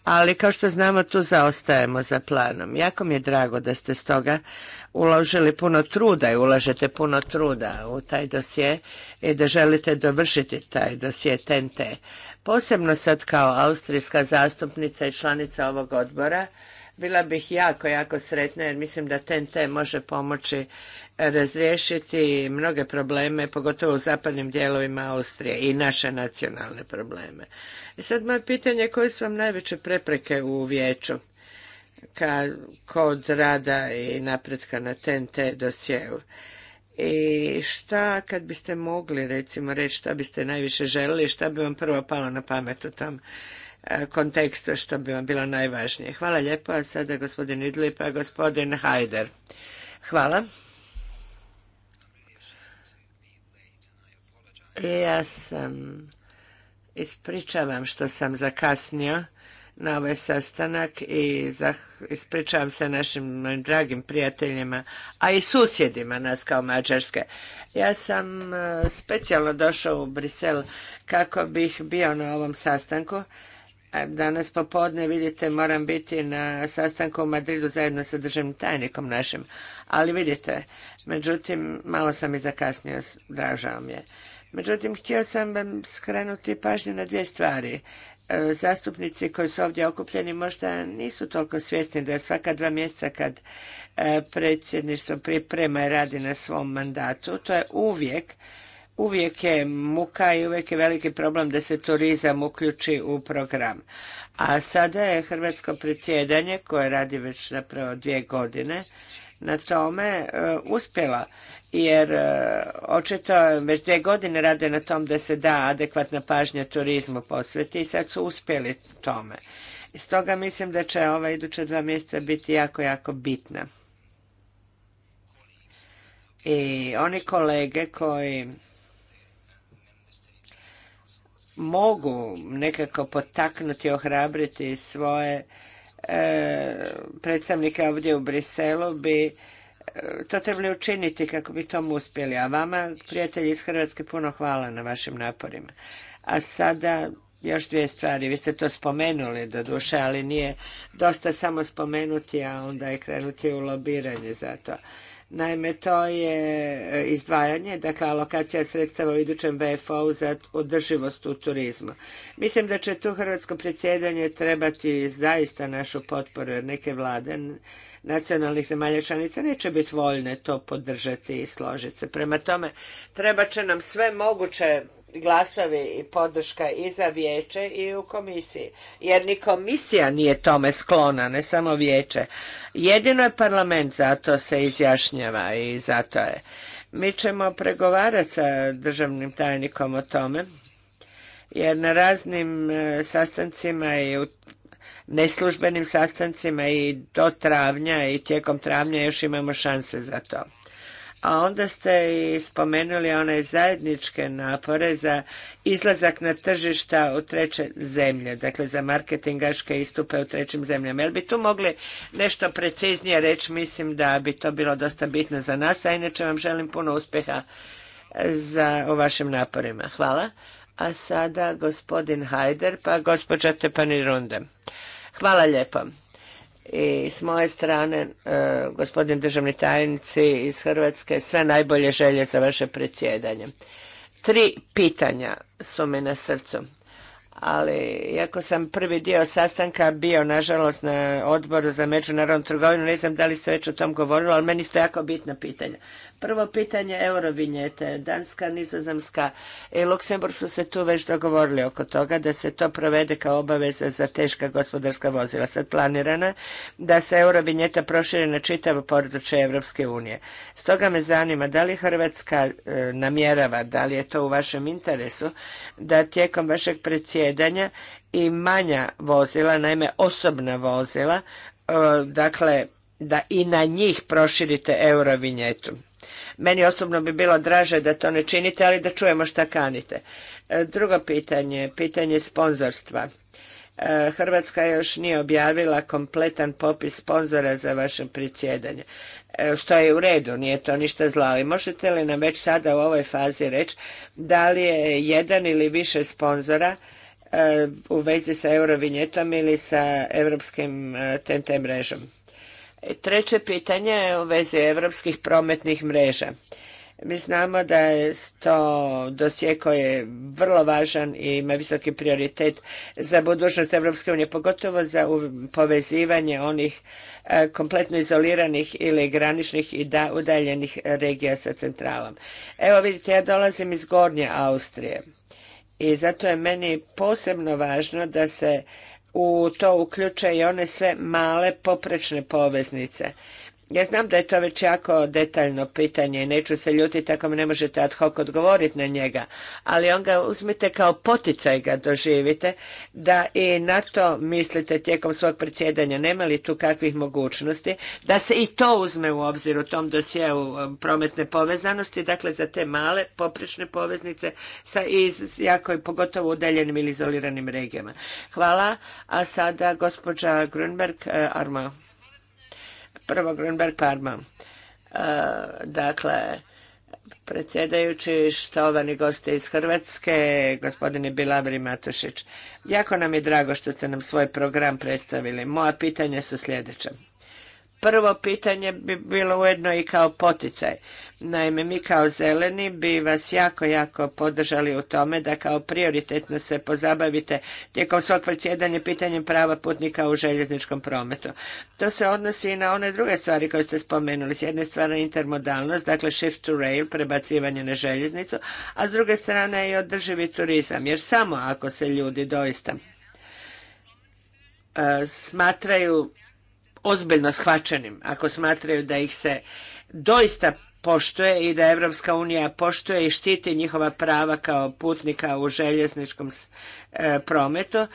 [SPEAKER 1] ali kao što znamo tu zaostajemo za planom. Jako mi je drago da ste stoga uložili puno truda i ulažete puno truda u taj dosje i da želite dovršiti taj dosje TNT. Posebno sad kao austrijska zastupnica i članica ovog odbora bila bih jako, jako sretna jer mislim da TNT može pomoći razriješiti mnoge probleme, pogotovo u zapadnim dijelovima Austrije i naše nacionalne probleme. I sad moje pitanje, koje su vam najveće prepreke u vijeću kod rada i napretka na TNT dosjeu? I šta kad biste mogli recimo reći šta biste najviše željeli, šta bi vam prvo palo na pamet u tom e, kontekstu, što bi vam bilo najvažnije. Hvala lijepo, a sada gospodin Idlipa a gospodin Hajder. Hvala. Ja sam, ispričavam što sam zakasnio na ovaj sastanak i ispričavam se našim dragim prijateljima, a i susjedima nas kao Mađarske. Ja sam e, specijalno došao u Brisel kako bih bio na ovom sastanku. Danas popodne, vidite, moram biti na sastanku u Madridu zajedno sa državnim tajnikom našim. Ali vidite, međutim, malo sam i zakasnio, dražao mi je. Međutim, htio sam vam skrenuti pažnju na dvije stvari. E, zastupnici koji su ovdje okupljeni možda nisu toliko svjesni da svaka dva mjeseca kad e, predsjedništvo priprema i radi na svom mandatu, to je uvijek Uvijek je muka i uvijek je veliki problem da se turizam uključi u program. A sada je Hrvatsko predsjedanje, koje radi već zapravo dvije godine, na tome e, uspjela jer e, očito već dvije godine rade na tom da se da adekvatna pažnja turizmu posveti i sad su uspjeli tome. Stoga mislim da će ova iduća dva mjeseca biti jako, jako bitna. I oni kolege koji mogu nekako potaknuti, ohrabriti svoje e, predstavnike ovdje u Briselu bi to trebali učiniti kako bi tom uspjeli. A vama, prijatelji iz Hrvatske, puno hvala na vašim naporima. A sada još dvije stvari. Vi ste to spomenuli duše, ali nije dosta samo spomenuti, a onda je krenuti u lobiranje za to. Naime, to je e, izdvajanje, dakle alokacija sredstava u idućem VFO-u za održivost u turizmu. Mislim da će tu hrvatsko predsjedanje trebati zaista našu potporu, jer neke vlade nacionalnih zemalja članica neće biti voljne to podržati i složiti se. Prema tome, treba će nam sve moguće glasovi i podrška i za vijeće i u komisiji. Jer ni komisija nije tome sklona, ne samo vijeće. Jedino je parlament zato se izjašnjava i zato je. Mi ćemo pregovarati sa državnim tajnikom o tome, jer na raznim e, sastancima i u neslužbenim sastancima i do travnja i tijekom travnja još imamo šanse za to a onda ste i spomenuli one zajedničke napore za izlazak na tržišta u treće zemlje, dakle za marketingaške istupe u trećim zemljama. Jel bi tu mogli nešto preciznije reći? Mislim da bi to bilo dosta bitno za nas, a inače vam želim puno uspjeha za, u vašim naporima. Hvala. A sada gospodin Hajder, pa gospođa Tepani Runde. Hvala lijepo i s moje strane, gospodine gospodin državni tajnici iz Hrvatske, sve najbolje želje za vaše predsjedanje. Tri pitanja su mi na srcu, ali iako sam prvi dio sastanka bio, nažalost, na odboru za međunarodnu trgovinu, ne znam da li ste već o tom govorili, ali meni su to jako bitna pitanja. Prvo pitanje eurovinjete. Danska, Nizozemska i Luksemburg su se tu već dogovorili oko toga da se to provede kao obaveza za teška gospodarska vozila. Sad planirana da se eurovinjeta proširi na čitavo područje Europske unije. Stoga me zanima da li Hrvatska e, namjerava, da li je to u vašem interesu, da tijekom vašeg predsjedanja i manja vozila, naime osobna vozila, e, dakle da i na njih proširite eurovinjetu. Meni osobno bi bilo draže da to ne činite, ali da čujemo šta kanite. E, drugo pitanje, pitanje sponzorstva. E, Hrvatska još nije objavila kompletan popis sponzora za vaše predsjedanje, e, što je u redu, nije to ništa zla, ali možete li nam već sada u ovoj fazi reći da li je jedan ili više sponzora u vezi sa eurovinjetom ili sa europskim TNT mrežom? Treće pitanje je u vezi europskih prometnih mreža. Mi znamo da je to dosje koji je vrlo važan i ima visoki prioritet za budućnost Evropske unije, pogotovo za povezivanje onih e, kompletno izoliranih ili graničnih i udaljenih regija sa centralom. Evo vidite, ja dolazim iz Gornje Austrije i zato je meni posebno važno da se u to uključe i one sve male poprečne poveznice ja znam da je to već jako detaljno pitanje i neću se ljutiti ako mi ne možete ad hoc odgovoriti na njega, ali on ga uzmite kao poticaj ga doživite da i na to mislite tijekom svog predsjedanja nema li tu kakvih mogućnosti da se i to uzme u obzir u tom dosjeu um, prometne povezanosti, dakle za te male poprične poveznice sa iz jako i pogotovo udaljenim ili izoliranim regijama. Hvala, a sada gospođa Grunberg uh, Arma. Prvo Grunberg Parma. E, dakle, predsjedajući štovani gosti iz Hrvatske, gospodine Bilabri Matušić. Jako nam je drago što ste nam svoj program predstavili. Moja pitanja su sljedeća prvo pitanje bi bilo ujedno i kao poticaj. Naime, mi kao zeleni bi vas jako, jako podržali u tome da kao prioritetno se pozabavite tijekom svog predsjedanja pitanjem prava putnika u željezničkom prometu. To se odnosi i na one druge stvari koje ste spomenuli. S jedne strane intermodalnost, dakle shift to rail, prebacivanje na željeznicu, a s druge strane i održivi turizam, jer samo ako se ljudi doista e, smatraju ozbiljno shvaćenim, ako smatraju da ih se doista poštuje i da Evropska unija poštuje i štiti njihova prava kao putnika u željezničkom e, prometu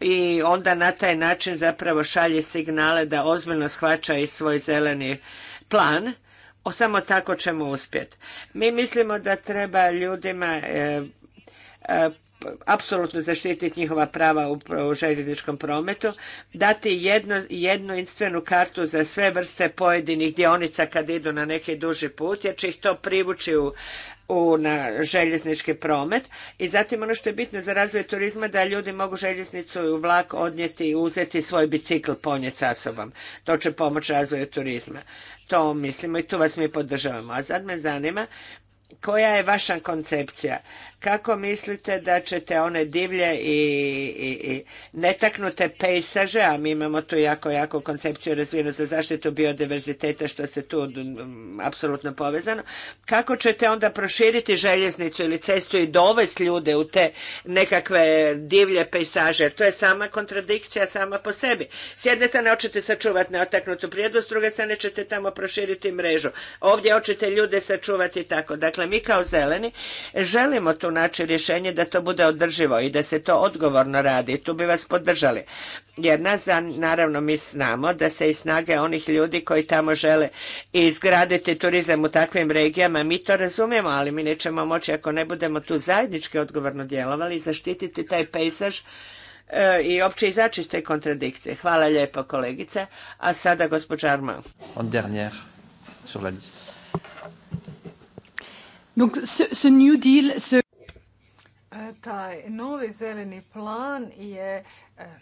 [SPEAKER 1] i onda na taj način zapravo šalje signale da ozbiljno shvaća i svoj zeleni plan. O, samo tako ćemo uspjeti. Mi mislimo da treba ljudima e, e, apsolutno zaštititi njihova prava u željezničkom prometu, dati jedno, jednu instvenu kartu za sve vrste pojedinih dionica kad idu na neki duži put, jer će ih to privući u na željeznički promet i zatim ono što je bitno za razvoj turizma da ljudi mogu željeznicu i vlak odnijeti i uzeti svoj bicikl ponijet sa sobom. To će pomoći razvoju turizma. To mislimo i tu vas mi podržavamo. A sad me zanima koja je vaša koncepcija kako mislite da ćete one divlje i, i, netaknute pejsaže, a mi imamo tu jako, jako koncepciju razvijenu za zaštitu biodiverziteta, što se tu mm, apsolutno povezano, kako ćete onda proširiti željeznicu ili cestu i dovesti ljude u te nekakve divlje pejsaže, jer to je sama kontradikcija sama po sebi. S jedne strane hoćete sačuvati neotaknutu prirodu, s druge strane ćete tamo proširiti mrežu. Ovdje hoćete ljude sačuvati tako. Dakle, mi kao zeleni želimo tu tu naći rješenje da to bude održivo i da se to odgovorno radi. Tu bi vas podržali. Jer nas, naravno, mi znamo da se i snage onih ljudi koji tamo žele izgraditi turizam u takvim regijama, mi to razumijemo, ali mi nećemo moći ako ne budemo tu zajednički odgovorno djelovali i zaštititi taj pejsaž e, i opće izaći iz te kontradikcije. Hvala lijepo kolegice. A sada gospođa Arma.
[SPEAKER 3] Donc ce, ce New Deal, ce...
[SPEAKER 1] E, taj
[SPEAKER 4] novi zeleni plan je e,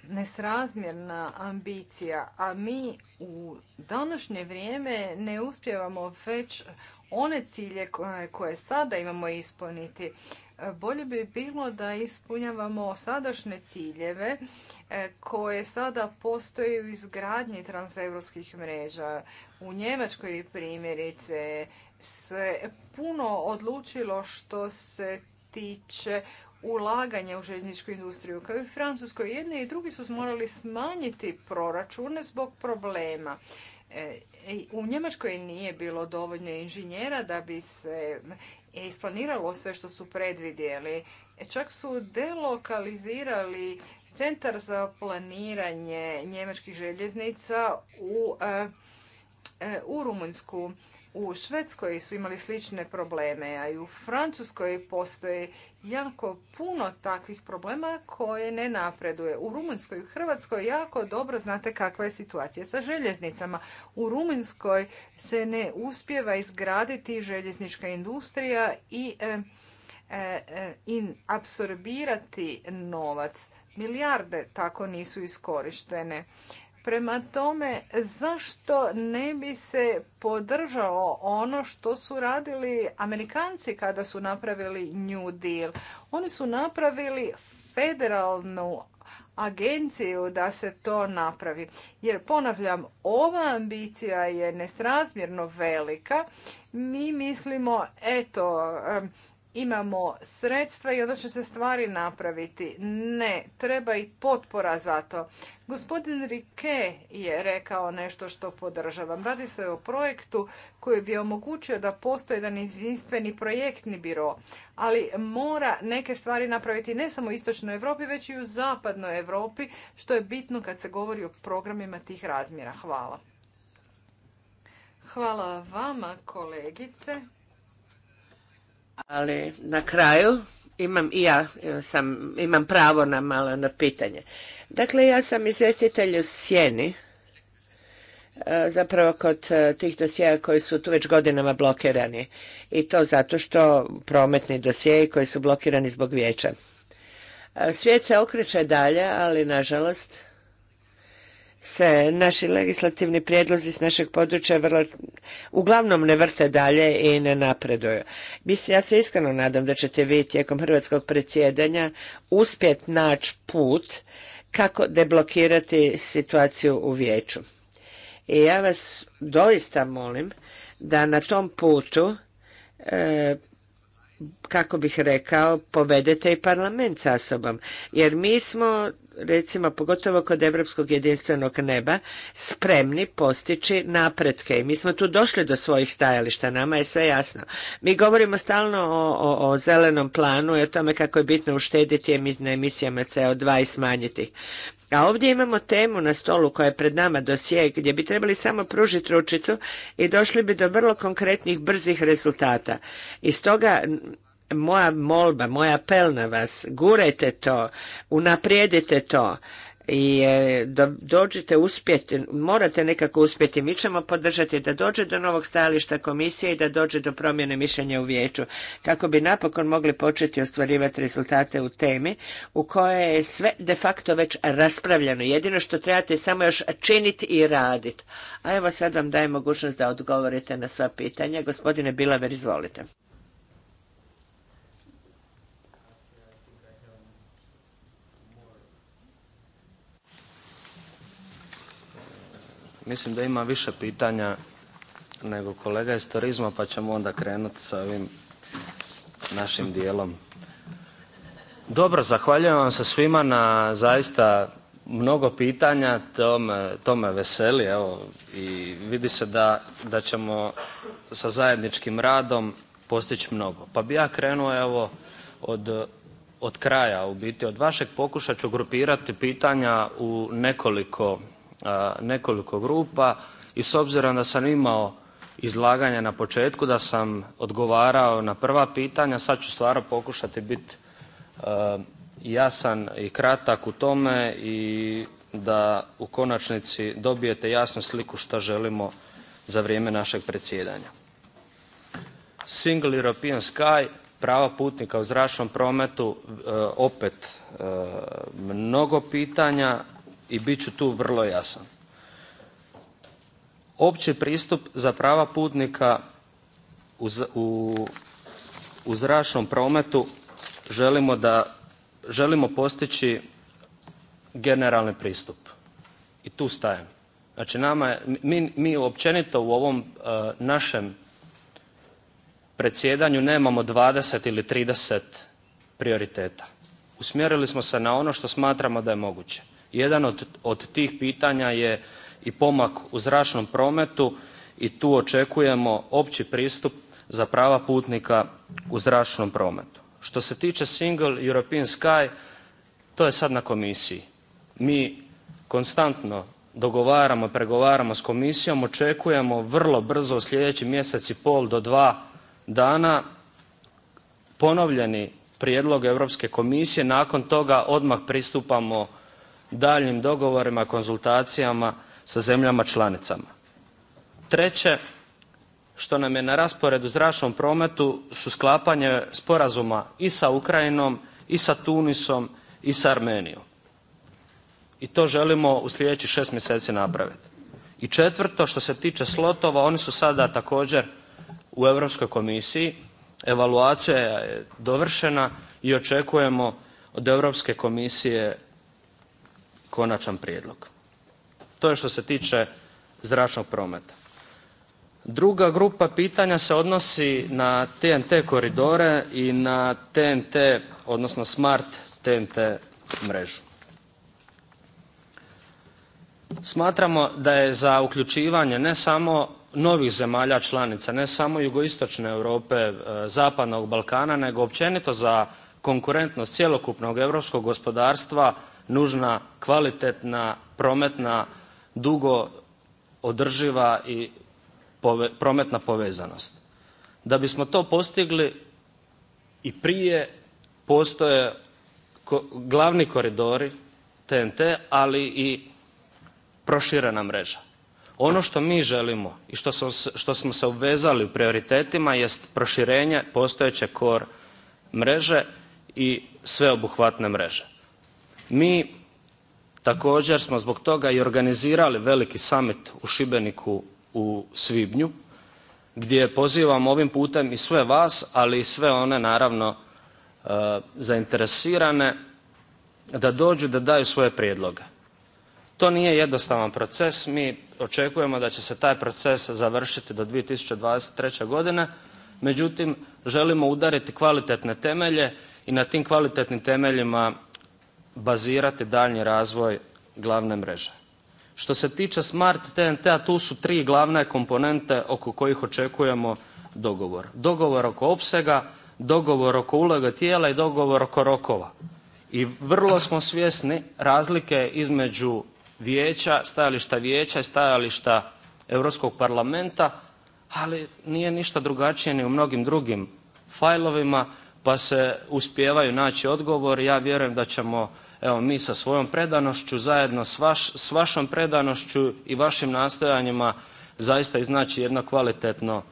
[SPEAKER 4] nesrazmjerna ambicija, a mi u današnje vrijeme ne uspjevamo već one cilje koje, sada imamo ispuniti. E, bolje bi bilo da ispunjavamo sadašnje ciljeve koje sada postoje u izgradnji transeuropskih mreža. U Njemačkoj primjerice se puno odlučilo što se tiče ulaganja u željezničku industriju. Kao i u Francuskoj, jedni i drugi su morali smanjiti proračune zbog problema. E, e, u Njemačkoj nije bilo dovoljno inženjera da bi se isplaniralo sve što su predvidjeli. E, čak su delokalizirali centar za planiranje njemačkih željeznica u, u Rumunjsku. U Švedskoj su imali slične probleme, a i u Francuskoj postoje jako puno takvih problema koje ne napreduje. U Rumunjskoj i Hrvatskoj jako dobro znate kakva je situacija sa željeznicama. U Rumunjskoj se ne uspjeva izgraditi željeznička industrija i e, e, e in apsorbirati novac. Milijarde tako nisu iskorištene. Prema tome, zašto ne bi se podržalo ono što su radili Amerikanci kada su napravili New Deal? Oni su napravili federalnu agenciju da se to napravi. Jer ponavljam, ova ambicija je nestrazmjerno velika. Mi mislimo, eto, imamo sredstva i onda će se stvari napraviti. Ne, treba i potpora za to. Gospodin Rike je rekao nešto što podržavam. Radi se o projektu koji bi omogućio da postoji jedan izvinstveni projektni biro, ali mora neke stvari napraviti ne samo u istočnoj Europi, već i u zapadnoj Europi, što je bitno kad se govori o programima tih razmjera. Hvala. Hvala vama, kolegice
[SPEAKER 1] ali na kraju imam i ja e, sam, imam pravo na malo na pitanje. Dakle, ja sam izvjestitelj u Sjeni, e, zapravo kod e, tih dosjeja koji su tu već godinama blokirani. I to zato što prometni dosjeji koji su blokirani zbog vijeća. Svijet se okreće dalje, ali nažalost se naši legislativni prijedlozi s našeg područja vrlo, uglavnom ne vrte dalje i ne napreduju. Mislim, ja se iskreno nadam da ćete vi tijekom hrvatskog predsjedanja uspjet naći put kako deblokirati situaciju u vijeću. I ja vas doista molim da na tom putu e, kako bih rekao, povedete i parlament sa sobom. Jer mi smo recimo pogotovo kod Europskog jedinstvenog neba, spremni postići napretke. I mi smo tu došli do svojih stajališta, nama je sve jasno. Mi govorimo stalno o, o, zelenom planu i o tome kako je bitno uštediti na emisijama CO2 i smanjiti. A ovdje imamo temu na stolu koja je pred nama dosje, gdje bi trebali samo pružiti ručicu i došli bi do vrlo konkretnih brzih rezultata. I stoga moja molba, moj apel na vas, gurajte to, unaprijedite to i e, dođite uspjeti, morate nekako uspjeti, mi ćemo podržati da dođe do novog stajališta komisije i da dođe do promjene mišljenja u vijeću, kako bi napokon mogli početi ostvarivati rezultate u temi u kojoj je sve de facto već raspravljeno. Jedino što trebate je samo još činiti i raditi. A evo sad vam dajem mogućnost da odgovorite na sva pitanja. Gospodine Bilaver, izvolite.
[SPEAKER 6] Mislim da ima više pitanja nego kolega iz turizma pa ćemo onda krenuti sa ovim našim dijelom. Dobro, zahvaljujem vam se svima na zaista mnogo pitanja, to me, veseli, evo, i vidi se da, da ćemo sa zajedničkim radom postići mnogo. Pa bi ja krenuo, evo, od, od kraja, u biti od vašeg pokušaću ću grupirati pitanja u nekoliko nekoliko grupa i s obzirom da sam imao izlaganje na početku da sam odgovarao na prva pitanja, sad ću stvarno pokušati biti jasan i kratak u tome i da u konačnici dobijete jasnu sliku šta želimo za vrijeme našeg predsjedanja. Single European Sky, prava putnika u zračnom prometu, e, opet e, mnogo pitanja i bit ću tu vrlo jasan. Opći pristup za prava putnika u, u, zračnom prometu želimo da želimo postići generalni pristup. I tu stajem. Znači nama je, mi, mi općenito u ovom e, našem predsjedanju nemamo 20 ili 30 prioriteta. Usmjerili smo se na ono što smatramo da je moguće. Jedan od tih pitanja je i pomak u zračnom prometu i tu očekujemo opći pristup za prava putnika u zračnom prometu. Što se tiče Single European Sky, to je sad na komisiji. Mi konstantno dogovaramo, pregovaramo s komisijom, očekujemo vrlo brzo u sljedeći mjesec i pol do dva dana ponovljeni prijedlog Europske komisije, nakon toga odmah pristupamo daljnjim dogovorima, konzultacijama sa zemljama članicama. Treće što nam je na rasporedu u zračnom prometu su sklapanje sporazuma i sa Ukrajinom i sa Tunisom i sa Armenijom. I to želimo u sljedećih šest mjeseci napraviti. I četvrto, što se tiče slotova, oni su sada također u Europskoj komisiji. Evaluacija je dovršena i očekujemo od Europske komisije konačan prijedlog. To je što se tiče zračnog prometa. Druga grupa pitanja se odnosi na TNT koridore i na TNT, odnosno smart TNT mrežu. Smatramo da je za uključivanje ne samo novih zemalja članica, ne samo jugoistočne Europe, e, zapadnog Balkana, nego općenito za konkurentnost cjelokupnog europskog gospodarstva nužna kvalitetna prometna dugo održiva i prometna povezanost. Da bismo to postigli i prije postoje glavni koridori TNT, ali i proširena mreža. Ono što mi želimo i što, što smo se obvezali u prioritetima jest proširenje postojeće kor mreže i sveobuhvatne mreže. Mi također smo zbog toga i organizirali veliki summit u Šibeniku u svibnju gdje pozivam ovim putem i sve vas, ali i sve one naravno e, zainteresirane da dođu da daju svoje prijedloge. To nije jednostavan proces, mi očekujemo da će se taj proces završiti do 2023. godine, međutim želimo udariti kvalitetne temelje i na tim kvalitetnim temeljima bazirati daljnji razvoj glavne mreže. Što se tiče Smart TNT-a tu su tri glavne komponente oko kojih očekujemo dogovor. Dogovor oko opsega, dogovor oko uloga tijela i dogovor oko rokova. I vrlo smo svjesni razlike između vijeća, stajališta vijeća i stajališta Europskog parlamenta, ali nije ništa drugačije ni u mnogim drugim fajlovima pa se uspijevaju naći odgovor. Ja vjerujem da ćemo evo mi sa svojom predanošću zajedno s, vaš, s vašom predanošću i vašim nastojanjima zaista iznaći jedno kvalitetno,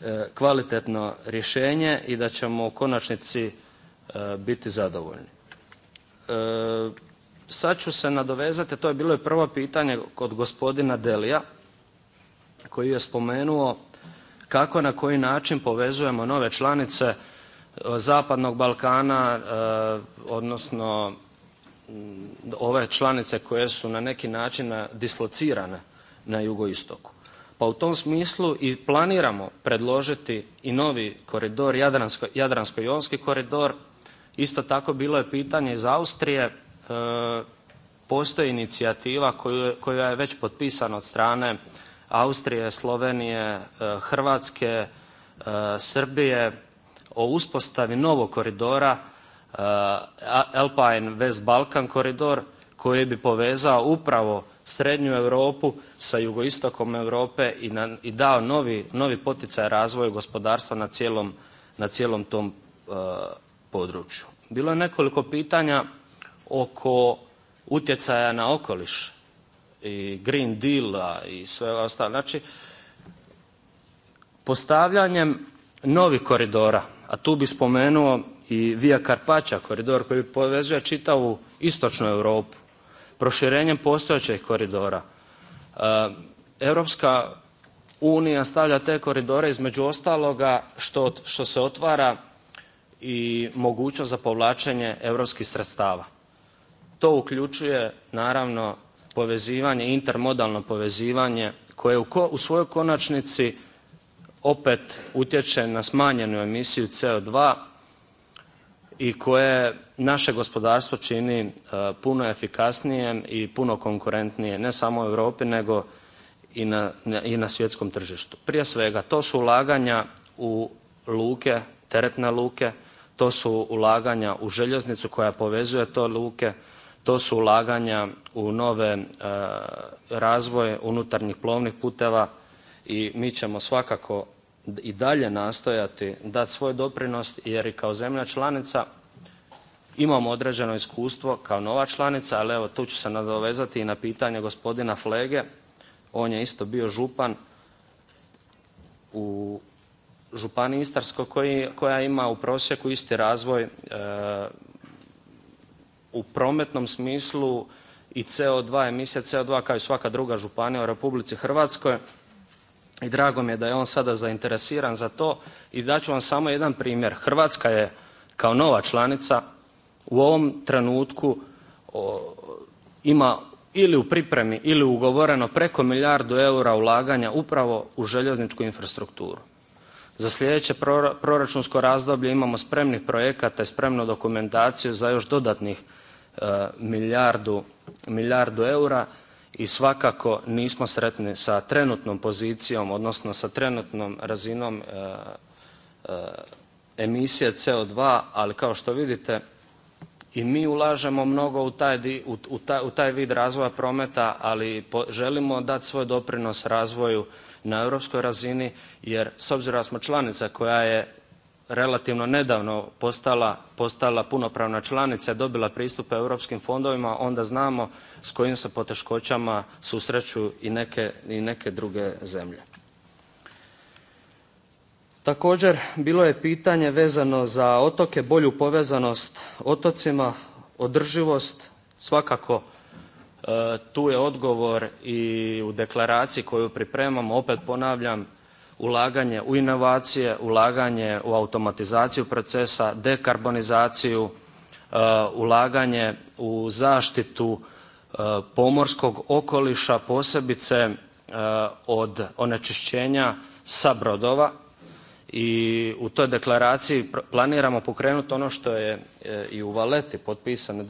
[SPEAKER 6] e, kvalitetno rješenje i da ćemo u konačnici e, biti zadovoljni. E, sad ću se nadovezati, to je bilo i prvo pitanje kod gospodina Delija koji je spomenuo kako na koji način povezujemo nove članice Zapadnog Balkana, odnosno Mm, ove članice koje su na neki način dislocirane na jugoistoku. Pa u tom smislu i planiramo predložiti i novi koridor, Jadransko-jonski koridor. Isto tako bilo je pitanje iz Austrije. E, postoji inicijativa koja je već potpisana od strane Austrije, Slovenije, e, Hrvatske, e, Srbije o uspostavi novog koridora Uh, Alpine West Balkan koridor koji bi povezao upravo srednju Europu sa jugoistokom Europe i, dao novi, poticaj razvoju gospodarstva na cijelom, tom uh, području. Bilo je nekoliko pitanja oko utjecaja na okoliš i Green Deal i sve ostalo. Znači, postavljanjem novih koridora, a tu bi spomenuo i Via Carpaccia koridor koji povezuje čitavu istočnu Europu, proširenjem postojećih koridora. E, Europska unija stavlja te koridore između ostaloga što, se otvara i mogućnost za povlačenje europskih sredstava. To uključuje naravno povezivanje, intermodalno povezivanje koje u, svojoj konačnici opet utječe na smanjenu emisiju CO2 i koje naše gospodarstvo čini e, puno efikasnije i puno konkurentnije, ne samo u Europi nego i na, svjetskom tržištu. Prije svega, to su ulaganja u luke, teretne luke, to su ulaganja u željeznicu koja povezuje to luke, to su ulaganja u nove e, razvoje unutarnjih plovnih puteva i mi ćemo svakako i dalje nastojati dati svoj doprinos jer i kao zemlja članica imamo određeno iskustvo kao nova članica, ali evo tu ću se nadovezati i na pitanje gospodina Flege, on je isto bio župan u županiji Istarskoj koja ima u prosjeku isti razvoj e, u prometnom smislu i CO2, emisija CO2 kao i svaka druga županija u Republici Hrvatskoj i drago mi je da je on sada zainteresiran za to i dat ću vam samo jedan primjer. Hrvatska je kao nova članica u ovom trenutku ima ili u pripremi ili ugovoreno preko milijardu eura ulaganja upravo u željezničku infrastrukturu. Za sljedeće proračunsko razdoblje imamo spremnih projekata i spremnu dokumentaciju za još dodatnih e, milijardu eura i svakako nismo sretni sa trenutnom pozicijom odnosno sa trenutnom razinom e, e, emisije CO2, ali kao što vidite i mi ulažemo mnogo u taj vid razvoja prometa, ali želimo dati svoj doprinos razvoju na europskoj razini jer s obzirom da smo članica koja je relativno nedavno postala punopravna članica i dobila pristup europskim fondovima onda znamo s kojim se poteškoćama susreću i neke druge zemlje. Također bilo je pitanje vezano za otoke, bolju povezanost otocima, održivost. Svakako e, tu je odgovor i u deklaraciji koju pripremamo. Opet ponavljam ulaganje u inovacije, ulaganje u automatizaciju procesa, dekarbonizaciju, e, ulaganje u zaštitu e, pomorskog okoliša posebice e, od onečišćenja sa brodova i u toj deklaraciji planiramo pokrenuti ono što je i u Valeti potpisano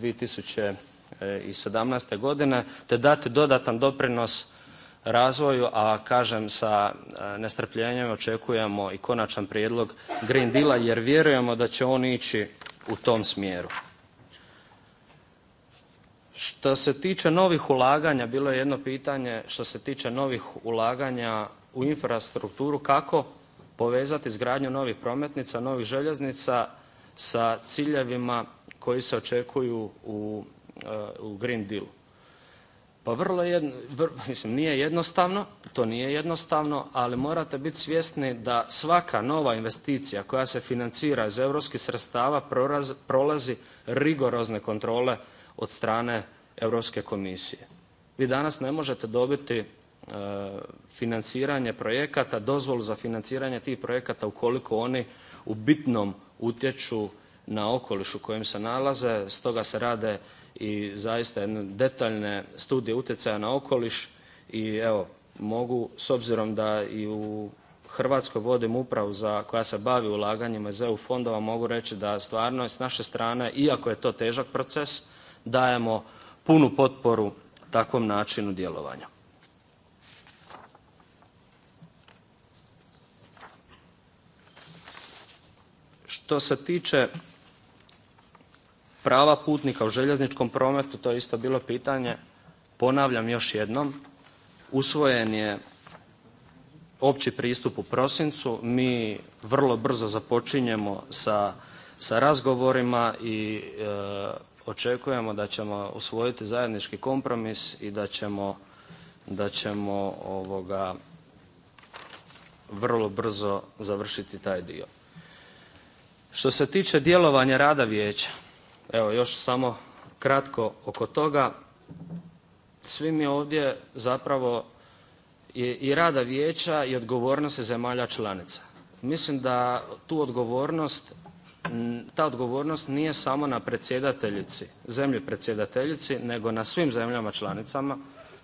[SPEAKER 6] 2017. godine te dati dodatan doprinos razvoju, a kažem sa e, nestrpljenjem očekujemo i konačan prijedlog Green Deala jer vjerujemo da će on ići u tom smjeru. Što se tiče novih ulaganja, bilo je jedno pitanje što se tiče novih ulaganja u infrastrukturu kako povezati izgradnju novih prometnica, novih željeznica sa ciljevima koji se očekuju u e, Green Dealu. Pa vrlo, mislim nije jednostavno, to nije jednostavno, ali morate biti svjesni da svaka nova investicija koja se financira iz europskih sredstava prolazi rigorozne kontrole od strane Europske komisije. Vi danas ne možete dobiti e, financiranje projekata, dozvolu za financiranje tih projekata ukoliko oni u bitnom utječu na okoliš u kojem se nalaze, stoga se rade i zaista jedne detaljne studije utjecaja na okoliš i evo mogu s obzirom da i u Hrvatskoj vodim upravu za, koja se bavi ulaganjima iz EU fondova mogu reći da stvarno s naše strane iako je to težak proces dajemo punu potporu takvom načinu djelovanja. Što se tiče prava putnika u željezničkom prometu, to je isto bilo pitanje, ponavljam još jednom, usvojen je opći pristup u prosincu, mi vrlo brzo započinjemo sa, sa razgovorima i e, očekujemo da ćemo usvojiti zajednički kompromis i da ćemo, da ćemo ovoga vrlo brzo završiti taj dio. Što se tiče djelovanja rada vijeća, Evo još samo kratko oko toga. Svi mi ovdje zapravo i rada vijeća i odgovornosti zemalja članica. Mislim da tu odgovornost, ta odgovornost nije samo na predsjedateljici, zemlji predsjedateljici nego na svim zemljama članicama.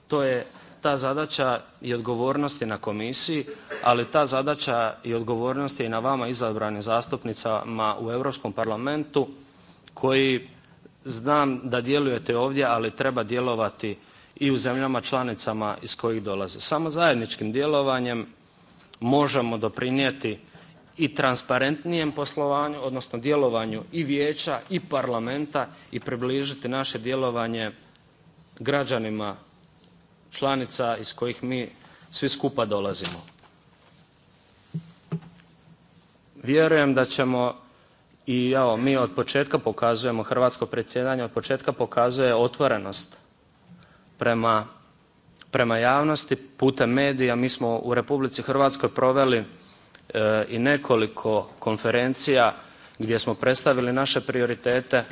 [SPEAKER 6] To je ta zadaća i odgovornosti na komisiji, ali ta zadaća i odgovornost je i na vama izabranim zastupnicama u Europskom parlamentu koji znam da djelujete ovdje, ali treba djelovati i u zemljama članicama iz kojih dolaze. Samo zajedničkim djelovanjem možemo doprinijeti i transparentnijem poslovanju, odnosno djelovanju i vijeća i parlamenta i približiti naše djelovanje građanima članica iz kojih mi svi skupa dolazimo. Vjerujem da ćemo i evo mi od početka pokazujemo, hrvatsko predsjedanje od početka pokazuje otvorenost prema, prema javnosti putem medija. Mi smo u Republici Hrvatskoj proveli eh, i nekoliko konferencija gdje smo predstavili naše prioritete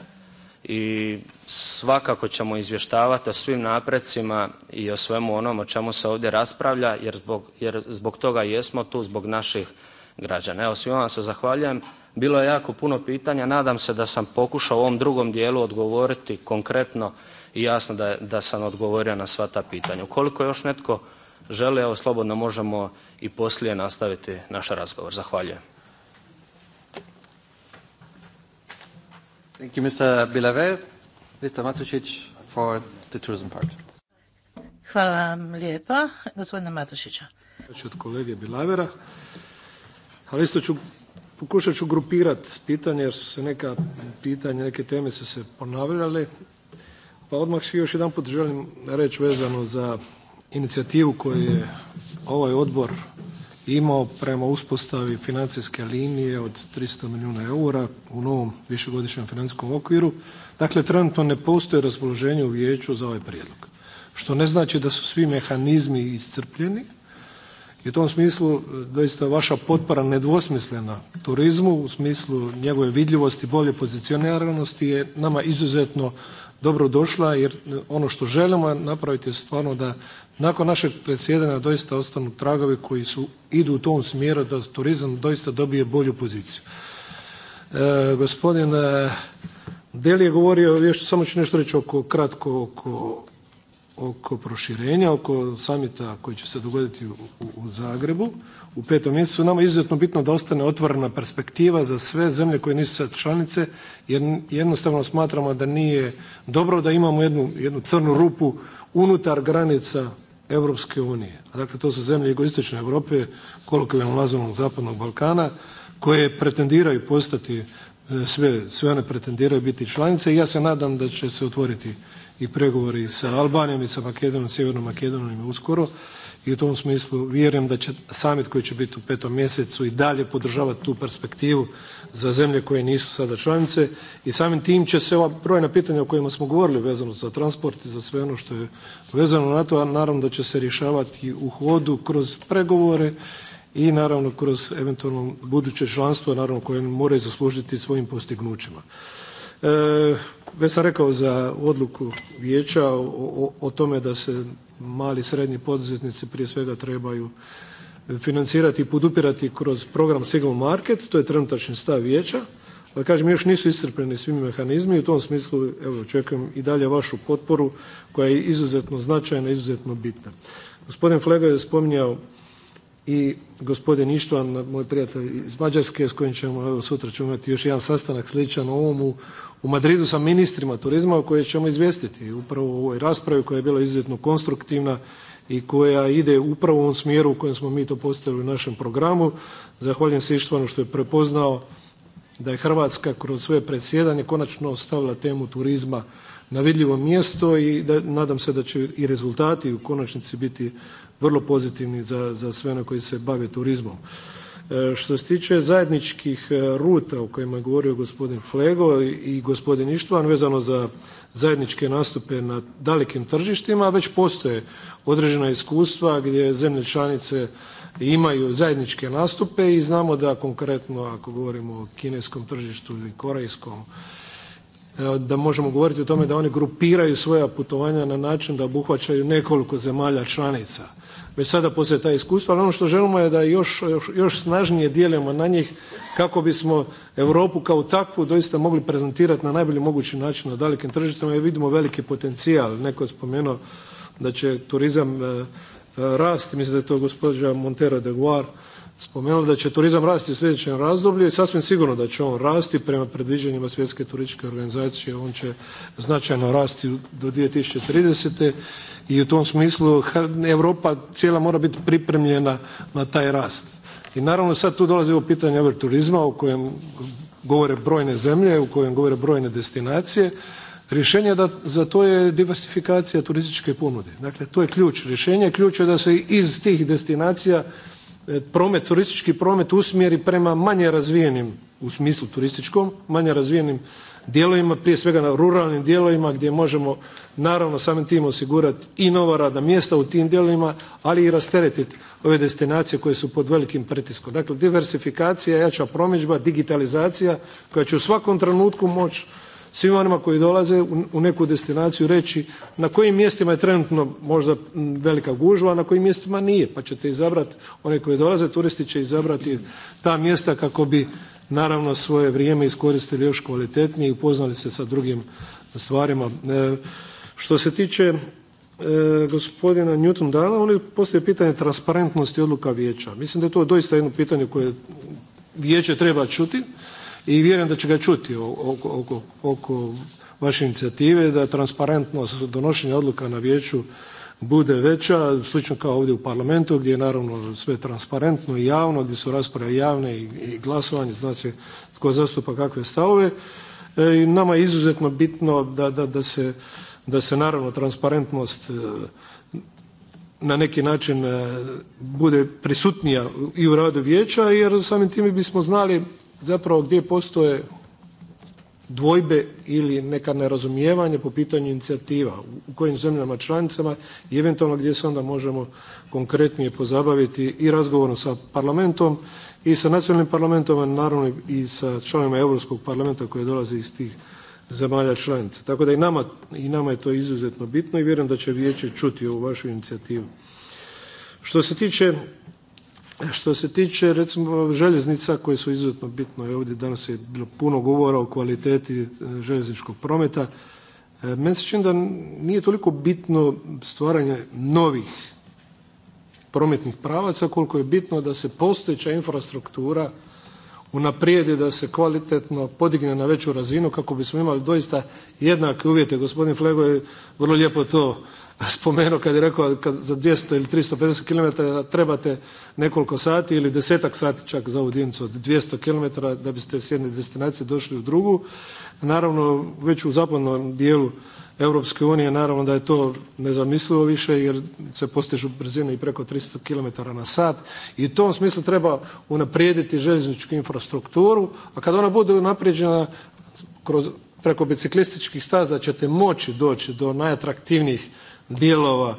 [SPEAKER 6] i svakako ćemo izvještavati o svim naprecima i o svemu onom o čemu se ovdje raspravlja jer zbog, jer zbog toga jesmo tu, zbog naših građana. Evo svima vam se zahvaljujem. Bilo je jako puno pitanja, nadam se da sam pokušao u ovom drugom dijelu odgovoriti konkretno i jasno da da sam odgovorio na sva ta pitanja. Ukoliko još netko želi, evo slobodno možemo i poslije nastaviti naš razgovor. Zahvaljujem. Thank you, Mr. Bilaver. Mr. Matušić
[SPEAKER 8] for the tourism part.
[SPEAKER 5] Hvala vam lijepa, gospodine Matušića.
[SPEAKER 8] ću od kolege Bilavera, ali isto ću Pokušat ću grupirat pitanja jer su se neka pitanja, neke teme su se ponavljale pa odmah još jedanput želim reći vezano za inicijativu koju je ovaj odbor imao prema uspostavi financijske linije od 300 milijuna eura u novom višegodišnjem financijskom okviru. Dakle, trenutno ne postoji raspoloženje u vijeću za ovaj prijedlog što ne znači da su svi mehanizmi iscrpljeni i u tom smislu e, doista vaša potpora nedvosmislena turizmu u smislu njegove vidljivosti, bolje pozicioniranosti je nama izuzetno dobro došla jer e, ono što želimo napraviti je stvarno da nakon našeg predsjedanja doista ostanu tragovi koji su, idu u tom smjeru da turizam doista dobije bolju poziciju. E, gospodin e, Deli je govorio, još samo ću nešto reći oko, kratko oko oko proširenja, oko samita koji će se dogoditi u, Zagrebu u petom mjesecu nama je izuzetno bitno da ostane otvorena perspektiva za sve zemlje koje nisu sad članice jer jednostavno smatramo da nije dobro da imamo jednu, crnu rupu unutar granica Europske unije. Dakle, to su zemlje jugoistočne Europe, kolokvijalno nazvanog Zapadnog Balkana, koje pretendiraju postati e, sve one pretendiraju biti članice i ja se nadam da će se otvoriti i pregovori sa Albanijom i sa Makedonijom, Sjevernom Makedonijom uskoro i u tom smislu vjerujem da će summit koji će biti u petom mjesecu i dalje podržavati tu perspektivu za zemlje koje nisu sada članice i samim tim će se ova brojna pitanja o kojima smo govorili vezano za transport i za sve ono što je vezano na to, a naravno da će se rješavati u hodu kroz pregovore i naravno kroz eventualno buduće članstvo naravno koje moraju zaslužiti svojim postignućima. E, već sam rekao za odluku vijeća o tome da se mali i srednji poduzetnici prije svega trebaju financirati i podupirati kroz program Single market, to je trenutačni stav vijeća, ali kažem još nisu iscrpljeni svi mehanizmi i u tom smislu evo očekujem i dalje vašu potporu koja je izuzetno značajna i izuzetno bitna. Gospodin Flego je spominjao i gospodin Ištvan, moj prijatelj iz Mađarske, s kojim ćemo, evo sutra ćemo imati još jedan sastanak sličan ovom u, Madridu sa ministrima turizma o kojoj ćemo izvijestiti upravo u ovoj raspravi koja je bila izuzetno konstruktivna i koja ide upravo u ovom smjeru u kojem smo mi to postavili u našem programu. Zahvaljujem se Ištvanu što je prepoznao da je Hrvatska kroz svoje predsjedanje konačno stavila temu turizma na vidljivo mjesto i nadam se da će i rezultati u konačnici biti vrlo pozitivni za sve one koji se bave turizmom. E, što se tiče zajedničkih e, ruta o kojima je govorio gospodin Flego i gospodin Ištvan vezano za zajedničke nastupe na dalekim tržištima već postoje određena iskustva gdje zemlje članice imaju zajedničke nastupe i znamo da konkretno ako govorimo o kineskom tržištu ili korejskom e, da možemo govoriti o tome da oni grupiraju svoja putovanja na način da obuhvaćaju nekoliko zemalja članica već sada postoje ta iskustva, ali ono što želimo je da još, snažnije djelujemo na njih kako bismo Europu kao takvu doista mogli prezentirati na najbolji mogući način na dalekim tržištima jer vidimo veliki potencijal. Netko je spomenuo da će turizam e, e, rasti, mislim da je to gospođa Montero de Guar spomenuli da će turizam rasti u sljedećem razdoblju i sasvim sigurno da će on rasti. Prema predviđanjima Svjetske turističke organizacije on će značajno rasti do 2030. i u tom smislu Europa cijela mora biti pripremljena na taj rast. I naravno sad tu dolazi ovo pitanje turizma o kojem govore brojne zemlje, u kojem govore brojne destinacije. Rješenje za to je diversifikacija turističke ponude. Dakle, to je ključ rješenja. Ključ je da se iz tih destinacija E, promet, turistički promet usmjeri prema manje razvijenim u smislu turističkom, manje razvijenim dijelovima, prije svega na ruralnim dijelovima gdje možemo naravno samim tim osigurati i nova radna mjesta u tim dijelovima, ali i rasteretiti ove destinacije koje su pod velikim pritiskom. Dakle, diversifikacija, jača promidžba, digitalizacija koja će u svakom trenutku moći svima onima koji dolaze u neku destinaciju reći na kojim mjestima je trenutno možda velika gužva, a na kojim mjestima nije pa ćete izabrati one koji dolaze, turisti će izabrati ta mjesta kako bi naravno svoje vrijeme iskoristili još kvalitetnije i upoznali se sa drugim stvarima. E, što se tiče e, gospodina Newton Dana, on je pitanje transparentnosti odluka vijeća. Mislim da je to doista jedno pitanje koje vijeće treba čuti i vjerujem da će ga čuti oko, oko, oko vaše inicijative da transparentnost donošenja odluka na vijeću bude veća, slično kao ovdje u parlamentu gdje je naravno sve transparentno i javno, gdje su rasprave javne i, glasovanje, zna se tko zastupa kakve stavove. E, I nama je izuzetno bitno da, se, da se naravno transparentnost e, na neki način e, bude prisutnija i u radu vijeća jer samim time bismo znali zapravo gdje postoje dvojbe ili neka nerazumijevanja po pitanju inicijativa u kojim zemljama članicama i eventualno gdje se onda možemo konkretnije pozabaviti i razgovorom sa parlamentom i sa nacionalnim parlamentom, a naravno i sa članovima Europskog parlamenta koji dolaze iz tih zemalja članica. Tako da i nama, i nama je to izuzetno bitno i vjerujem da će vijeće čuti ovu vašu inicijativu. Što se tiče što se tiče recimo željeznica koje su izuzetno bitno i ovdje danas je bilo puno govora o kvaliteti e, željezničkog prometa, e, meni se čini da nije toliko bitno stvaranje novih prometnih pravaca koliko je bitno da se postojeća infrastruktura unaprijedi da se kvalitetno podigne na veću razinu kako bismo imali doista jednake uvjete. Gospodin Flego je vrlo lijepo to spomenuo kad je rekao kad za 200 ili 350 km trebate nekoliko sati ili desetak sati čak za ovu dionicu od 200 km da biste s jedne destinacije došli u drugu. Naravno već u zapadnom dijelu Europske unije naravno da je to nezamislivo više jer se postižu brzine i preko 300 km na sat i u tom smislu treba unaprijediti željezničku infrastrukturu, a kad ona bude unaprijeđena kroz preko biciklističkih staza ćete moći doći do najatraktivnijih dijelova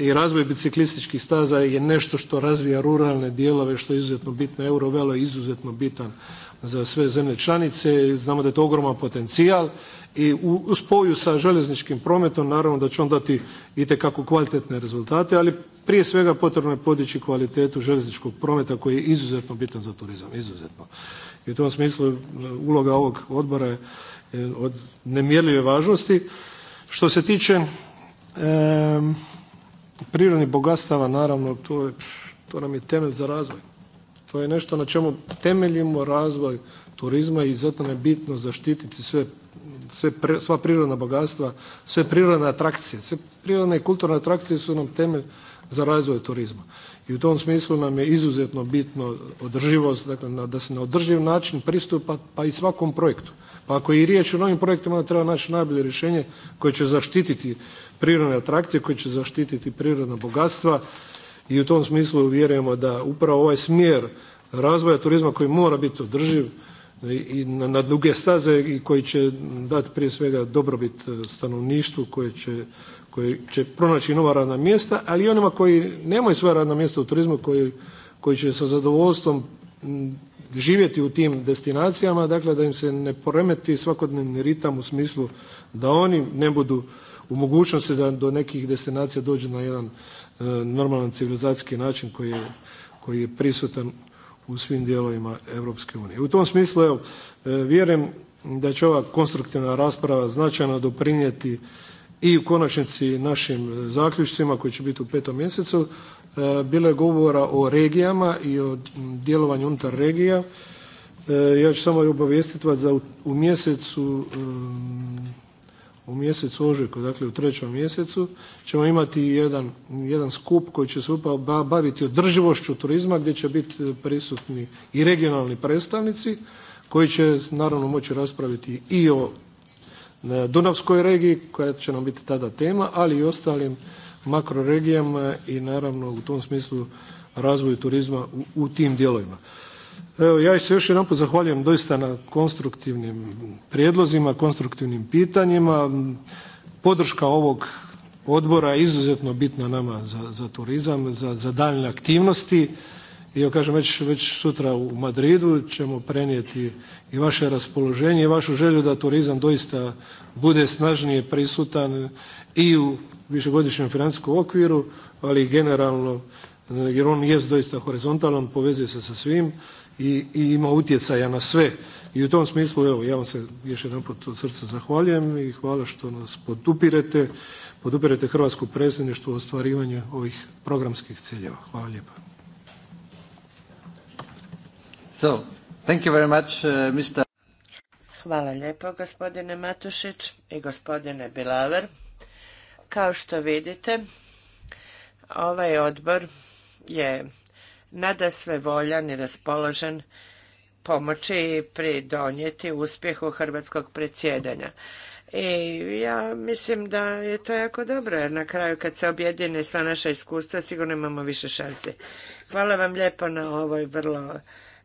[SPEAKER 8] i razvoj biciklističkih staza je nešto što razvija ruralne dijelove što je izuzetno bitno. Eurovelo je izuzetno bitan za sve zemlje članice. Znamo da je to ogroman potencijal i u spoju sa željezničkim prometom naravno da će on dati itekako kvalitetne rezultate, ali prije svega potrebno je podići kvalitetu željezničkog prometa koji je izuzetno bitan za turizam, izuzetno. I u tom smislu e, uloga ovog odbora je od nemjerljive važnosti. Što se tiče prirodnih bogatstava, naravno, to, to nam je temelj za razvoj. To je nešto na čemu temeljimo razvoj turizma i zato nam je bitno zaštititi sve, sva prirodna bogatstva, sve prirodne atrakcije. Sve prirodne i kulturne atrakcije su nam temelj za razvoj turizma i u tom smislu nam je izuzetno bitno održivost, dakle da se na održiv način pristupa pa i svakom projektu. Pa ako je i riječ o novim projektima onda treba naći najbolje rješenje koje će zaštititi prirodne atrakcije, koje će zaštititi prirodna bogatstva i u tom smislu vjerujemo da upravo ovaj smjer razvoja turizma koji mora biti održiv i na duge staze i koji će dati prije svega dobrobit e, stanovništvu koje će koji će pronaći nova radna mjesta, ali i onima koji nemaju svoja radna mjesta u turizmu, koji, će sa zadovoljstvom mm, živjeti u tim destinacijama, dakle da im se ne poremeti svakodnevni ritam u smislu da oni ne budu u mogućnosti da do nekih destinacija dođu na jedan e, normalan civilizacijski način koji je, prisutan u svim dijelovima Europske unije. U tom smislu evo, e, vjerujem da će ova konstruktivna rasprava značajno doprinijeti i u konačnici našim e, zaključcima koji će biti u petom mjesecu e, bilo je govora o regijama i o djelovanju unutar regija. E, ja ću samo obavijestiti vas da u mjesecu u mjesecu ožujku, dakle u trećem mjesecu ćemo imati jedan, jedan skup koji će se upravo baviti održivošću turizma gdje će biti prisutni i regionalni predstavnici koji će naravno moći raspraviti i o Dunavskoj regiji koja će nam biti tada tema, ali i ostalim makroregijama i naravno u tom smislu razvoju turizma u, tim dijelovima. Evo ja se još jedanput zahvaljujem doista na konstruktivnim prijedlozima, konstruktivnim pitanjima. Podrška ovog odbora je izuzetno bitna nama za, turizam, za, za daljnje aktivnosti i kažem već, već sutra u Madridu ćemo prenijeti i vaše raspoloženje i vašu želju da turizam doista bude snažnije prisutan i u višegodišnjem financijskom okviru, ali i generalno jer on jest doista horizontalan, povezuje se sa svim i, i ima utjecaja na sve. I u tom smislu evo ja vam se još jedanput od srca zahvaljujem i hvala što nas podupirete, podupirete hrvatsko predsjedništvo u ostvarivanju ovih programskih ciljeva. Hvala lijepa.
[SPEAKER 2] Uh,
[SPEAKER 1] Hvala lijepo gospodine Matušić i gospodine Bilaver. Kao što vidite, ovaj odbor je nada sve voljan i raspoložen pomoći i pridonijeti uspjehu hrvatskog predsjedanja. I ja mislim da je to jako dobro, jer na kraju kad se objedine sva naša iskustva, sigurno imamo više šanse. Hvala vam lijepo na ovoj vrlo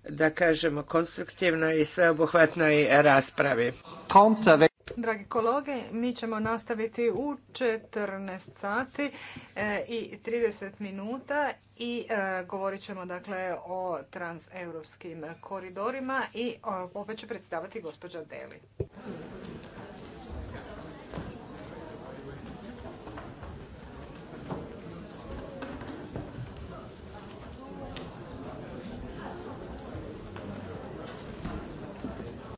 [SPEAKER 1] da kažemo konstruktivnoj i sveobuhvatnoj raspravi.
[SPEAKER 4] Dragi kolege,
[SPEAKER 1] mi ćemo nastaviti
[SPEAKER 4] u 14 sati e, i 30 minuta i e, govorit ćemo dakle o transeuropskim koridorima i e, opet će predstaviti gospođa Deli.